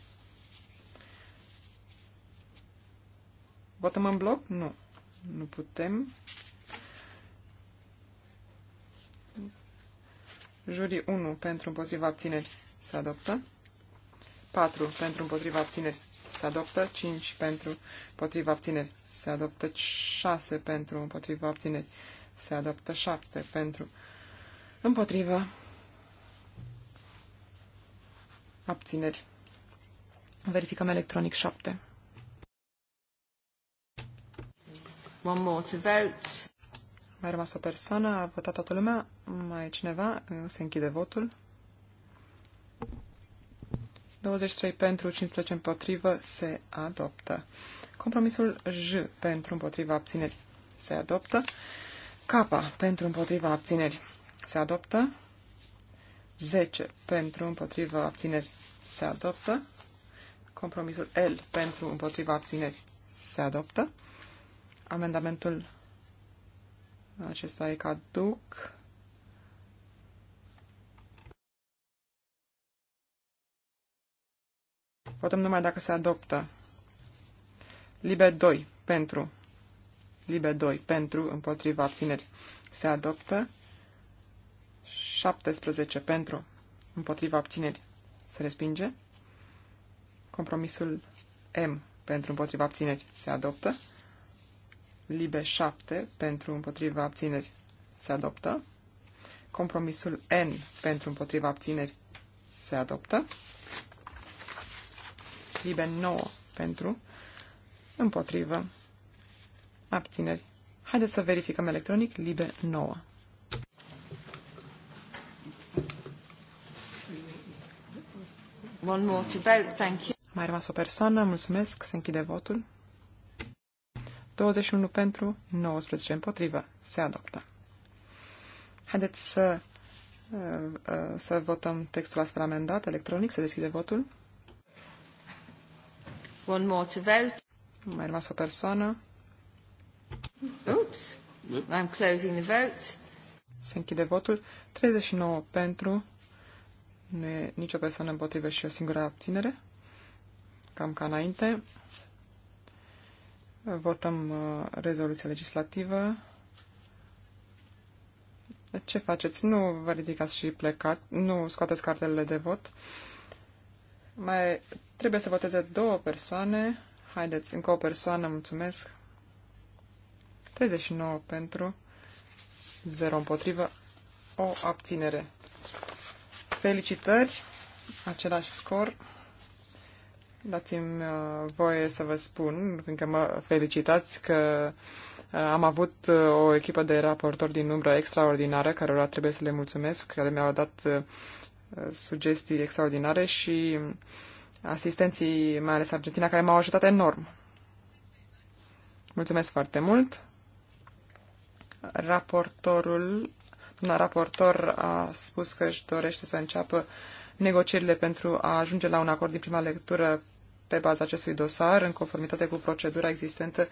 Votăm în bloc? Nu. Nu putem. Juri 1 pentru împotriva abțineri se adoptă. 4 pentru împotriva abțineri se adoptă. 5 pentru împotriva abțineri se adoptă. 6 pentru împotriva abțineri se adoptă. 7 pentru împotriva abțineri. Verificăm electronic 7. One more to vote. Mai a rămas o persoană, a votat toată lumea, mai e cineva, se închide votul. 23 pentru, 15 împotrivă, se adoptă. Compromisul J pentru împotriva abțineri se adoptă. K pentru împotriva abțineri se adoptă. 10 pentru împotriva abțineri se adoptă. Compromisul L pentru împotriva abțineri se adoptă. Amendamentul acesta e caduc. Votăm numai dacă se adoptă. Libe 2 pentru. Libe 2 pentru împotriva abțineri. Se adoptă. 17 pentru împotriva abțineri. Se respinge. Compromisul M pentru împotriva abțineri se adoptă. Libe 7 pentru împotriva abțineri se adoptă. Compromisul N pentru împotriva abțineri se adoptă. Libe 9 pentru împotriva abțineri. Haideți să verificăm electronic Libe 9. One more to vote, thank you. Mai rămas o persoană, mulțumesc, se închide votul. 21 pentru, 19 împotrivă. Se adoptă. Haideți să, uh, uh, să votăm textul astfel amendat electronic, să deschide votul. One more to Mai rămas o persoană. Oops. I'm closing the vote. Se închide votul. 39 pentru. Nu e nicio persoană împotrivă și o singură abținere. Cam ca înainte. Votăm uh, rezoluția legislativă. Ce faceți? Nu vă ridicați și plecați, nu scoateți cartelele de vot. Mai trebuie să voteze două persoane. Haideți, încă o persoană, mulțumesc. 39 pentru, 0 împotrivă, o abținere. Felicitări, același scor. Dați-mi uh, voie să vă spun, fiindcă mă felicitați că uh, am avut uh, o echipă de raportori din umbră extraordinară, care trebuie să le mulțumesc, care mi-au dat sugestii extraordinare și asistenții, mai ales Argentina, care m-au ajutat enorm. Mulțumesc foarte mult. Raportorul, un raportor a spus că își dorește să înceapă negocierile pentru a ajunge la un acord din prima lectură pe baza acestui dosar, în conformitate cu procedura existentă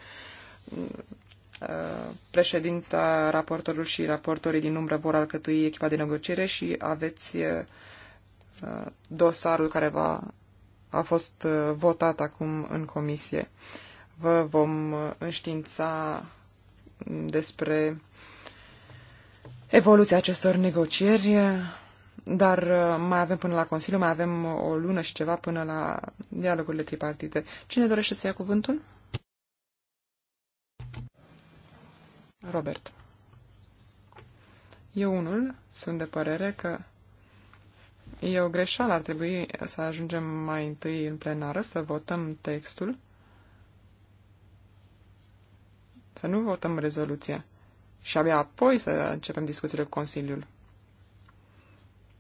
președinta, raportorul și raportorii din umbră vor alcătui echipa de negociere și aveți uh, dosarul care va, a fost uh, votat acum în comisie. Vă vom uh, înștiința despre evoluția acestor negocieri. Dar uh, mai avem până la Consiliu, mai avem o lună și ceva până la dialogurile tripartite. Cine dorește să ia cuvântul? Robert. Eu unul sunt de părere că e o greșeală, ar trebui să ajungem mai întâi în plenară, să votăm textul, să nu votăm rezoluția și abia apoi să începem discuțiile cu Consiliul.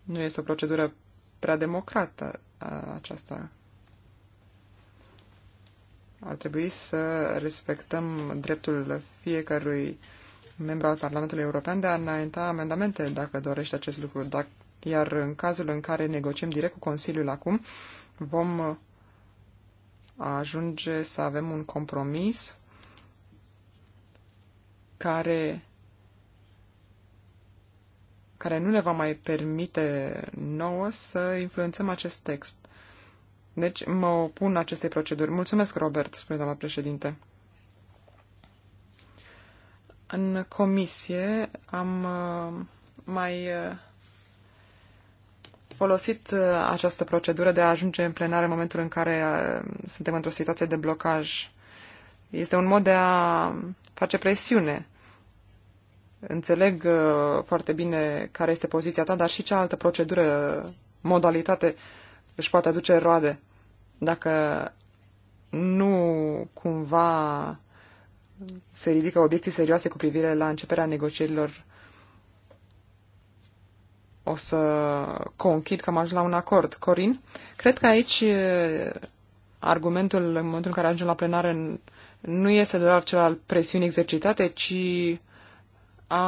Nu este o procedură prea democrată aceasta. Ar trebui să respectăm dreptul fiecărui membru al Parlamentului European de a înainta amendamente dacă dorește acest lucru. Dacă, iar în cazul în care negociem direct cu Consiliul acum, vom ajunge să avem un compromis care care nu ne va mai permite nouă să influențăm acest text. Deci mă opun acestei proceduri. Mulțumesc, Robert, spune doamna președinte. În comisie am uh, mai uh, folosit uh, această procedură de a ajunge în plenare în momentul în care suntem într-o situație de blocaj. Este un mod de a face presiune Înțeleg uh, foarte bine care este poziția ta, dar și ce altă procedură, modalitate își poate aduce roade. Dacă nu cumva se ridică obiecții serioase cu privire la începerea negocierilor, o să conchid că am ajuns la un acord. Corin, cred că aici uh, argumentul în momentul în care ajungem la plenară nu este doar cel al presiunii exercitate, ci a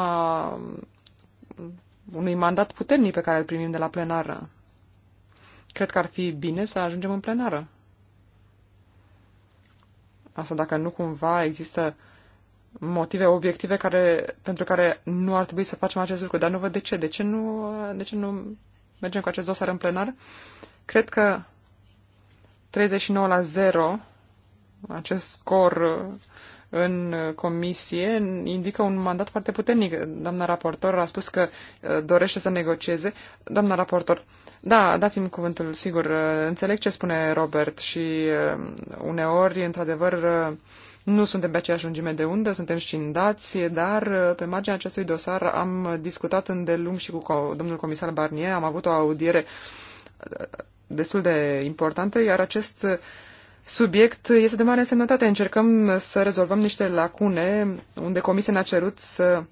unui mandat puternic pe care îl primim de la plenară. Cred că ar fi bine să ajungem în plenară. Asta dacă nu cumva există motive obiective care, pentru care nu ar trebui să facem acest lucru. Dar nu văd de ce. De ce nu, de ce nu mergem cu acest dosar în plenar? Cred că 39 la 0, acest scor în comisie indică un mandat foarte puternic. Doamna raportor a spus că uh, dorește să negocieze. Doamna raportor, da, dați-mi cuvântul, sigur. Uh, înțeleg ce spune Robert și uh, uneori, într-adevăr, nu suntem pe aceeași lungime de undă, suntem scindați, dar pe marginea acestui dosar am discutat îndelung și cu domnul comisar Barnier, am avut o audiere destul de importantă, iar acest uh, subiect este de mare însemnătate. Încercăm să rezolvăm niște lacune unde comisia ne-a cerut să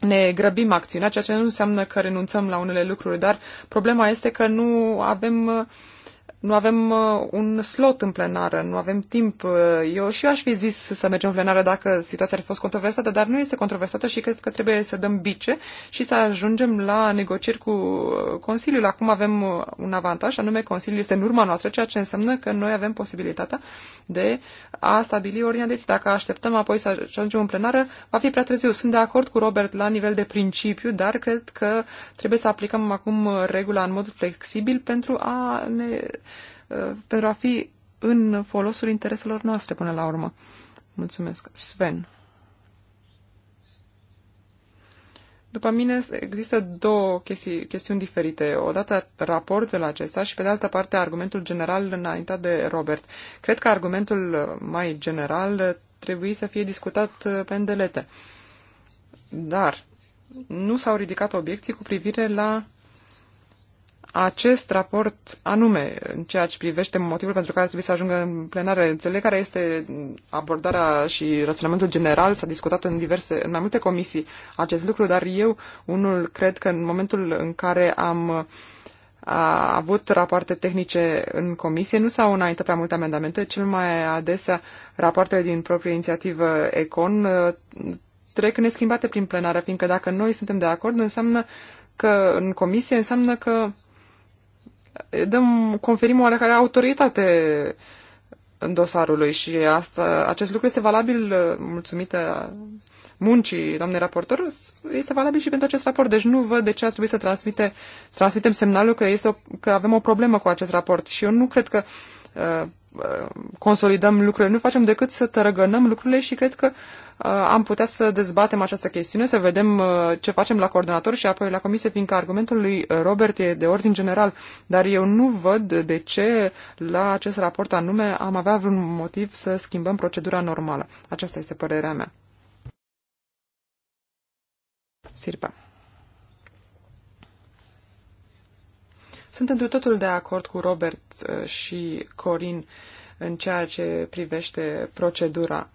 ne grăbim acțiunea, ceea ce nu înseamnă că renunțăm la unele lucruri, dar problema este că nu avem nu avem uh, un slot în plenară, nu avem timp. Uh, eu și eu aș fi zis să mergem în plenară dacă situația ar fi fost controversată, dar nu este controversată și cred că trebuie să dăm bice și să ajungem la negocieri cu uh, Consiliul. Acum avem un avantaj, anume Consiliul este în urma noastră, ceea ce înseamnă că noi avem posibilitatea de a stabili ordinea de zi. Dacă așteptăm apoi să ajungem în plenară, va fi prea târziu. Sunt de acord cu Robert la nivel de principiu, dar cred că trebuie să aplicăm acum regula în mod flexibil pentru a ne Uh, pentru a fi în folosul intereselor noastre până la urmă. Mulțumesc. Sven. După mine există două chestii, chestiuni diferite. Odată raportul acesta și pe de altă parte argumentul general înaintat de Robert. Cred că argumentul mai general trebuie să fie discutat uh, pe îndelete. Dar nu s-au ridicat obiecții cu privire la acest raport anume, în ceea ce privește motivul pentru care trebuie să ajungă în plenare. Înțeleg care este abordarea și raționamentul general, s-a discutat în diverse, în mai multe comisii acest lucru, dar eu unul cred că în momentul în care am a avut rapoarte tehnice în comisie, nu s-au înaintat prea multe amendamente, cel mai adesea rapoartele din proprie inițiativă ECON ă, trec neschimbate prin plenară, fiindcă dacă noi suntem de acord, înseamnă că în comisie înseamnă că dăm, conferim oarecare autoritate în dosarul lui și asta, acest lucru este valabil, uh, mulțumită muncii doamnei raportor, este valabil și pentru acest raport. Deci nu văd de ce ar trebui să transmite, transmitem semnalul că, este o, că avem o problemă cu acest raport. Și eu nu cred că uh, Uh, consolidăm lucrurile, nu facem decât să tărăgănăm lucrurile și cred că uh, am putea să dezbatem această chestiune, să vedem uh, ce facem la coordonator și apoi la comisie, fiindcă argumentul lui Robert e de ordin general, dar eu nu văd de ce la acest raport anume am avea vreun motiv să schimbăm procedura normală. Aceasta este părerea mea. Sirpa. Sunt întru totul de acord cu Robert uh, și Corin în ceea ce privește procedura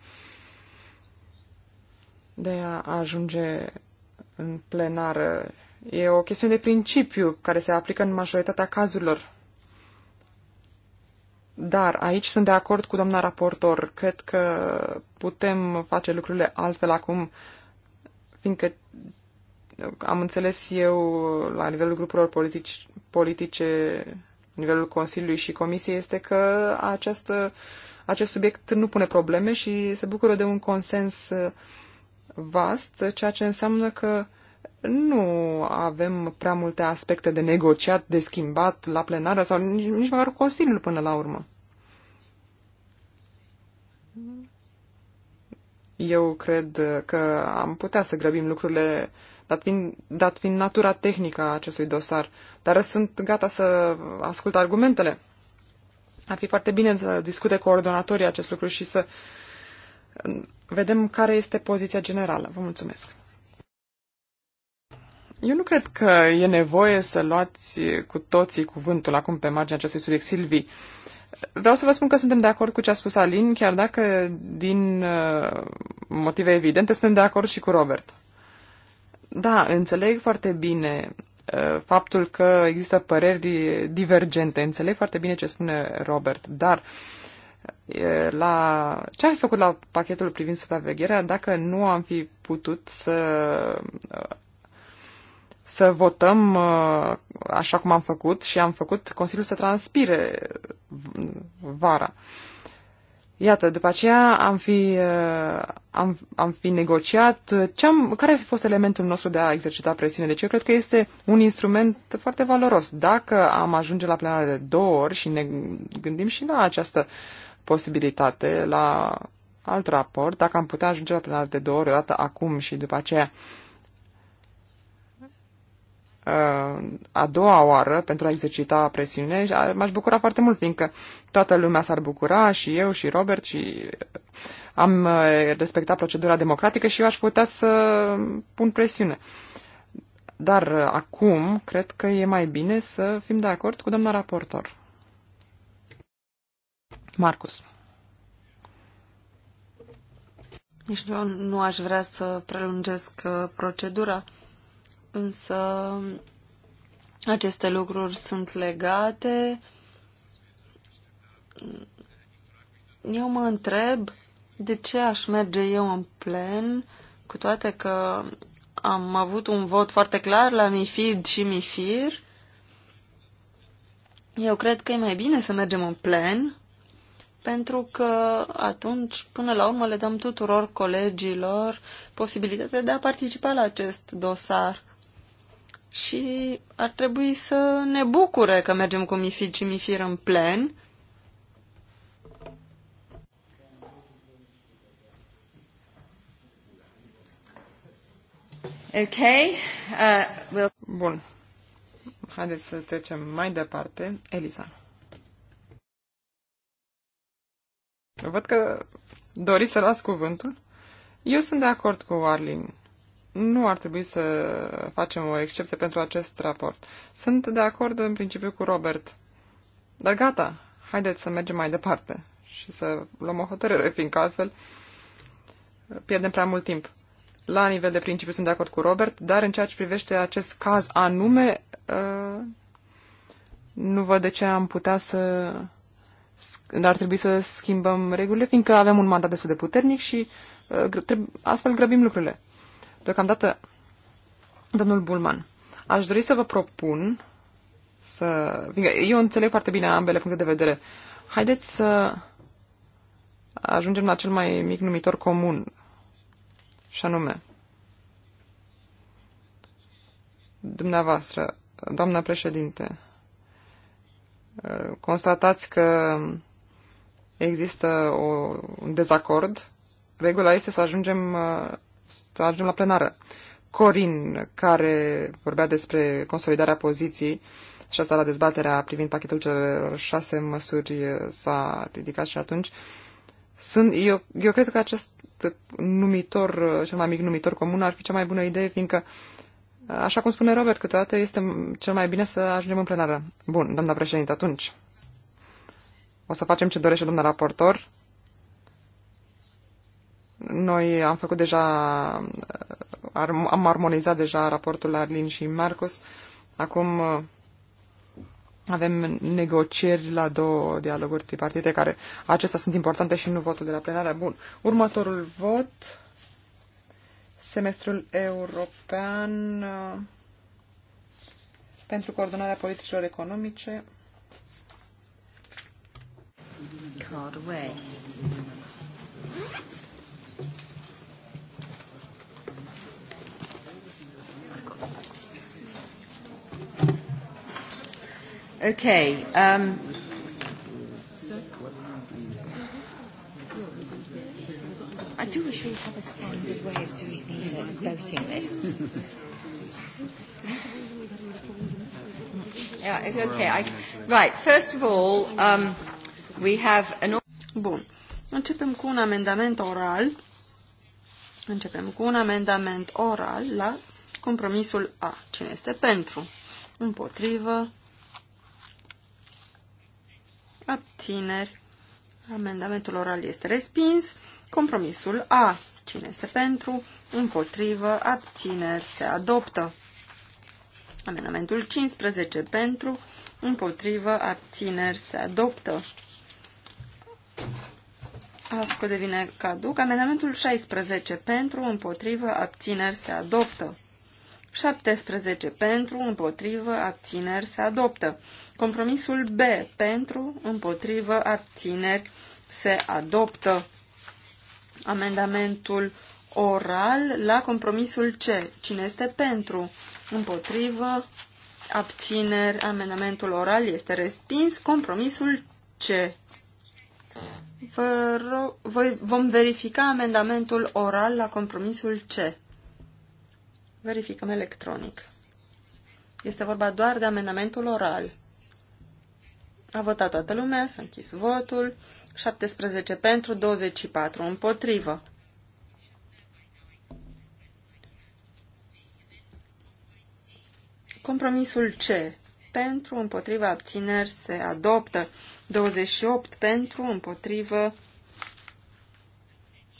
de a ajunge în plenară. E o chestiune de principiu care se aplică în majoritatea cazurilor. Dar aici sunt de acord cu doamna raportor. Cred că putem face lucrurile altfel acum, fiindcă am înțeles eu, la nivelul grupurilor politici, politice, nivelul Consiliului și Comisiei, este că această, acest subiect nu pune probleme și se bucură de un consens uh, vast, ceea ce înseamnă că nu avem prea multe aspecte de negociat, de schimbat la plenară sau nici, nici măcar Consiliul până la urmă. Eu cred că am putea să grăbim lucrurile dat fiind, dat fiind natura tehnică a acestui dosar. Dar sunt gata să ascult argumentele. Ar fi foarte bine să discute coordonatorii acest lucru și să mm, vedem care este poziția generală. Vă mulțumesc. Eu nu cred că e nevoie să luați cu toții cuvântul acum pe marginea acestui subiect, Silvi. Vreau să vă spun că suntem de acord cu ce a spus Alin, chiar dacă din uh, motive evidente suntem de acord și cu Robert. Da, înțeleg foarte bine uh, faptul că există păreri divergente. Înțeleg foarte bine ce spune Robert, dar uh, la ce am făcut la pachetul privind supravegherea dacă nu am fi putut să uh, să votăm așa cum am făcut și am făcut Consiliul să transpire vara. Uh, Iată, după aceea am fi, uh, am, am fi negociat ce am, care ar fi fost elementul nostru de a exercita presiune. Deci eu cred că este un instrument foarte valoros. Dacă am ajunge la plenare de două ori și ne gândim și la această posibilitate, la alt raport, dacă am putea ajunge la plenare de două ori, o dată acum și după aceea uh, a doua oară pentru a exercita presiune și m-aș bucura foarte mult, fiindcă toată lumea s-ar bucura și eu și Robert și am uh, respectat procedura democratică și eu aș putea să pun presiune. Dar uh, acum cred că e mai bine să fim de acord cu doamna raportor. Marcus. Nici eu nu aș vrea să prelungesc uh, procedura însă aceste lucruri sunt legate. Eu mă întreb de ce aș merge eu în plen, cu toate că am avut un vot foarte clar la MIFID și MIFIR. Eu cred că e mai bine să mergem în plen, pentru că atunci, până la urmă, le dăm tuturor colegilor posibilitatea de a participa la acest dosar și ar trebui să ne bucure că mergem cu Mifid și Mifir în plen. Ok. Uh, we'll... Bun. Haideți să trecem mai departe. Eliza. Văd că doriți să luați cuvântul. Eu sunt de acord cu Arlin nu ar trebui să facem o excepție pentru acest raport. Sunt de acord în principiu cu Robert. Dar gata, haideți să mergem mai departe și să luăm o hotărâre, fiindcă altfel pierdem prea mult timp. La nivel de principiu sunt de acord cu Robert, dar în ceea ce privește acest caz anume, uh, nu văd de ce am putea să... ar trebui să schimbăm regulile, fiindcă avem un mandat destul de puternic și uh, astfel grăbim lucrurile. Deocamdată, domnul Bulman, aș dori să vă propun să... Eu înțeleg foarte bine ambele puncte de vedere. Haideți să ajungem la cel mai mic numitor comun, și anume, dumneavoastră, doamna președinte, constatați că există o, un dezacord, regula este să ajungem să ajungem la plenară. Corin, care vorbea despre consolidarea poziției și asta la dezbaterea privind pachetul celor șase măsuri s-a ridicat și atunci. Sunt, eu, eu cred că acest numitor, cel mai mic numitor comun ar fi cea mai bună idee, fiindcă, așa cum spune Robert, câteodată este cel mai bine să ajungem în plenară. Bun, doamna președinte, atunci o să facem ce dorește doamna raportor noi am făcut deja, am armonizat deja raportul Arlin și Marcos. Acum uh, avem negocieri la două dialoguri tripartite care acestea sunt importante și nu votul de la plenară. Bun. Următorul vot, semestrul european uh, pentru coordonarea politicilor economice. Card away. Okay. Um, I do wish we had a standard way of doing these uh, voting lists. yeah, it's okay. I, right, first of all, um, we have an... Bun. Începem cu un amendament oral. Începem cu un amendament oral la compromisul A. Cine este pentru? Împotrivă? abțineri. Amendamentul oral este respins. Compromisul A. Cine este pentru? Împotrivă. Abțineri. Se adoptă. Amendamentul 15 pentru. Împotrivă. Abțineri. Se adoptă. AFCO devine caduc. Amendamentul 16 pentru. Împotrivă. Abțineri. Se adoptă. 17 pentru, împotrivă, abțineri se adoptă. Compromisul B pentru, împotrivă, abțineri se adoptă. Amendamentul oral la compromisul C. Cine este pentru? Împotrivă, abțineri, amendamentul oral este respins. Compromisul C. Vă rog, voi, vom verifica amendamentul oral la compromisul C. Verificăm electronic. Este vorba doar de amendamentul oral. A votat toată lumea, s-a închis votul. 17 pentru, 24 împotrivă. Compromisul C. Pentru, împotriva, abțineri se adoptă. 28 pentru, împotrivă,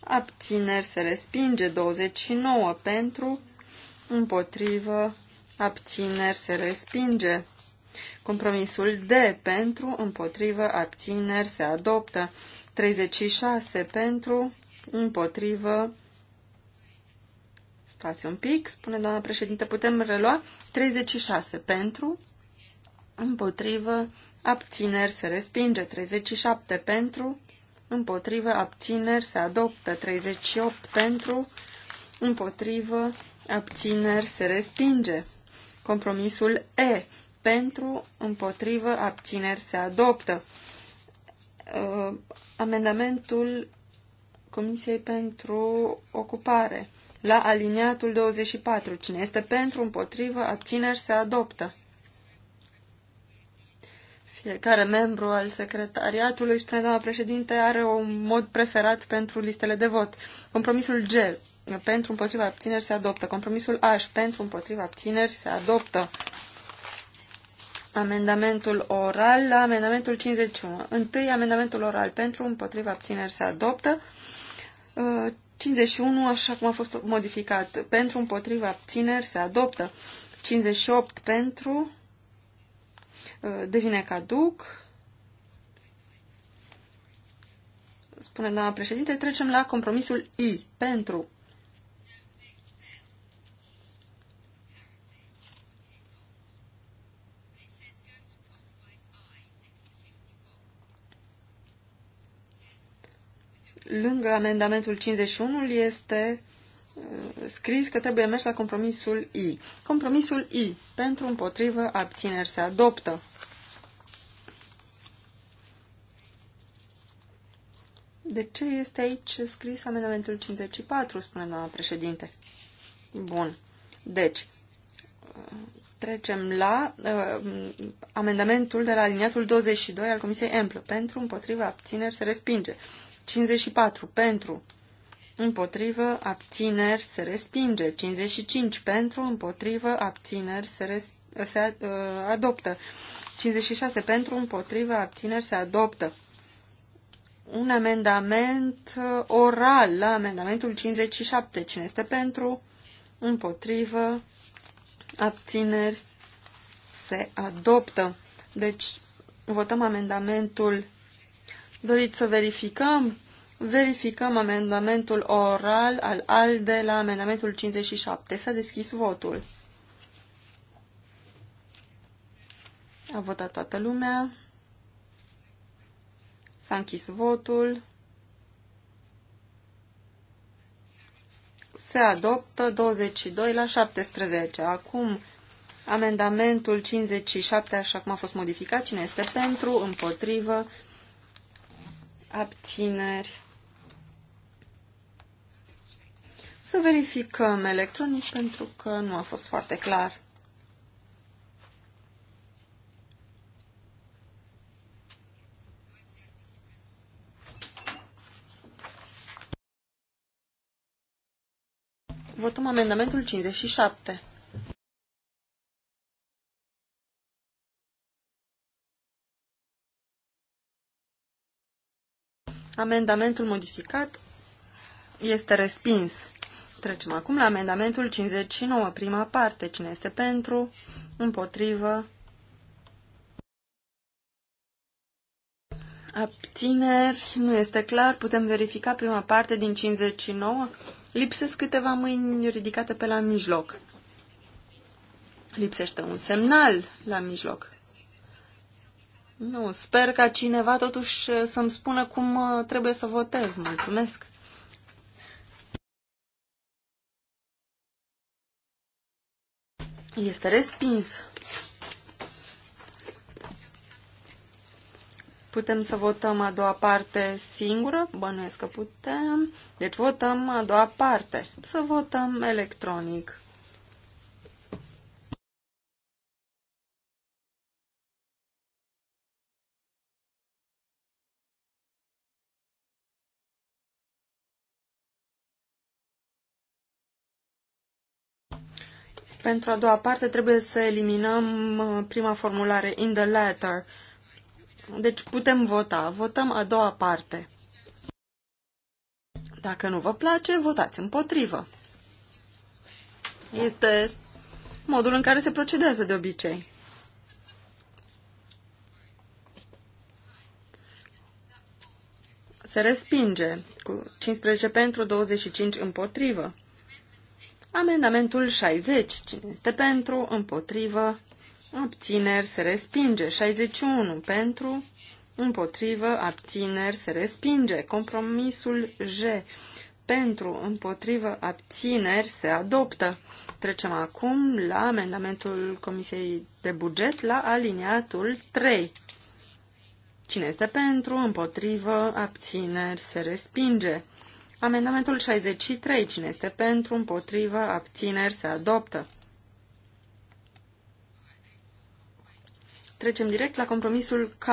abțineri se respinge. 29 pentru, împotrivă, abțineri se respinge. Compromisul D pentru, împotrivă, abțineri se adoptă. 36 pentru, împotrivă, stați un pic, spune doamna președinte, putem relua 36 pentru, împotrivă, abțineri se respinge, 37 pentru, împotrivă, abțineri se adoptă, 38 pentru, împotrivă, abțineri se respinge. Compromisul E. Pentru, împotrivă, abțineri se adoptă. Uh, amendamentul Comisiei pentru Ocupare. La aliniatul 24. Cine este pentru, împotrivă, abțineri se adoptă. Fiecare membru al secretariatului, spune doamna președinte, are un mod preferat pentru listele de vot. Compromisul G pentru împotriva abțineri se adoptă. Compromisul H pentru împotriva abțineri se adoptă. Amendamentul oral la amendamentul 51. Întâi amendamentul oral pentru împotriva abțineri se adoptă. 51, uh, așa cum a fost modificat, pentru împotriva abțineri se adoptă. 58 pentru uh, devine caduc. Spune doamna președinte, trecem la compromisul I pentru lângă amendamentul 51 este uh, scris că trebuie mers la compromisul I. Compromisul I pentru împotrivă abțineri se adoptă. De ce este aici scris amendamentul 54, spune doamna președinte. Bun. Deci, uh, trecem la uh, amendamentul de la aliniatul 22 al Comisiei Emplă. Pentru, împotriva, abțineri, se respinge. 54 pentru, împotrivă, abțineri, se respinge. 55 pentru, împotrivă, abțineri, se, res, se uh, adoptă. 56 pentru, împotrivă, abțineri, se adoptă. Un amendament ă, oral la amendamentul 57. Cine este pentru? Împotrivă, abțineri, se adoptă. Deci, votăm amendamentul Doriți să verificăm? Verificăm amendamentul oral al ALDE la amendamentul 57. S-a deschis votul. A votat toată lumea. S-a închis votul. Se adoptă 22 la 17. Acum amendamentul 57, așa cum a fost modificat, cine este pentru, împotrivă, abțineri. Să verificăm electronic pentru că nu a fost foarte clar. Votăm amendamentul 57. Amendamentul modificat este respins. Trecem acum la amendamentul 59, prima parte. Cine este pentru? Împotrivă? Abțineri? Nu este clar. Putem verifica prima parte din 59. Lipsesc câteva mâini ridicate pe la mijloc. Lipsește un semnal la mijloc. Nu, sper ca cineva totuși uh, să-mi spună cum uh, trebuie să votez. Mulțumesc! Este respins. Putem să votăm a doua parte singură? Bănuiesc că putem. Deci votăm a doua parte. Să votăm electronic. Pentru a doua parte trebuie să eliminăm uh, prima formulare, in the letter, Deci putem vota. Votăm a doua parte. Dacă nu vă place, votați împotrivă. Este modul în care se procedează de obicei. Se respinge cu 15 pentru 25 împotrivă. Amendamentul 60. Cine este pentru? Împotrivă. Abțineri se respinge. 61. Pentru. Împotrivă. Abțineri se respinge. Compromisul J. Pentru. Împotrivă. Abțineri se adoptă. Trecem acum la amendamentul Comisiei de Buget la aliniatul 3. Cine este pentru? Împotrivă. Abțineri se respinge. Amendamentul 63. Cine este pentru, împotrivă, abțineri, se adoptă. Trecem direct la compromisul K.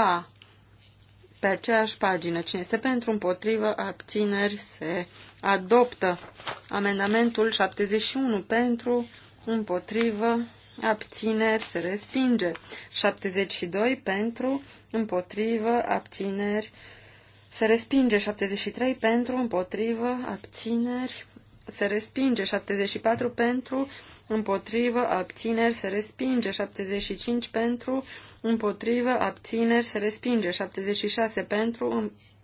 Pe aceeași pagină. Cine este pentru, împotrivă, abțineri, se adoptă. Amendamentul 71. Pentru, împotrivă, abțineri, se respinge. 72. Pentru, împotrivă, abțineri, se se respinge 73 pentru, împotrivă, abțineri. Se respinge 74 pentru, împotrivă, abțineri. Se respinge 75 pentru, împotrivă, abțineri. Se respinge 76 pentru,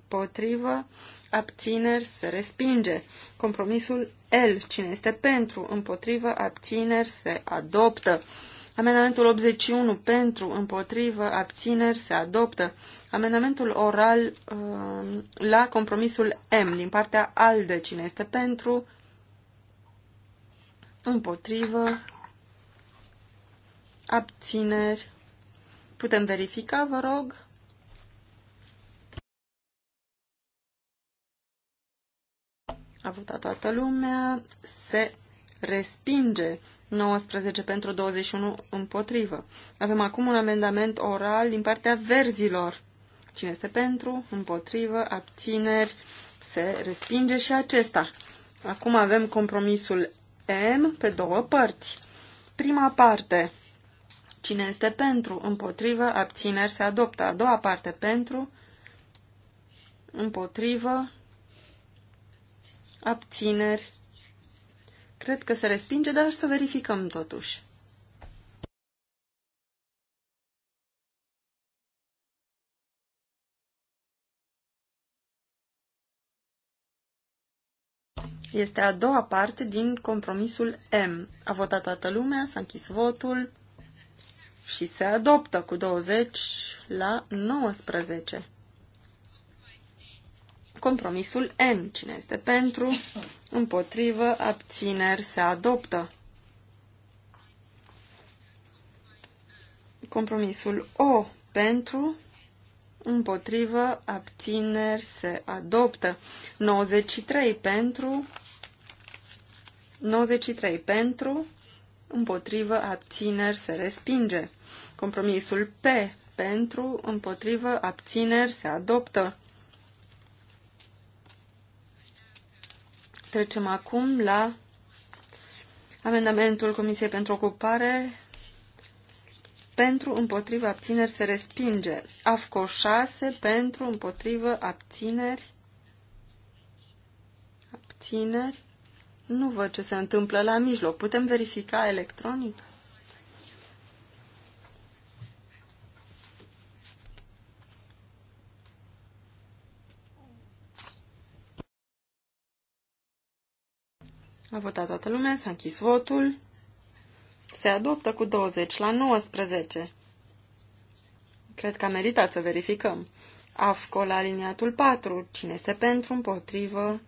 împotrivă, abțineri. Se respinge. Compromisul L. Cine este pentru, împotrivă, abțineri. Se adoptă. Amendamentul 81 pentru, împotrivă, abțineri se adoptă. Amendamentul oral um, la compromisul M din partea ALDE. Cine este pentru? Împotrivă. Abțineri. Putem verifica, vă rog. A votat toată lumea. Se respinge 19 pentru 21 împotrivă. Avem acum un amendament oral din partea verzilor. Cine este pentru, împotrivă, abțineri, se respinge și acesta. Acum avem compromisul M pe două părți. Prima parte, cine este pentru, împotrivă, abțineri, se adoptă. A doua parte, pentru, împotrivă, abțineri, Cred că se respinge, dar să verificăm totuși. Este a doua parte din compromisul M. A votat toată lumea, s-a închis votul și se adoptă cu 20 la 19. Compromisul N. Cine este pentru? împotrivă, abțineri se adoptă. Compromisul O pentru, împotrivă, abțineri se adoptă. 93 pentru, 93 pentru, împotrivă, abțineri se respinge. Compromisul P pentru, împotrivă, abțineri se adoptă. Trecem acum la amendamentul Comisiei pentru Ocupare pentru împotrivă abțineri se respinge. AFCO 6 pentru împotrivă abțineri abțineri nu văd ce se întâmplă la mijloc. Putem verifica electronic? A votat toată lumea, s-a închis votul. Se adoptă cu 20 la 19. Cred că a meritat să verificăm. AFCO la aliniatul 4. Cine este pentru, împotrivă?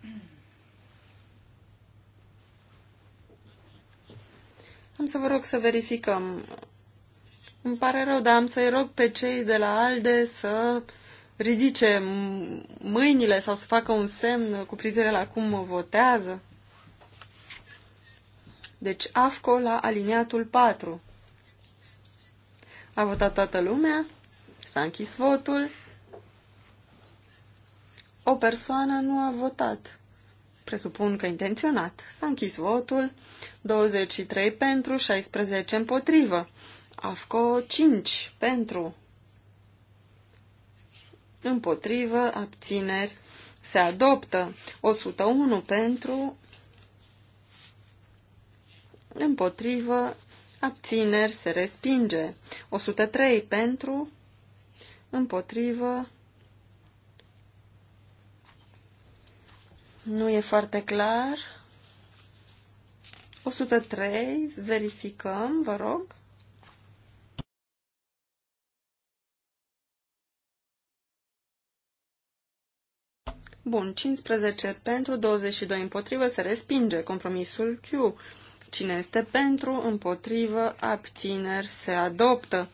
Am să vă rog să verificăm. Îmi pare rău, dar am să-i rog pe cei de la ALDE să ridice mâinile sau să facă un semn cu privire la cum votează. Deci AFCO la aliniatul 4. A votat toată lumea, s-a închis votul. O persoană nu a votat. Presupun că intenționat. S-a închis votul. 23 pentru, 16 împotrivă. AFCO 5 pentru. Împotrivă, abțineri. Se adoptă 101 pentru, împotrivă, abțineri se respinge. 103 pentru, împotrivă, nu e foarte clar. 103, verificăm, vă rog. Bun, 15 pentru, 22 împotrivă, se respinge compromisul Q. Cine este pentru, împotrivă, abțineri, se adoptă.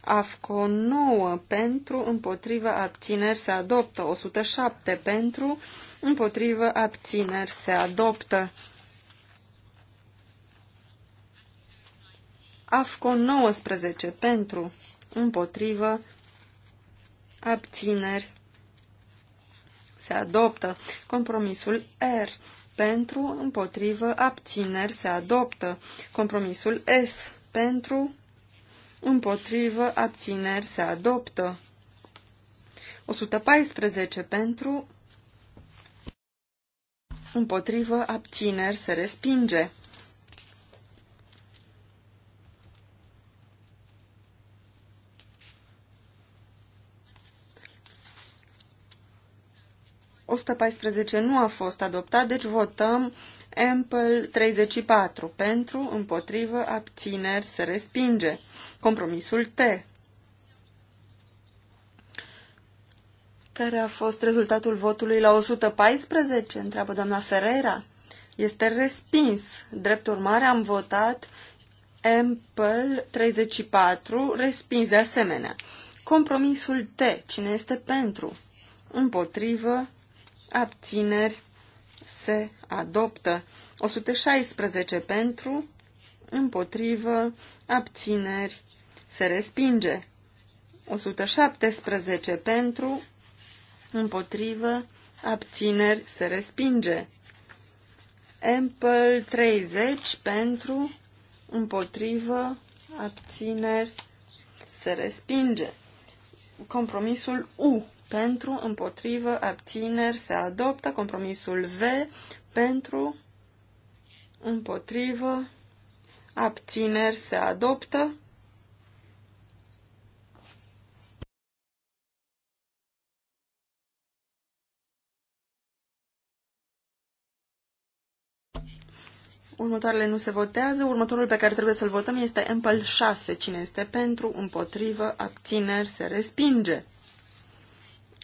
AFCO 9 pentru, împotrivă, abțineri, se adoptă. 107 pentru, împotrivă, abțineri, se adoptă. AFCO 19 pentru, împotrivă, abțineri, se adoptă. Compromisul R pentru, împotrivă, abțineri se adoptă. Compromisul S pentru, împotrivă, abțineri se adoptă. 114 pentru, împotrivă, abțineri se respinge. 114 nu a fost adoptat, deci votăm Ample 34 pentru, împotrivă, abțineri, se respinge. Compromisul T, Care a fost rezultatul votului la 114? Întreabă doamna Ferreira. Este respins. Drept urmare, am votat Ample 34, respins de asemenea. Compromisul T. Cine este pentru? Împotrivă, abțineri, se adoptă. 116 pentru, împotrivă, abțineri, se respinge. 117 pentru, împotrivă, abțineri, se respinge. Ample 30 pentru, împotrivă, abțineri, se respinge. Compromisul U pentru, împotrivă, abțineri, se adoptă. Compromisul V, pentru, împotrivă, abțineri, se adoptă. Următoarele nu se votează. Următorul pe care trebuie să-l votăm este Empel 6. Cine este pentru, împotrivă, abțineri, se respinge.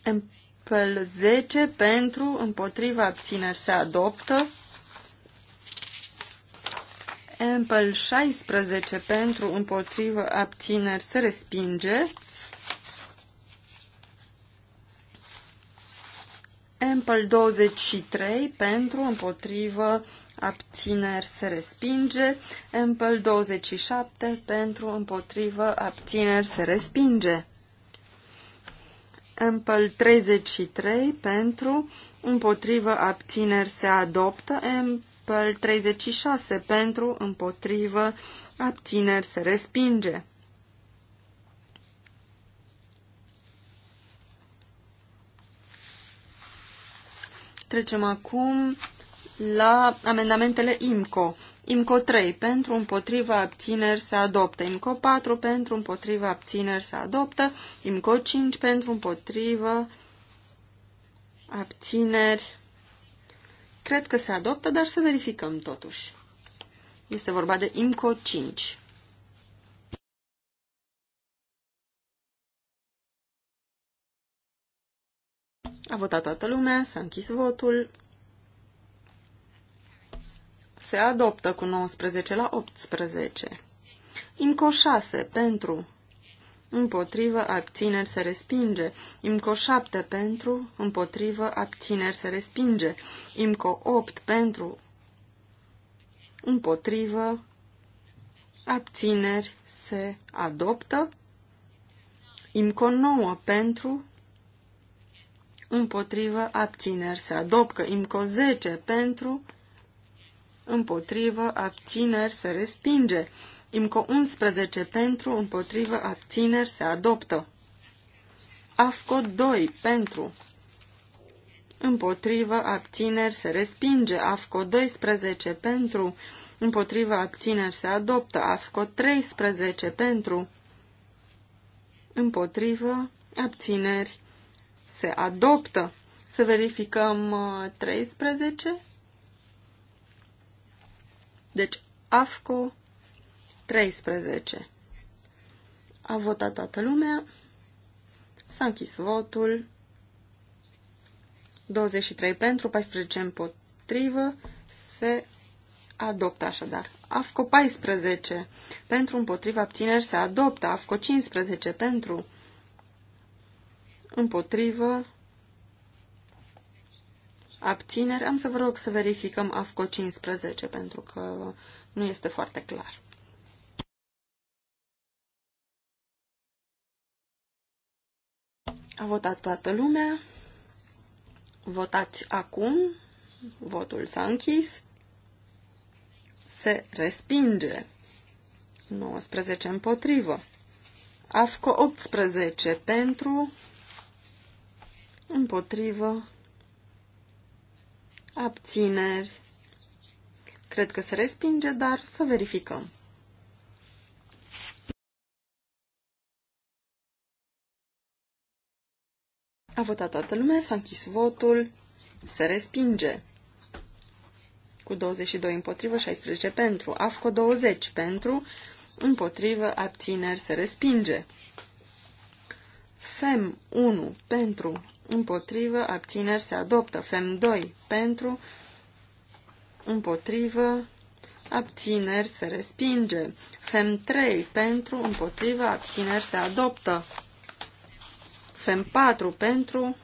Empel 10 pentru, împotriva abțineri se adoptă. Empel 16 pentru, împotriva abțineri se respinge. Ample 23 pentru, împotriva abțineri se respinge. Ample 27 pentru, împotriva abțineri se respinge. Ample 33 pentru, împotrivă abțineri se adoptă, Ample 36 pentru, împotrivă abțineri se respinge. Trecem acum la amendamentele IMCO. IMCO 3 pentru împotriva abțineri se adoptă. IMCO 4 pentru împotriva abțineri se adoptă. IMCO 5 pentru împotriva abțineri. Cred că se adoptă, dar să verificăm totuși. Este vorba de IMCO 5. A votat toată lumea, s-a închis votul se adoptă cu 19 la 18. IMCO 6 pentru, împotrivă, abțineri, se respinge. IMCO 7 pentru, împotrivă, abțineri, se respinge. IMCO 8 pentru, împotrivă, abțineri, se adoptă. IMCO 9 pentru, împotrivă, abțineri, se adoptă. IMCO 10 pentru, împotrivă, abțineri, se respinge. IMCO 11 pentru, împotrivă, abțineri, se adoptă. AFCO 2 pentru, împotrivă, abțineri, se respinge. AFCO 12 pentru, împotrivă, abțineri, se adoptă. AFCO 13 pentru, împotrivă, abțineri, se adoptă. Să verificăm 13. Uh, deci, AFCO 13. A votat toată lumea. S-a închis votul. 23 pentru, 14 împotrivă. Se adoptă așadar. AFCO 14 pentru împotriva abțineri se adoptă. AFCO 15 pentru împotrivă abțineri. Am să vă rog să verificăm AFCO 15 pentru că nu este foarte clar. A votat toată lumea. Votați acum. Votul s-a închis. Se respinge. 19 împotrivă. AFCO 18 pentru, împotrivă, abțineri. Cred că se respinge, dar să verificăm. A votat toată lumea, s-a închis votul, se respinge. Cu 22 împotrivă, 16 pentru. AFCO 20 pentru, împotrivă, abțineri, se respinge. FEM 1 pentru, împotrivă, abțineri se adoptă. FEM 2 pentru, împotrivă, abțineri se respinge. FEM 3 pentru, împotrivă, abțineri se adoptă. FEM 4 pentru,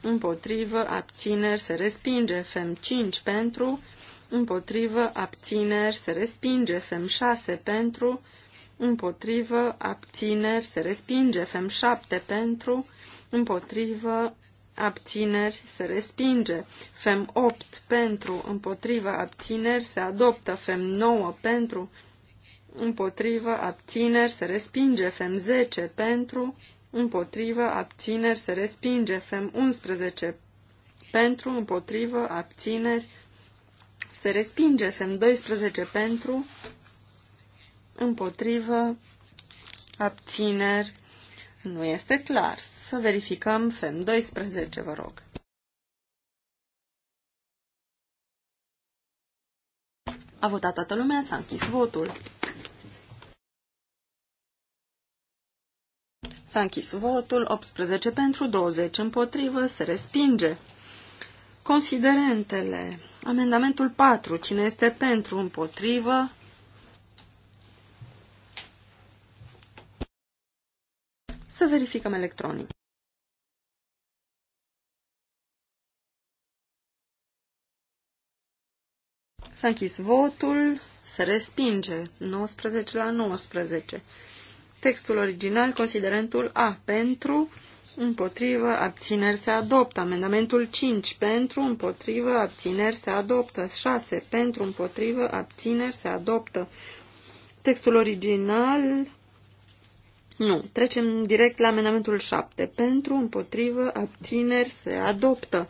împotrivă, abțineri se respinge. FEM 5 pentru, împotrivă, abțineri se respinge. FEM 6 pentru, împotrivă, împotrivă, abțineri, se respinge. fem 7 pentru, împotrivă, abțineri, se respinge. fem 8 pentru, împotrivă, abțineri, se adoptă. fem 9 pentru, împotrivă, abțineri, se respinge. fem 10 pentru, împotrivă, abțineri, se respinge. fem 11 pentru, împotrivă, abțineri, se respinge. fem 12 pentru, împotrivă, abțineri, nu este clar. Să verificăm FEM 12, vă rog. A votat toată lumea, s-a închis votul. S-a închis votul, 18 pentru, 20 împotrivă, se respinge. Considerentele. Amendamentul 4. Cine este pentru, împotrivă, Să verificăm electronic. S-a închis votul, se respinge, 19 la 19. Textul original, considerentul A, pentru, împotrivă, abțineri se adoptă. Amendamentul 5, pentru, împotrivă, abțineri se adoptă. 6, pentru, împotrivă, abțineri se adoptă. Textul original, nu. Trecem direct la amendamentul 7. Pentru, împotrivă, abțineri, se adoptă.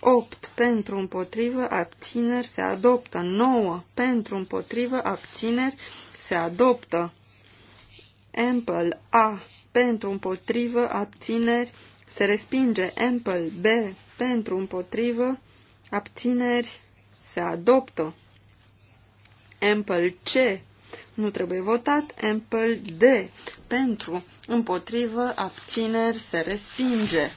8. Pentru, împotrivă, abțineri, se adoptă. 9. Pentru, împotrivă, abțineri, se adoptă. Ample A. Pentru, împotrivă, abțineri, se respinge. Ample B. Pentru, împotrivă, abțineri, se adoptă. Ample C. Nu trebuie votat. Ample D pentru, împotrivă, abțineri, se respinge.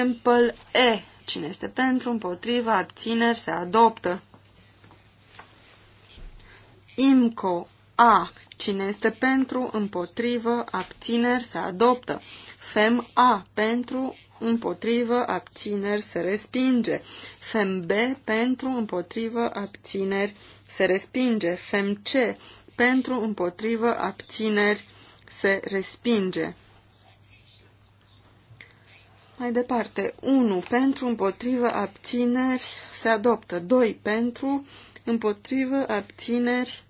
Ample E. Cine este pentru, împotrivă, abțineri, se adoptă. IMCO A. Cine este pentru, împotrivă, abțineri, se adoptă. FEM A. Pentru, împotrivă, abțineri, se respinge. FEM B. Pentru, împotrivă, abțineri, se respinge. FEM C pentru, împotrivă, abțineri, se respinge. Mai departe, 1 pentru, împotrivă, abțineri, se adoptă. 2 pentru, împotrivă, abțineri,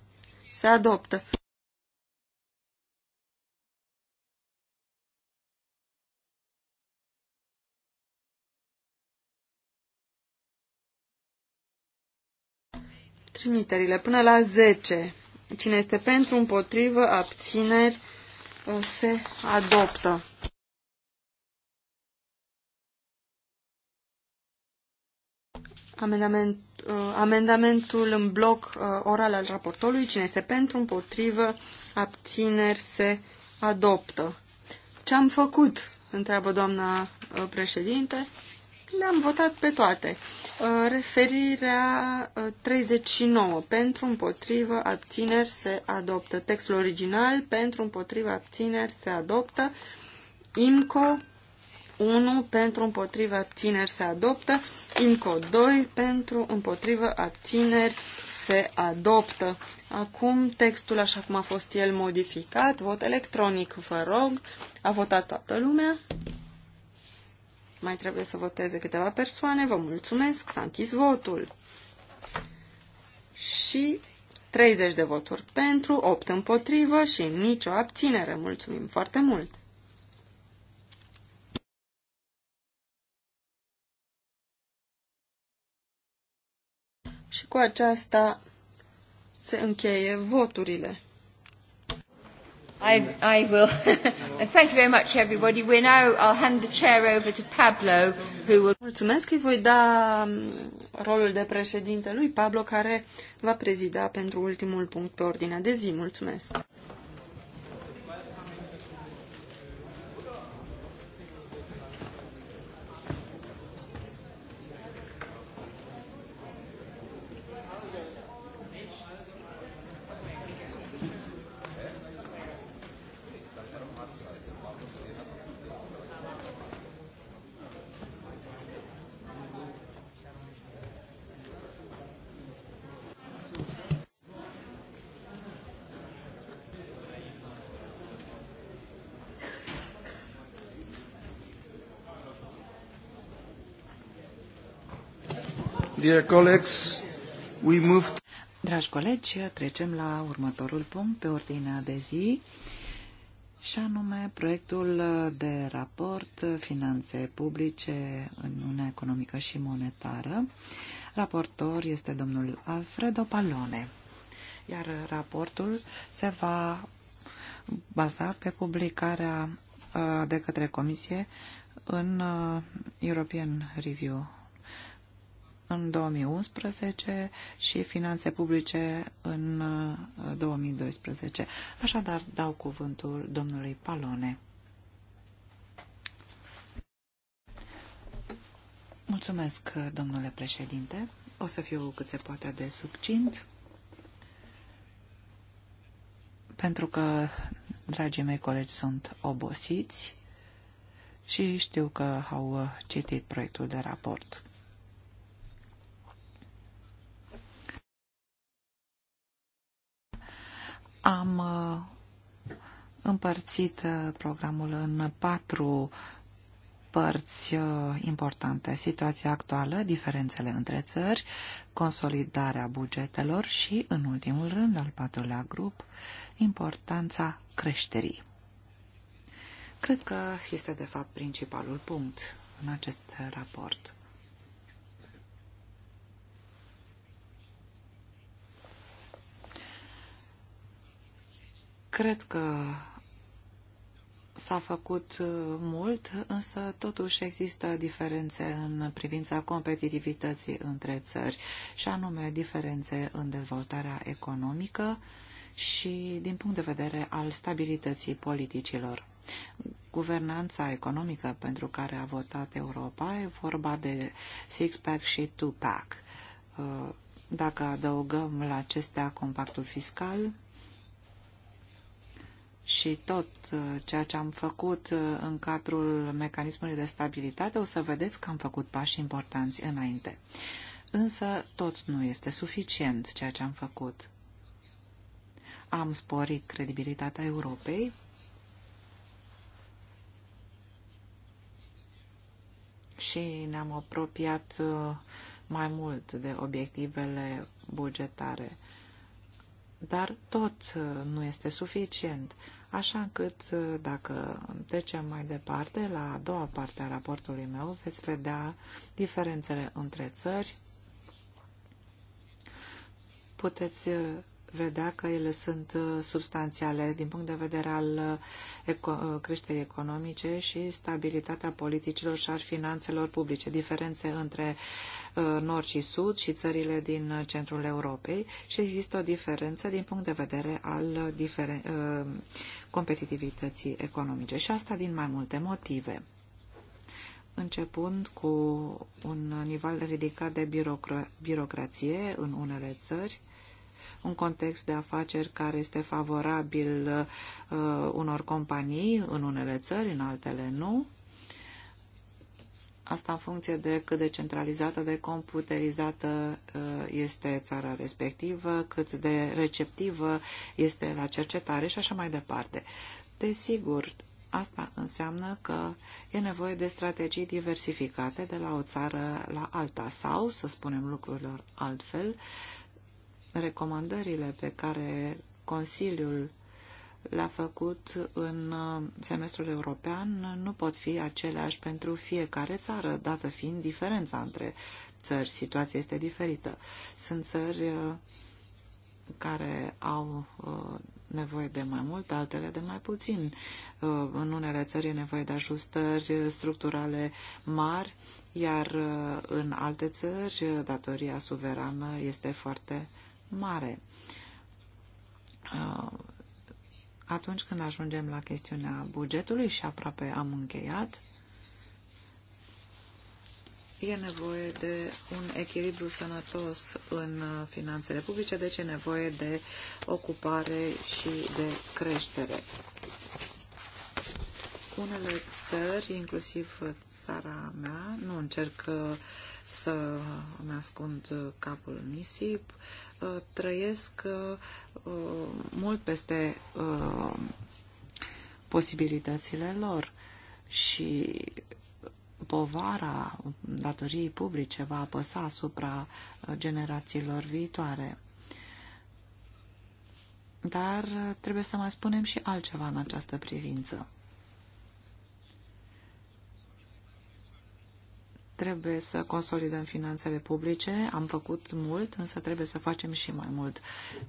se adoptă. Trimiterile până la 10. Cine este pentru, împotrivă, abțineri, uh, se adoptă. Amendament, uh, amendamentul în bloc uh, oral al raportorului, cine este pentru, împotrivă, abțineri, se adoptă. Ce am făcut? Întreabă doamna uh, președinte. Le-am votat pe toate. Uh, referirea 39. Uh, pentru împotrivă abțineri se adoptă. Textul original. Pentru împotrivă abțineri se adoptă. IMCO 1. Pentru împotrivă abțineri se adoptă. IMCO 2. Pentru împotrivă abțineri se adoptă. Acum textul așa cum a fost el modificat. Vot electronic, vă rog. A votat toată lumea. Mai trebuie să voteze câteva persoane. Vă mulțumesc. S-a închis votul. Și 30 de voturi pentru, 8 împotrivă și nicio abținere. Mulțumim foarte mult! Și cu aceasta se încheie voturile. I, I will. and thank you very much, everybody. We now, I'll hand the chair over to Pablo, who will... Mulțumesc, îi voi da um, rolul de președinte lui Pablo, care va prezida pentru ultimul punct pe ordinea de zi. Mulțumesc. Dragi colegi, trecem la următorul punct pe ordinea de zi și anume proiectul de raport Finanțe publice în Uniunea Economică și Monetară. Raportor este domnul Alfredo Palone, iar raportul se va baza pe publicarea uh, de către Comisie în uh, European Review în 2011 și finanțe publice în 2012. Uh, Așadar, dau cuvântul domnului Palone. Mulțumesc, domnule președinte. O să fiu cât se poate de succint, pentru că dragii mei colegi sunt obosiți și știu că au uh, citit proiectul de raport. Am uh, împărțit uh, programul în patru părți uh, importante. Situația actuală, diferențele între țări, consolidarea bugetelor și, în ultimul rând, al patrulea grup, importanța creșterii. Cred că este, de fapt, principalul punct în acest raport. Cred că s-a făcut uh, mult, însă totuși există diferențe în privința competitivității între țări, și anume diferențe în dezvoltarea economică și din punct de vedere al stabilității politicilor. Guvernanța economică pentru care a votat Europa e vorba de six-pack și two-pack. Uh, dacă adăugăm la acestea compactul fiscal, și tot uh, ceea ce am făcut uh, în cadrul mecanismului de stabilitate, o să vedeți că am făcut pași importanți înainte. Însă tot nu este suficient ceea ce am făcut. Am sporit credibilitatea Europei și ne-am apropiat uh, mai mult de obiectivele bugetare. Dar tot uh, nu este suficient, așa încât uh, dacă trecem mai departe la a doua parte a raportului meu, veți vedea diferențele între țări. Puteți uh, vedea că ele sunt uh, substanțiale din punct de vedere al uh, eco uh, creșterii economice și stabilitatea politicilor și al finanțelor publice, diferențe între nord și sud și țările din centrul Europei și există o diferență din punct de vedere al competitivității economice și asta din mai multe motive începând cu un nivel ridicat de birocrație în unele țări, un context de afaceri care este favorabil uh, unor companii în unele țări, în altele nu. Asta în funcție de cât de centralizată, de computerizată uh, este țara respectivă, cât de receptivă este la cercetare și așa mai departe. Desigur, asta înseamnă că e nevoie de strategii diversificate de la o țară la alta sau, să spunem lucrurilor altfel, recomandările pe care Consiliul le-a făcut în semestrul european nu pot fi aceleași pentru fiecare țară, dată fiind diferența între țări. Situația este diferită. Sunt țări uh, care au uh, nevoie de mai mult, altele de mai puțin. Uh, în unele țări e nevoie de ajustări structurale mari, iar în alte țări datoria suverană este foarte mare. Uh, atunci când ajungem la chestiunea bugetului și aproape am încheiat, e nevoie de un echilibru sănătos în finanțele publice, deci e nevoie de ocupare și de creștere. Unele țări, inclusiv țara mea, nu încerc să îmi ascund capul nisip, Uh, trăiesc uh, uh, mult peste posibilitățile lor și povara datoriei publice va apăsa asupra generațiilor viitoare. Dar trebuie să mai spunem și altceva în această privință. Trebuie să consolidăm finanțele publice. Am făcut mult, însă trebuie să facem și mai mult.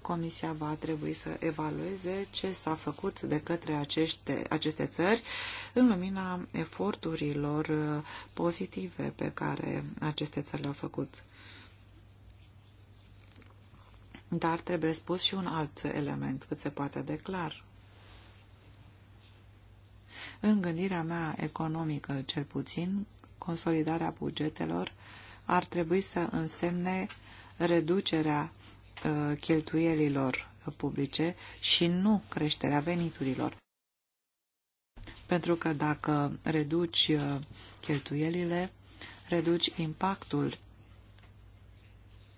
Comisia va trebui să evalueze ce s-a făcut de către aceste, aceste țări în lumina eforturilor pozitive pe care aceste țări le-au făcut. Dar trebuie spus și un alt element cât se poate declar. În gândirea mea economică, cel puțin, consolidarea bugetelor ar trebui să însemne reducerea uh, cheltuielilor publice și nu creșterea veniturilor. Pentru că dacă reduci uh, cheltuielile, reduci impactul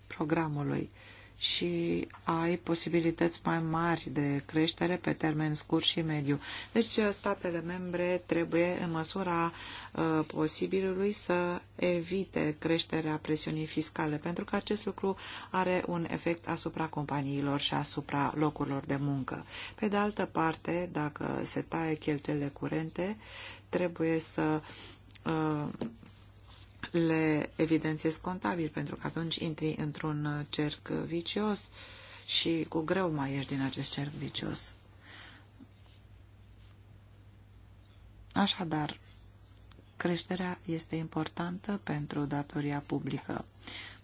programului și ai posibilități mai mari de creștere pe termen scurt și mediu. Deci uh, statele membre trebuie în măsura uh, posibilului să evite creșterea presiunii fiscale, pentru că acest lucru are un efect asupra companiilor și asupra locurilor de muncă. Pe de altă parte, dacă se taie cheltuielile curente, trebuie să uh, le evidențiezi contabil, pentru că atunci intri într-un uh, cerc vicios și cu greu mai ieși din acest cerc vicios. Așadar, creșterea este importantă pentru datoria publică.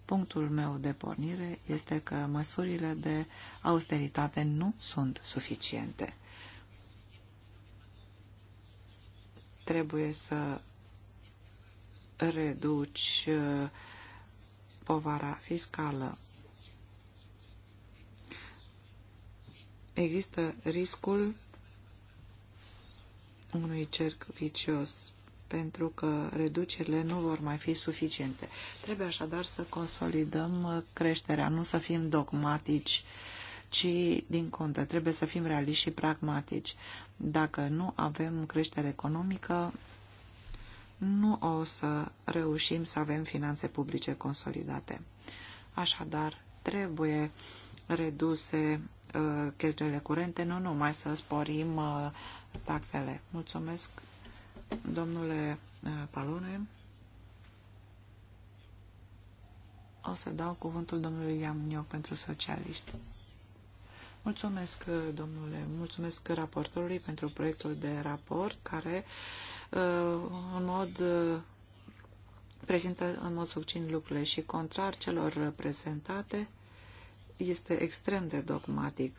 Punctul meu de pornire este că măsurile de austeritate nu sunt suficiente. Trebuie să reduci uh, povara fiscală. Există riscul unui cerc vicios pentru că reducerile nu vor mai fi suficiente. Trebuie așadar să consolidăm uh, creșterea, nu să fim dogmatici, ci din contă. Trebuie să fim realiști și pragmatici. Dacă nu avem creștere economică, nu o să reușim să avem finanțe publice consolidate. Așadar, trebuie reduse uh, cheltuielile curente, nu numai să sporim uh, taxele. Mulțumesc, domnule uh, Palone. O să dau cuvântul domnului Iamniu pentru socialiști. Mulțumesc, domnule, mulțumesc raportorului pentru proiectul de raport care uh, în mod uh, prezintă în mod succint lucrurile și contrar celor prezentate este extrem de dogmatic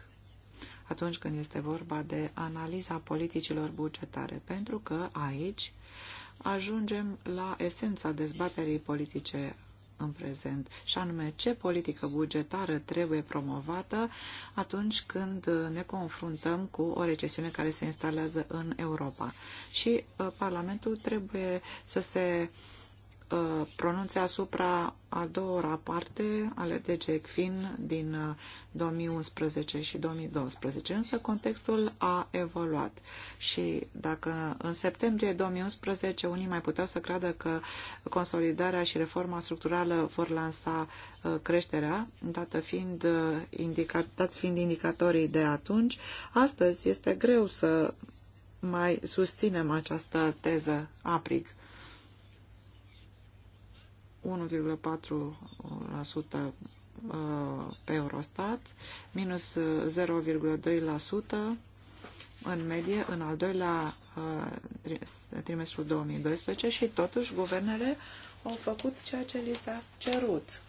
atunci când este vorba de analiza politicilor bugetare, pentru că aici ajungem la esența dezbaterii politice în prezent, și anume ce politică bugetară trebuie promovată atunci când ne confruntăm cu o recesiune care se instalează în Europa. Și uh, Parlamentul trebuie să se uh, Uh, pronunțe asupra a doua rapoarte ale DG ECFIN din 2011 uh, și 2012, însă contextul a evoluat și dacă în septembrie 2011 unii mai puteau să creadă că consolidarea și reforma structurală vor lansa uh, creșterea, dată fiind indica, dați fiind indicatorii de atunci, astăzi este greu să mai susținem această teză aprig 1,4% uh, pe Eurostat, minus 0,2% în medie în al doilea uh, trimestrul 2012 și totuși guvernele au făcut ceea ce li s-a cerut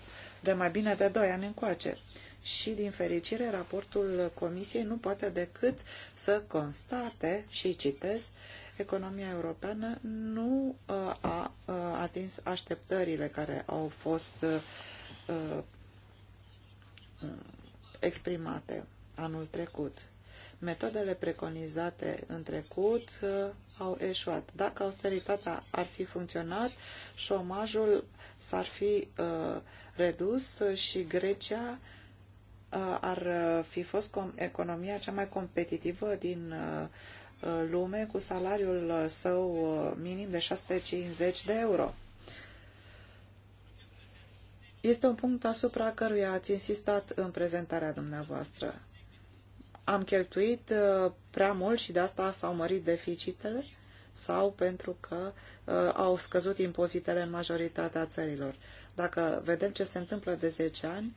de mai bine de 2 ani încoace. Și, din fericire, raportul Comisiei nu poate decât să constate, și citez, economia europeană nu uh, a uh, atins așteptările care au fost uh, exprimate anul trecut. Metodele preconizate în trecut au eșuat. Dacă austeritatea ar fi funcționat, șomajul s-ar fi uh, redus și Grecia uh, ar fi fost economia cea mai competitivă din uh, lume cu salariul uh, său uh, minim de 650 de euro. Este un punct asupra căruia ați insistat în prezentarea dumneavoastră. Am cheltuit uh, prea mult și de asta s-au mărit deficitele sau pentru că au scăzut impozitele în majoritatea țărilor. Dacă vedem ce se întâmplă de 10 ani,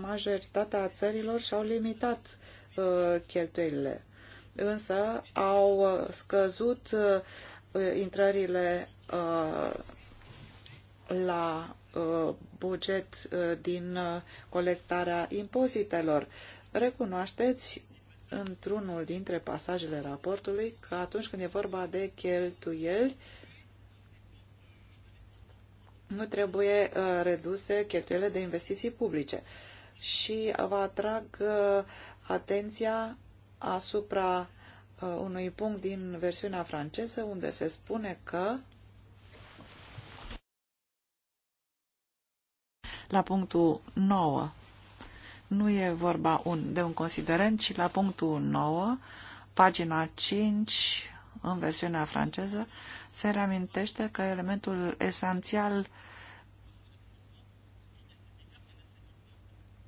majoritatea țărilor și-au limitat cheltuielile însă au uh, scăzut uh, intrările uh, la buget din colectarea impozitelor. Recunoașteți într-unul dintre pasajele raportului că atunci când e vorba de cheltuieli, nu trebuie reduse cheltuielile de investiții publice. Și vă atrag atenția asupra uh, unui punct din versiunea franceză unde se spune că la punctul 9 nu e vorba un, de un considerent, ci la punctul 9, pagina 5, în versiunea franceză, se reamintește că elementul esențial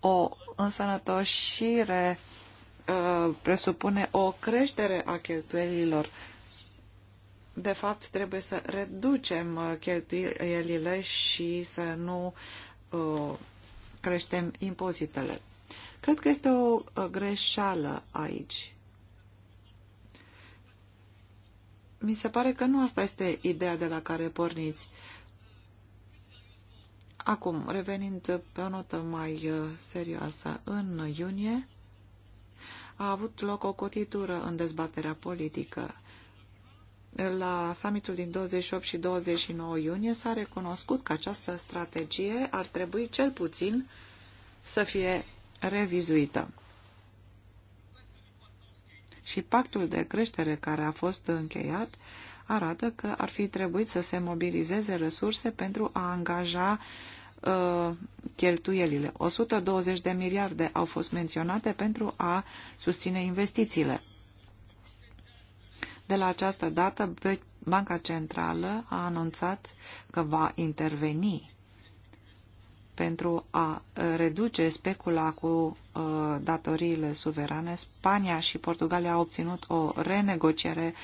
o însănătoșire Uh, presupune o creștere a cheltuielilor. De fapt, trebuie să reducem uh, cheltuielile și să nu uh, creștem impozitele. Cred că este o greșeală aici. Mi se pare că nu asta este ideea de la care porniți. Acum, revenind pe o notă mai serioasă, în iunie a avut loc o cotitură în dezbaterea politică. La summitul din 28 și 29 iunie s-a recunoscut că această strategie ar trebui cel puțin să fie revizuită. Și pactul de creștere care a fost încheiat arată că ar fi trebuit să se mobilizeze resurse pentru a angaja uh, Uh, cheltuielile. 120 de miliarde au fost menționate pentru a susține investițiile. De la această dată, Banca Centrală a anunțat că va interveni pentru a reduce specula cu uh, datoriile suverane. Spania și Portugalia au obținut o renegociere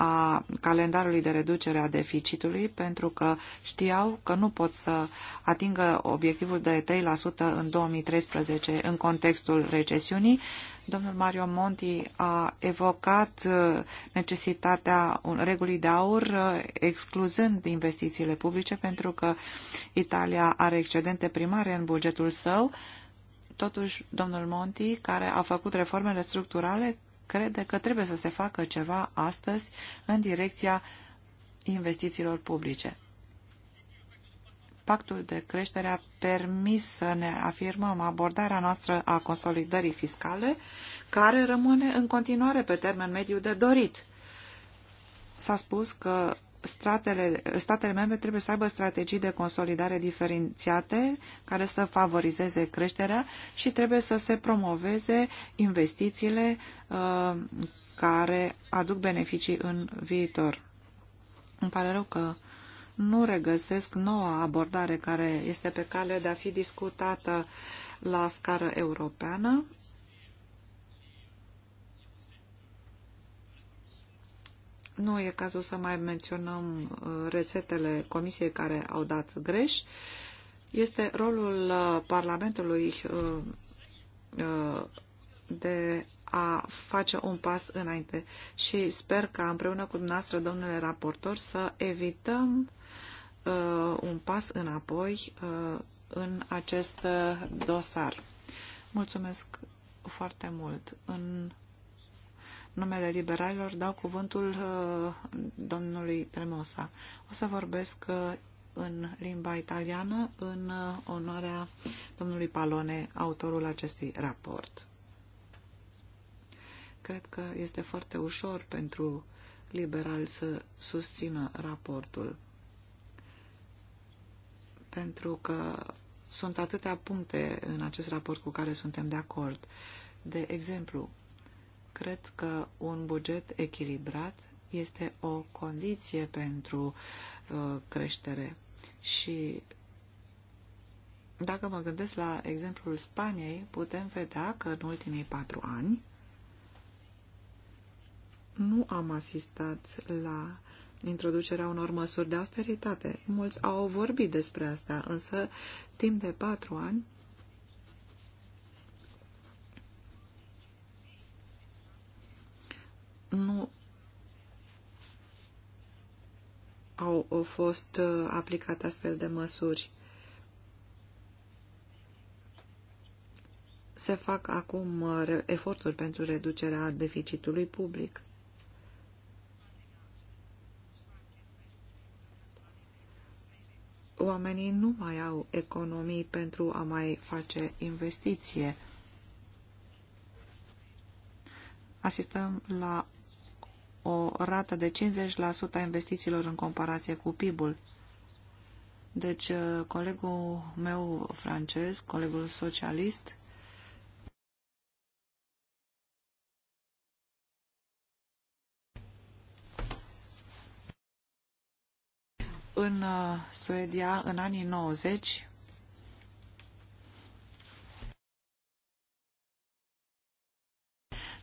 a calendarului de reducere a deficitului pentru că știau că nu pot să atingă obiectivul de 3% în 2013 în contextul recesiunii. Domnul Mario Monti a evocat uh, necesitatea regulii de aur, uh, excluzând investițiile publice, pentru că Italia are excedente primare în bugetul său totuși domnul Monti, care a făcut reformele structurale crede că trebuie să se facă ceva astăzi în direcția investițiilor publice. Pactul de creștere a permis să ne afirmăm abordarea noastră a consolidării fiscale, care rămâne în continuare pe termen mediu de dorit. S-a spus că statele, statele membre trebuie să aibă strategii de consolidare diferențiate care să favorizeze creșterea și trebuie să se promoveze investițiile uh, care aduc beneficii în viitor. Îmi pare rău că nu regăsesc noua abordare care este pe cale de a fi discutată la scară europeană. Nu e cazul să mai menționăm uh, rețetele comisiei care au dat greș. Este rolul uh, Parlamentului uh, de a face un pas înainte și sper că împreună cu dumneavoastră, domnule raportor, să evităm un pas înapoi în acest dosar. Mulțumesc foarte mult. În numele liberalilor dau cuvântul uh, domnului Tremosa. O să vorbesc uh, în limba italiană în uh, onoarea domnului Palone, autorul acestui raport. Cred că este foarte ușor pentru liberal să susțină raportul, pentru că sunt atâtea puncte în acest raport cu care suntem de acord. De exemplu, cred că un buget echilibrat este o condiție pentru uh, creștere. Și dacă mă gândesc la exemplul Spaniei, putem vedea că în ultimii patru ani nu am asistat la introducerea unor măsuri de austeritate. Mulți au vorbit despre asta, însă timp de patru ani nu au fost uh, aplicate astfel de măsuri. Se fac acum uh, eforturi pentru reducerea deficitului public. Oamenii nu mai au economii pentru a mai face investiție. Asistăm la o rată de 50% a investițiilor în comparație cu PIB-ul. Deci, uh, colegul meu francez, colegul socialist, în uh, Suedia, în anii 90,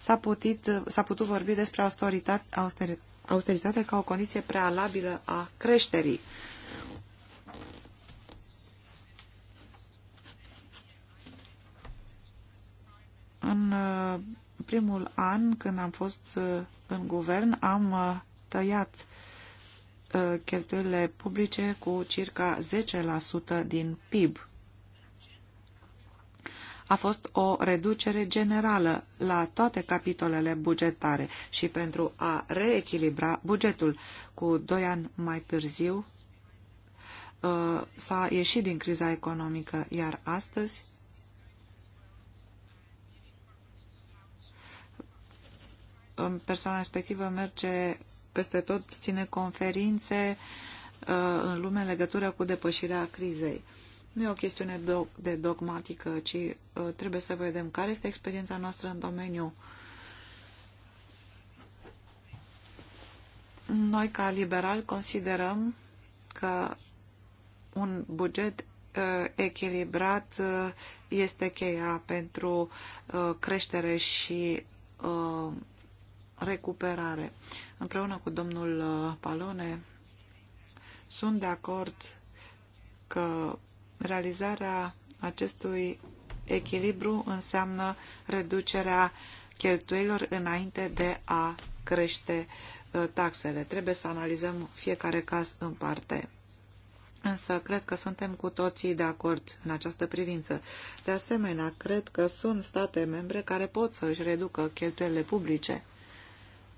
S-a putut, putut vorbi despre austeritate, auster, austeritate ca o condiție prealabilă a creșterii. În uh, primul an, când am fost uh, în guvern, am uh, tăiat cheltuielile publice cu circa 10% din PIB a fost o reducere generală la toate capitolele bugetare și pentru a reechilibra bugetul cu doi ani mai târziu uh, s-a ieșit din criza economică, iar astăzi persoana respectivă merge peste tot, ține conferințe uh, în lume în legătură cu depășirea crizei. Nu e o chestiune de dogmatică, ci uh, trebuie să vedem care este experiența noastră în domeniu. Noi, ca liberali, considerăm că un buget uh, echilibrat uh, este cheia pentru creștere și recuperare. Împreună cu domnul Palone, sunt de acord că Realizarea acestui echilibru înseamnă reducerea cheltuielor înainte de a crește uh, taxele. Trebuie să analizăm fiecare caz în parte. Însă cred că suntem cu toții de acord în această privință. De asemenea, cred că sunt state membre care pot să își reducă cheltuielile publice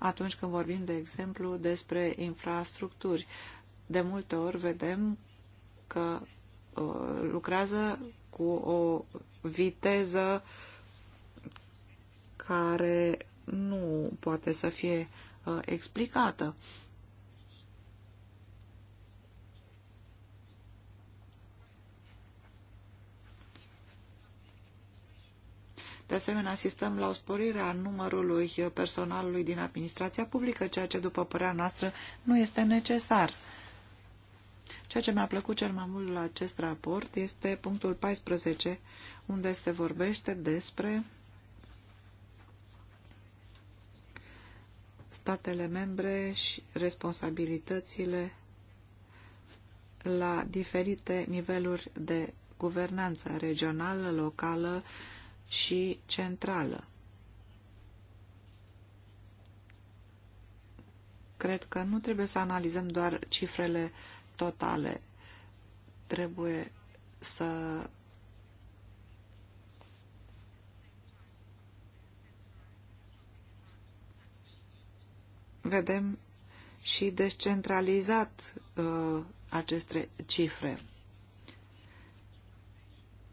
atunci când vorbim, de exemplu, despre infrastructuri. De multe ori vedem că Uh, lucrează cu o viteză care nu poate să fie uh, explicată. De asemenea, asistăm la o sporire a numărului personalului din administrația publică, ceea ce, după părerea noastră, nu este necesar. Ceea ce mi-a plăcut cel mai mult la acest raport este punctul 14, unde se vorbește despre statele membre și responsabilitățile la diferite niveluri de guvernanță regională, locală și centrală. Cred că nu trebuie să analizăm doar cifrele uh, totale. Trebuie să vedem și descentralizat uh, aceste cifre.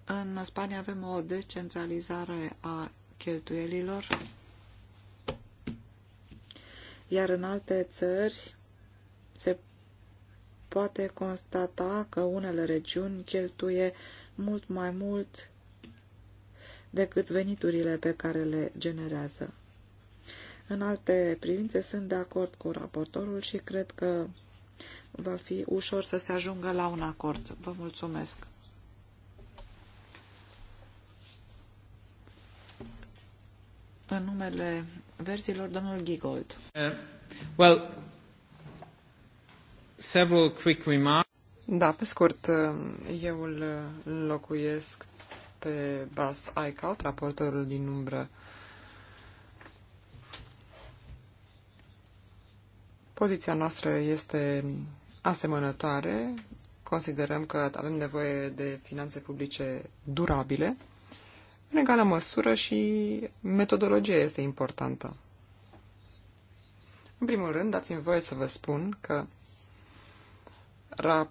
În Spania avem o descentralizare a cheltuielilor, iar în alte țări se poate constata că unele regiuni cheltuie mult mai mult decât veniturile pe care le generează. În alte privințe sunt de acord cu raportorul și cred că va fi ușor să se ajungă la un acord. Vă mulțumesc! În numele verzilor, domnul Gigold. Uh, well, Several quick remarks. Da, pe scurt, eu îl locuiesc pe Bas Eichhout, raportorul din umbră. Poziția noastră este asemănătoare. Considerăm că avem nevoie de finanțe publice durabile. În egală măsură și metodologia este importantă. În primul rând, dați-mi voie să vă spun că ra,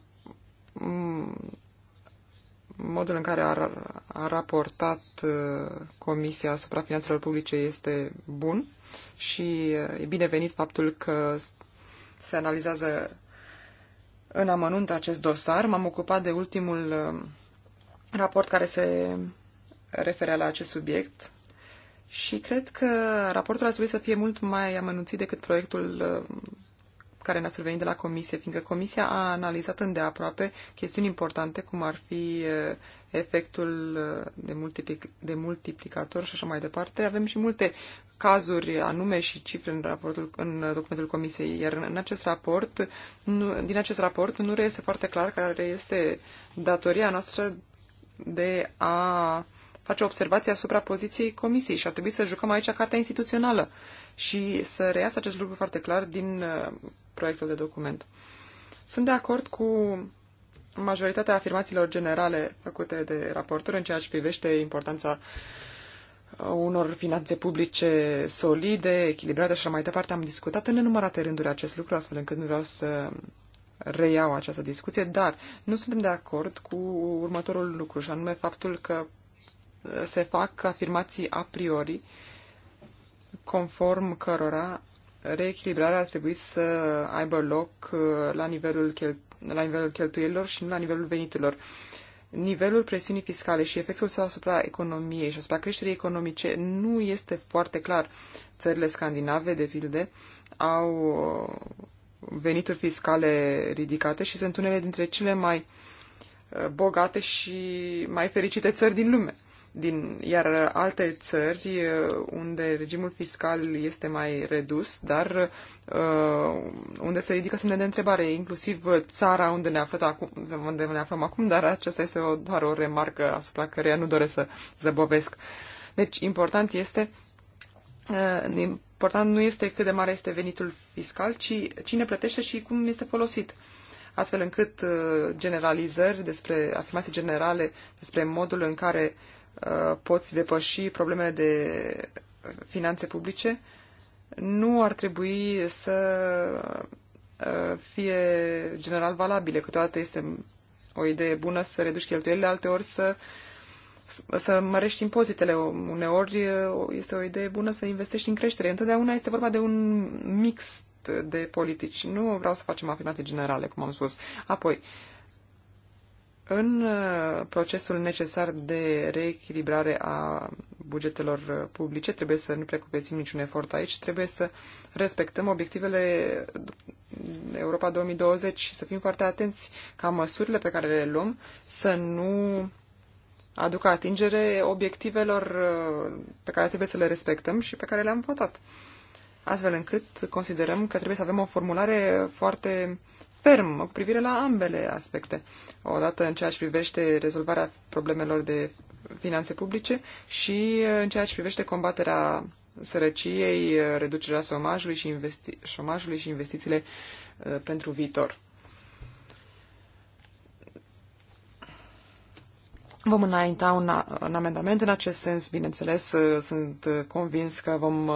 modul în care a, a raportat uh, Comisia asupra finanțelor publice este bun și uh, e binevenit faptul că se analizează în amănunt acest dosar. M-am ocupat de ultimul uh, raport care se referea la acest subiect și cred că raportul ar trebui să fie mult mai amănunțit decât proiectul care ne-a survenit de la comisie, fiindcă comisia a analizat îndeaproape chestiuni importante, cum ar fi eh, efectul eh, de, multiplic, de multiplicator și așa mai departe. Avem și multe cazuri anume și cifre în, raportul, în documentul comisiei, iar în acest raport, nu, din acest raport nu reiese foarte clar care este datoria noastră de a face observații asupra poziției comisiei și ar trebui să jucăm aici cartea instituțională și să reiasă acest lucru foarte clar din eh, proiectul de document. Sunt de acord cu majoritatea afirmațiilor generale făcute de raportor în ceea ce privește importanța unor finanțe publice solide, echilibrate și așa mai departe. Am discutat în nenumărate rânduri acest lucru, astfel încât nu vreau să reiau această discuție, dar nu suntem de acord cu următorul lucru, și anume faptul că se fac afirmații a priori conform cărora reechilibrarea ar trebui să aibă loc uh, la nivelul, chel, la nivelul cheltuielilor și nu la nivelul veniturilor. Nivelul presiunii fiscale și efectul său asupra economiei și asupra creșterii economice nu este foarte clar. Țările scandinave, de pilde, au uh, venituri fiscale ridicate și sunt unele dintre cele mai uh, bogate și mai fericite țări din lume din, iar alte țări uh, unde regimul fiscal este mai redus, dar uh, unde se ridică semne de întrebare, inclusiv țara unde ne, aflăm acum, unde ne aflăm acum, dar aceasta este o, doar o remarcă asupra căreia nu doresc să zăbovesc. Deci, important este uh, important nu este cât de mare este venitul fiscal, ci cine plătește și cum este folosit astfel încât uh, generalizări despre afirmații generale despre modul în care Uh, poți depăși problemele de finanțe publice, nu ar trebui să uh, fie general valabile. Câteodată este o idee bună să reduci cheltuielile, alteori să, să mărești impozitele. Uneori uh, este o idee bună să investești în creștere. Întotdeauna este vorba de un mix de politici. Nu vreau să facem afirmații generale, cum am spus. Apoi, uh, în uh, procesul necesar de reechilibrare a bugetelor uh, publice, trebuie să nu precupețim niciun efort aici, trebuie să respectăm obiectivele uh, Europa 2020 și să fim foarte atenți ca măsurile pe care le luăm să nu aducă atingere obiectivelor pe care trebuie să le respectăm și pe care le-am votat. Astfel încât considerăm că trebuie să avem o formulare foarte uh, ferm cu privire la ambele aspecte. Odată în ceea ce privește rezolvarea problemelor de finanțe publice și în ceea ce privește combaterea sărăciei, reducerea somajului și, investi- somajului și investițiile uh, pentru viitor. Vom înainta un, uh, un amendament în acest sens, bineînțeles. Uh, sunt convins că vom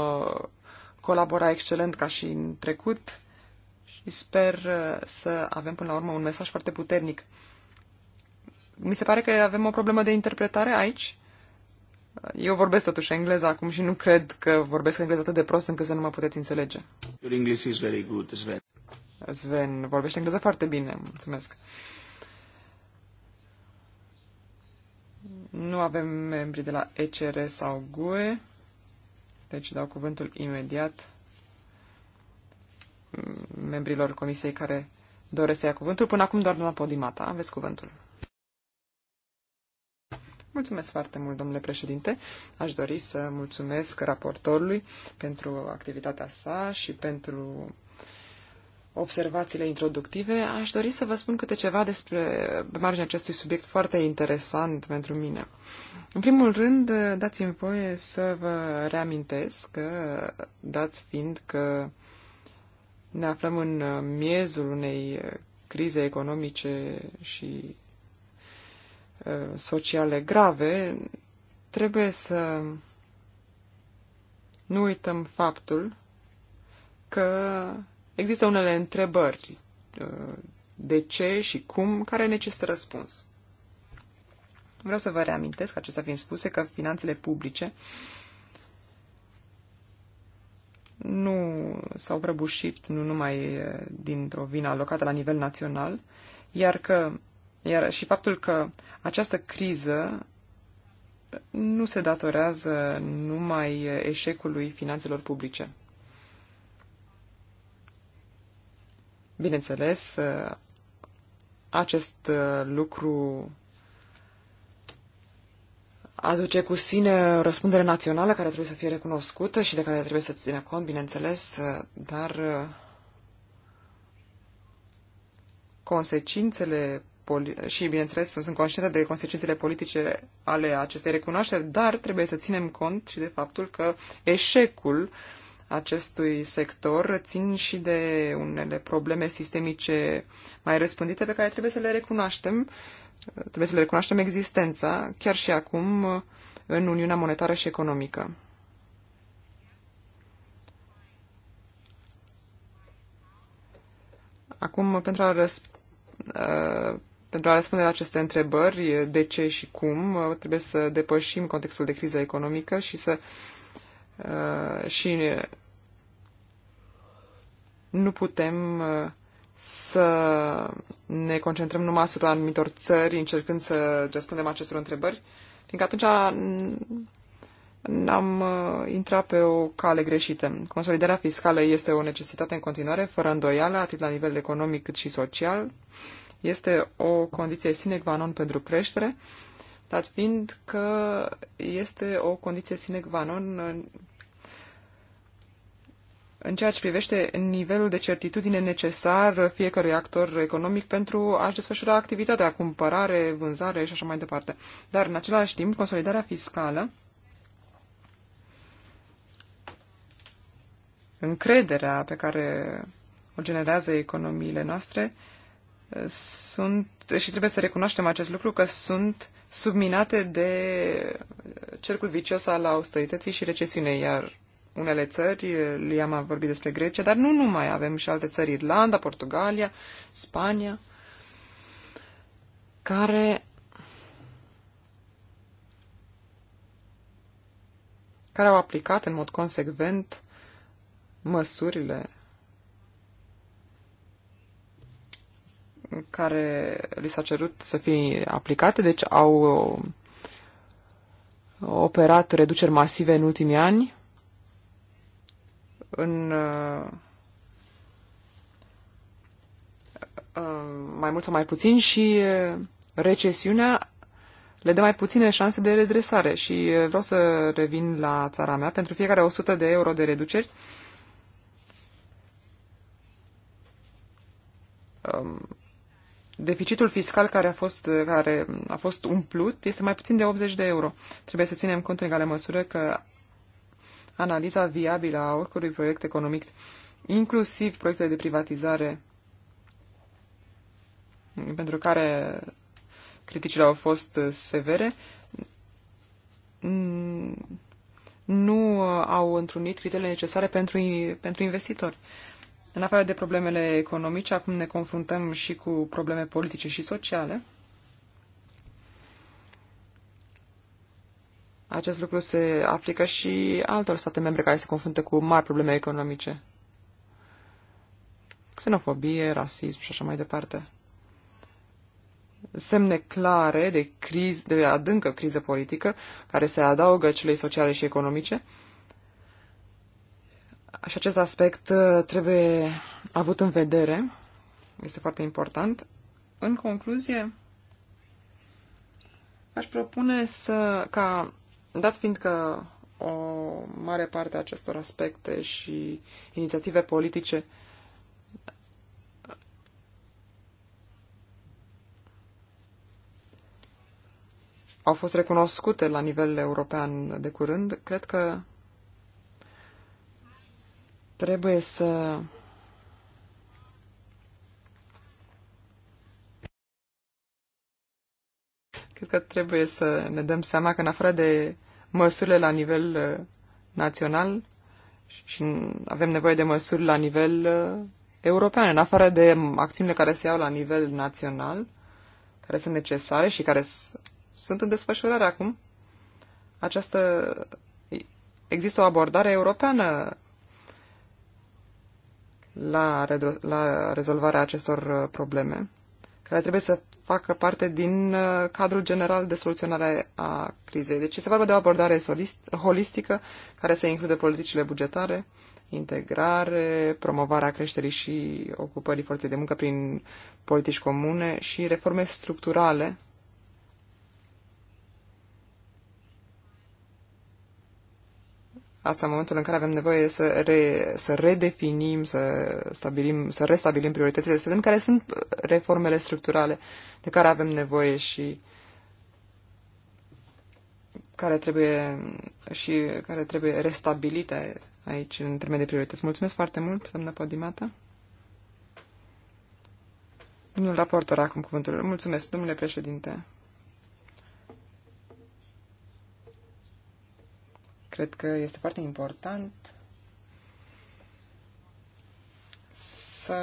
colabora excelent ca și în trecut Sper uh, să avem până la urmă un mesaj foarte puternic. Mi se pare că avem o problemă de interpretare aici. Uh, eu vorbesc totuși engleză acum și nu cred că vorbesc engleză atât de prost încât să nu mă puteți înțelege. Your English is very good, Sven. Sven, vorbește engleză foarte bine, mulțumesc. Nu avem membri de la ECR sau GUE, deci dau cuvântul imediat membrilor comisiei care doresc să ia cuvântul. Până acum doar doamna Podimata. Aveți cuvântul. Mulțumesc foarte mult, domnule președinte. Aș dori să mulțumesc raportorului pentru activitatea sa și pentru observațiile introductive. Aș dori să vă spun câte ceva despre marginea acestui subiect foarte interesant pentru mine. În primul rând, dați-mi voie să vă reamintesc că, dat fiind că ne aflăm în uh, miezul unei uh, crize economice și uh, sociale grave, trebuie să nu uităm faptul că există unele întrebări de ce și cum, care necesită răspuns. Vreau să vă reamintesc, acestea fiind spuse, că finanțele publice uh, nu s-au prăbușit nu numai dintr-o vină alocată la nivel național, iar, că, iar și faptul că această criză nu se datorează numai eșecului finanțelor publice. Bineînțeles, acest lucru aduce cu sine o răspundere națională care trebuie să fie recunoscută și de care trebuie să țină cont, bineînțeles, dar uh, consecințele și, bineînțeles, sunt conștientă de consecințele politice ale acestei recunoașteri, dar trebuie să ținem cont și de faptul că eșecul acestui sector țin și de unele probleme sistemice mai răspândite pe care trebuie să le recunoaștem trebuie să le recunoaștem existența, chiar și acum, în Uniunea Monetară și Economică. Acum, pentru a, răsp- uh, pentru a răspunde la aceste întrebări, de ce și cum, uh, trebuie să depășim contextul de criză economică și să uh, și nu putem să ne concentrăm numai asupra anumitor țări, încercând să răspundem acestor întrebări, fiindcă atunci n-am uh, intrat pe o cale greșită. Consolidarea fiscală este o necesitate în continuare, fără îndoială, atât la nivel economic cât și social. Este o condiție sine qua non pentru creștere, dat fiind că este o condiție sine qua non în ceea ce privește nivelul de certitudine necesar fiecărui actor economic pentru a-și desfășura activitatea, cumpărare, vânzare și așa mai departe. Dar, în același timp, consolidarea fiscală, încrederea pe care o generează economiile noastre, sunt, și trebuie să recunoaștem acest lucru, că sunt subminate de cercul vicios al austerității și recesiunei, iar unele țări, Liam a vorbit despre Grecia, dar nu numai, avem și alte țări, Irlanda, Portugalia, Spania, care care au aplicat în mod consecvent măsurile care li s-a cerut să fie aplicate, deci au operat reduceri masive în ultimii ani în uh, uh, mai mult sau mai puțin și uh, recesiunea le dă mai puține șanse de redresare și vreau să revin la țara mea. Pentru fiecare 100 de euro de reduceri, um, deficitul fiscal care a, fost, care a fost umplut este mai puțin de 80 de euro. Trebuie să ținem cont în egală măsură că analiza viabilă a oricărui proiect economic, inclusiv proiectele de privatizare pentru care criticile au fost severe, nu au întrunit criteriile necesare pentru, pentru investitori. În afară de problemele economice, acum ne confruntăm și cu probleme politice și sociale. Acest lucru se aplică și altor state membre care se confruntă cu mari probleme economice. Xenofobie, rasism și așa mai departe. Semne clare de, criz, de adâncă criză politică care se adaugă celei sociale și economice. Și acest aspect uh, trebuie avut în vedere. Este foarte important. În concluzie, aș propune să, ca Dat fiind că o mare parte a acestor aspecte și inițiative politice au fost recunoscute la nivel european de curând, cred că trebuie să Cred că trebuie să ne dăm seama că în afară de măsurile la nivel uh, național și avem nevoie de măsuri la nivel uh, european, în afară de acțiunile care se iau la nivel național, care sunt necesare și care sunt în desfășurare acum, această există o abordare europeană la, la rezolvarea acestor uh, probleme care trebuie să facă parte din uh, cadrul general de soluționare a crizei. Deci se vorba de o abordare holistică care să include politicile bugetare, integrare, promovarea creșterii și ocupării forței de muncă prin politici comune și reforme structurale asta în momentul în care avem nevoie să, re, să redefinim, să, stabilim, să restabilim prioritățile, să vedem care sunt reformele structurale de care avem nevoie și care trebuie, și care trebuie restabilite aici în termen de priorități. Mulțumesc foarte mult, doamna Podimata. Domnul raportor, acum cuvântul. Mulțumesc, domnule președinte. Cred că este foarte important să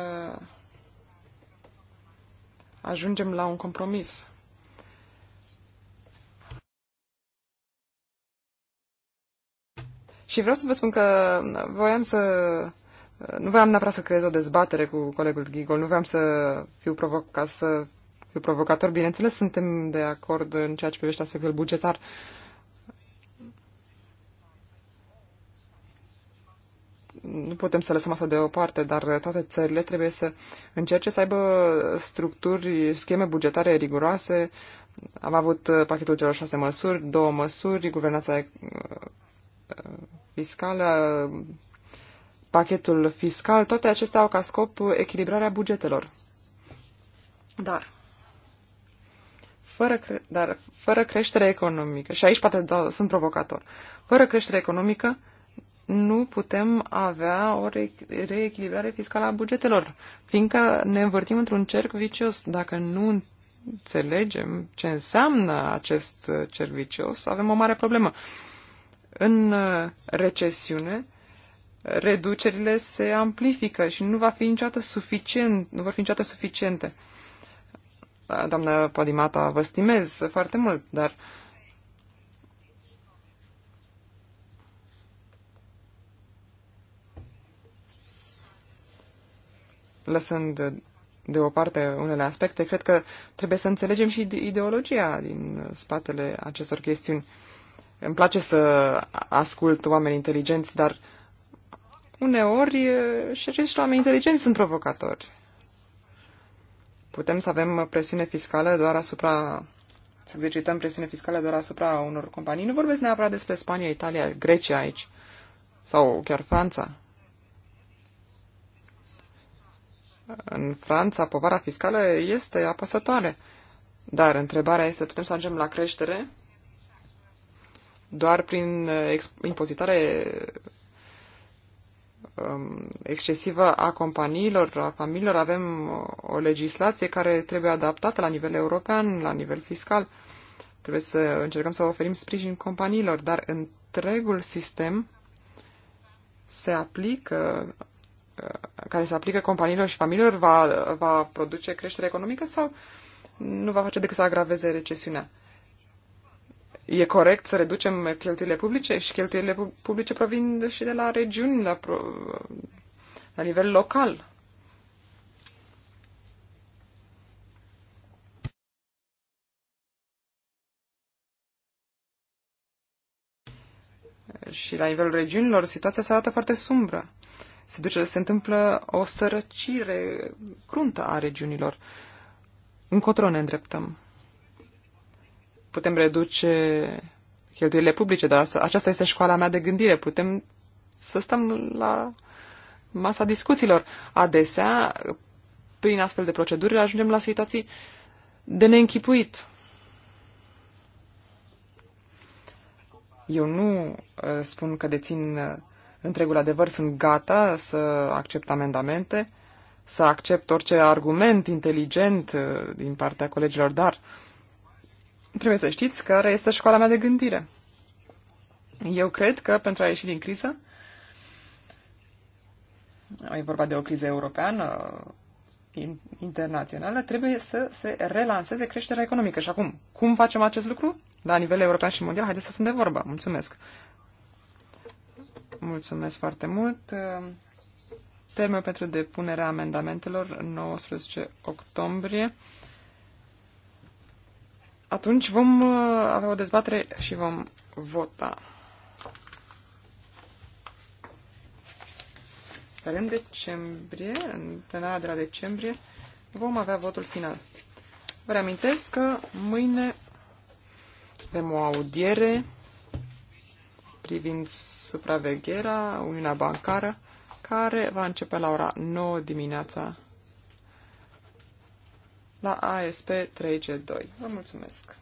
ajungem la un compromis. Și vreau să vă spun că voiam să... Nu voiam neapărat să creez o dezbatere cu colegul Gigol, nu voiam să fiu provocat, să fiu provocator. Bineînțeles, suntem de acord în ceea ce privește aspectul bugetar. Uh, nu putem să lăsăm asta deoparte, dar toate țările trebuie să încerce să aibă structuri, scheme bugetare riguroase. Am avut uh, pachetul celor șase măsuri, două măsuri, guvernanța uh, fiscală, pachetul fiscal, toate acestea au ca scop echilibrarea bugetelor. Dar fără, cre- dar fără creștere economică, și aici poate da, sunt provocator, fără creștere economică nu putem avea o reechilibrare fiscală a bugetelor, fiindcă ne învârtim într-un cerc vicios. Dacă nu înțelegem ce înseamnă acest uh, cerc vicios, avem o mare problemă. În uh, recesiune, reducerile se amplifică și nu va fi niciodată suficient, nu vor fi niciodată suficiente. Uh, Doamna Podimata, vă stimez foarte mult, dar uh, lăsând deoparte unele aspecte, cred că trebuie să înțelegem și ideologia din spatele acestor chestiuni. Îmi place să ascult oameni inteligenți, dar uneori și acești oameni inteligenți sunt provocatori. Putem să avem presiune fiscală doar asupra să exercităm presiune fiscală doar asupra unor companii. Nu vorbesc neapărat despre Spania, Italia, Grecia aici, sau chiar Franța. În Franța, povara fiscală este apăsătoare. Dar întrebarea este, putem să ajungem la creștere doar prin impozitare um, excesivă a companiilor, a familiilor. Avem o legislație care trebuie adaptată la nivel european, la nivel fiscal. Trebuie să încercăm să oferim sprijin companiilor, dar întregul sistem se aplică Uh, care se aplică companiilor și familiilor va, va produce creștere economică sau nu va face decât să agraveze recesiunea? E corect să reducem cheltuielile publice și cheltuielile publice provin și de la regiuni, la, pro, la nivel local. Și la nivelul regiunilor situația se arată foarte sumbră se, duce, se întâmplă o sărăcire cruntă a regiunilor. Încotro ne îndreptăm. Putem reduce cheltuielile publice, dar asta, aceasta este școala mea de gândire. Putem să stăm la masa discuțiilor. Adesea, prin astfel de proceduri, ajungem la situații de neînchipuit. Eu nu uh, spun că dețin întregul adevăr, sunt gata să accept amendamente, să accept orice argument inteligent uh, din partea colegilor, dar trebuie să știți care este școala mea de gândire. Eu cred că pentru a ieși din criză, e vorba de o criză europeană, uh, internațională, trebuie să se relanseze creșterea economică. Și acum, cum facem acest lucru? La nivel european și mondial, haideți să sunt de vorbă. Mulțumesc. Mulțumesc foarte mult. Termen pentru depunerea amendamentelor 19 octombrie. Atunci vom uh, avea o dezbatere și vom vota. Dar în decembrie, în plenarea de la decembrie, vom avea votul final. Vă reamintesc că mâine avem o audiere privind supravegherea, Uniunea Bancară, care va începe la ora 9 dimineața la ASP 3G2. Vă mulțumesc!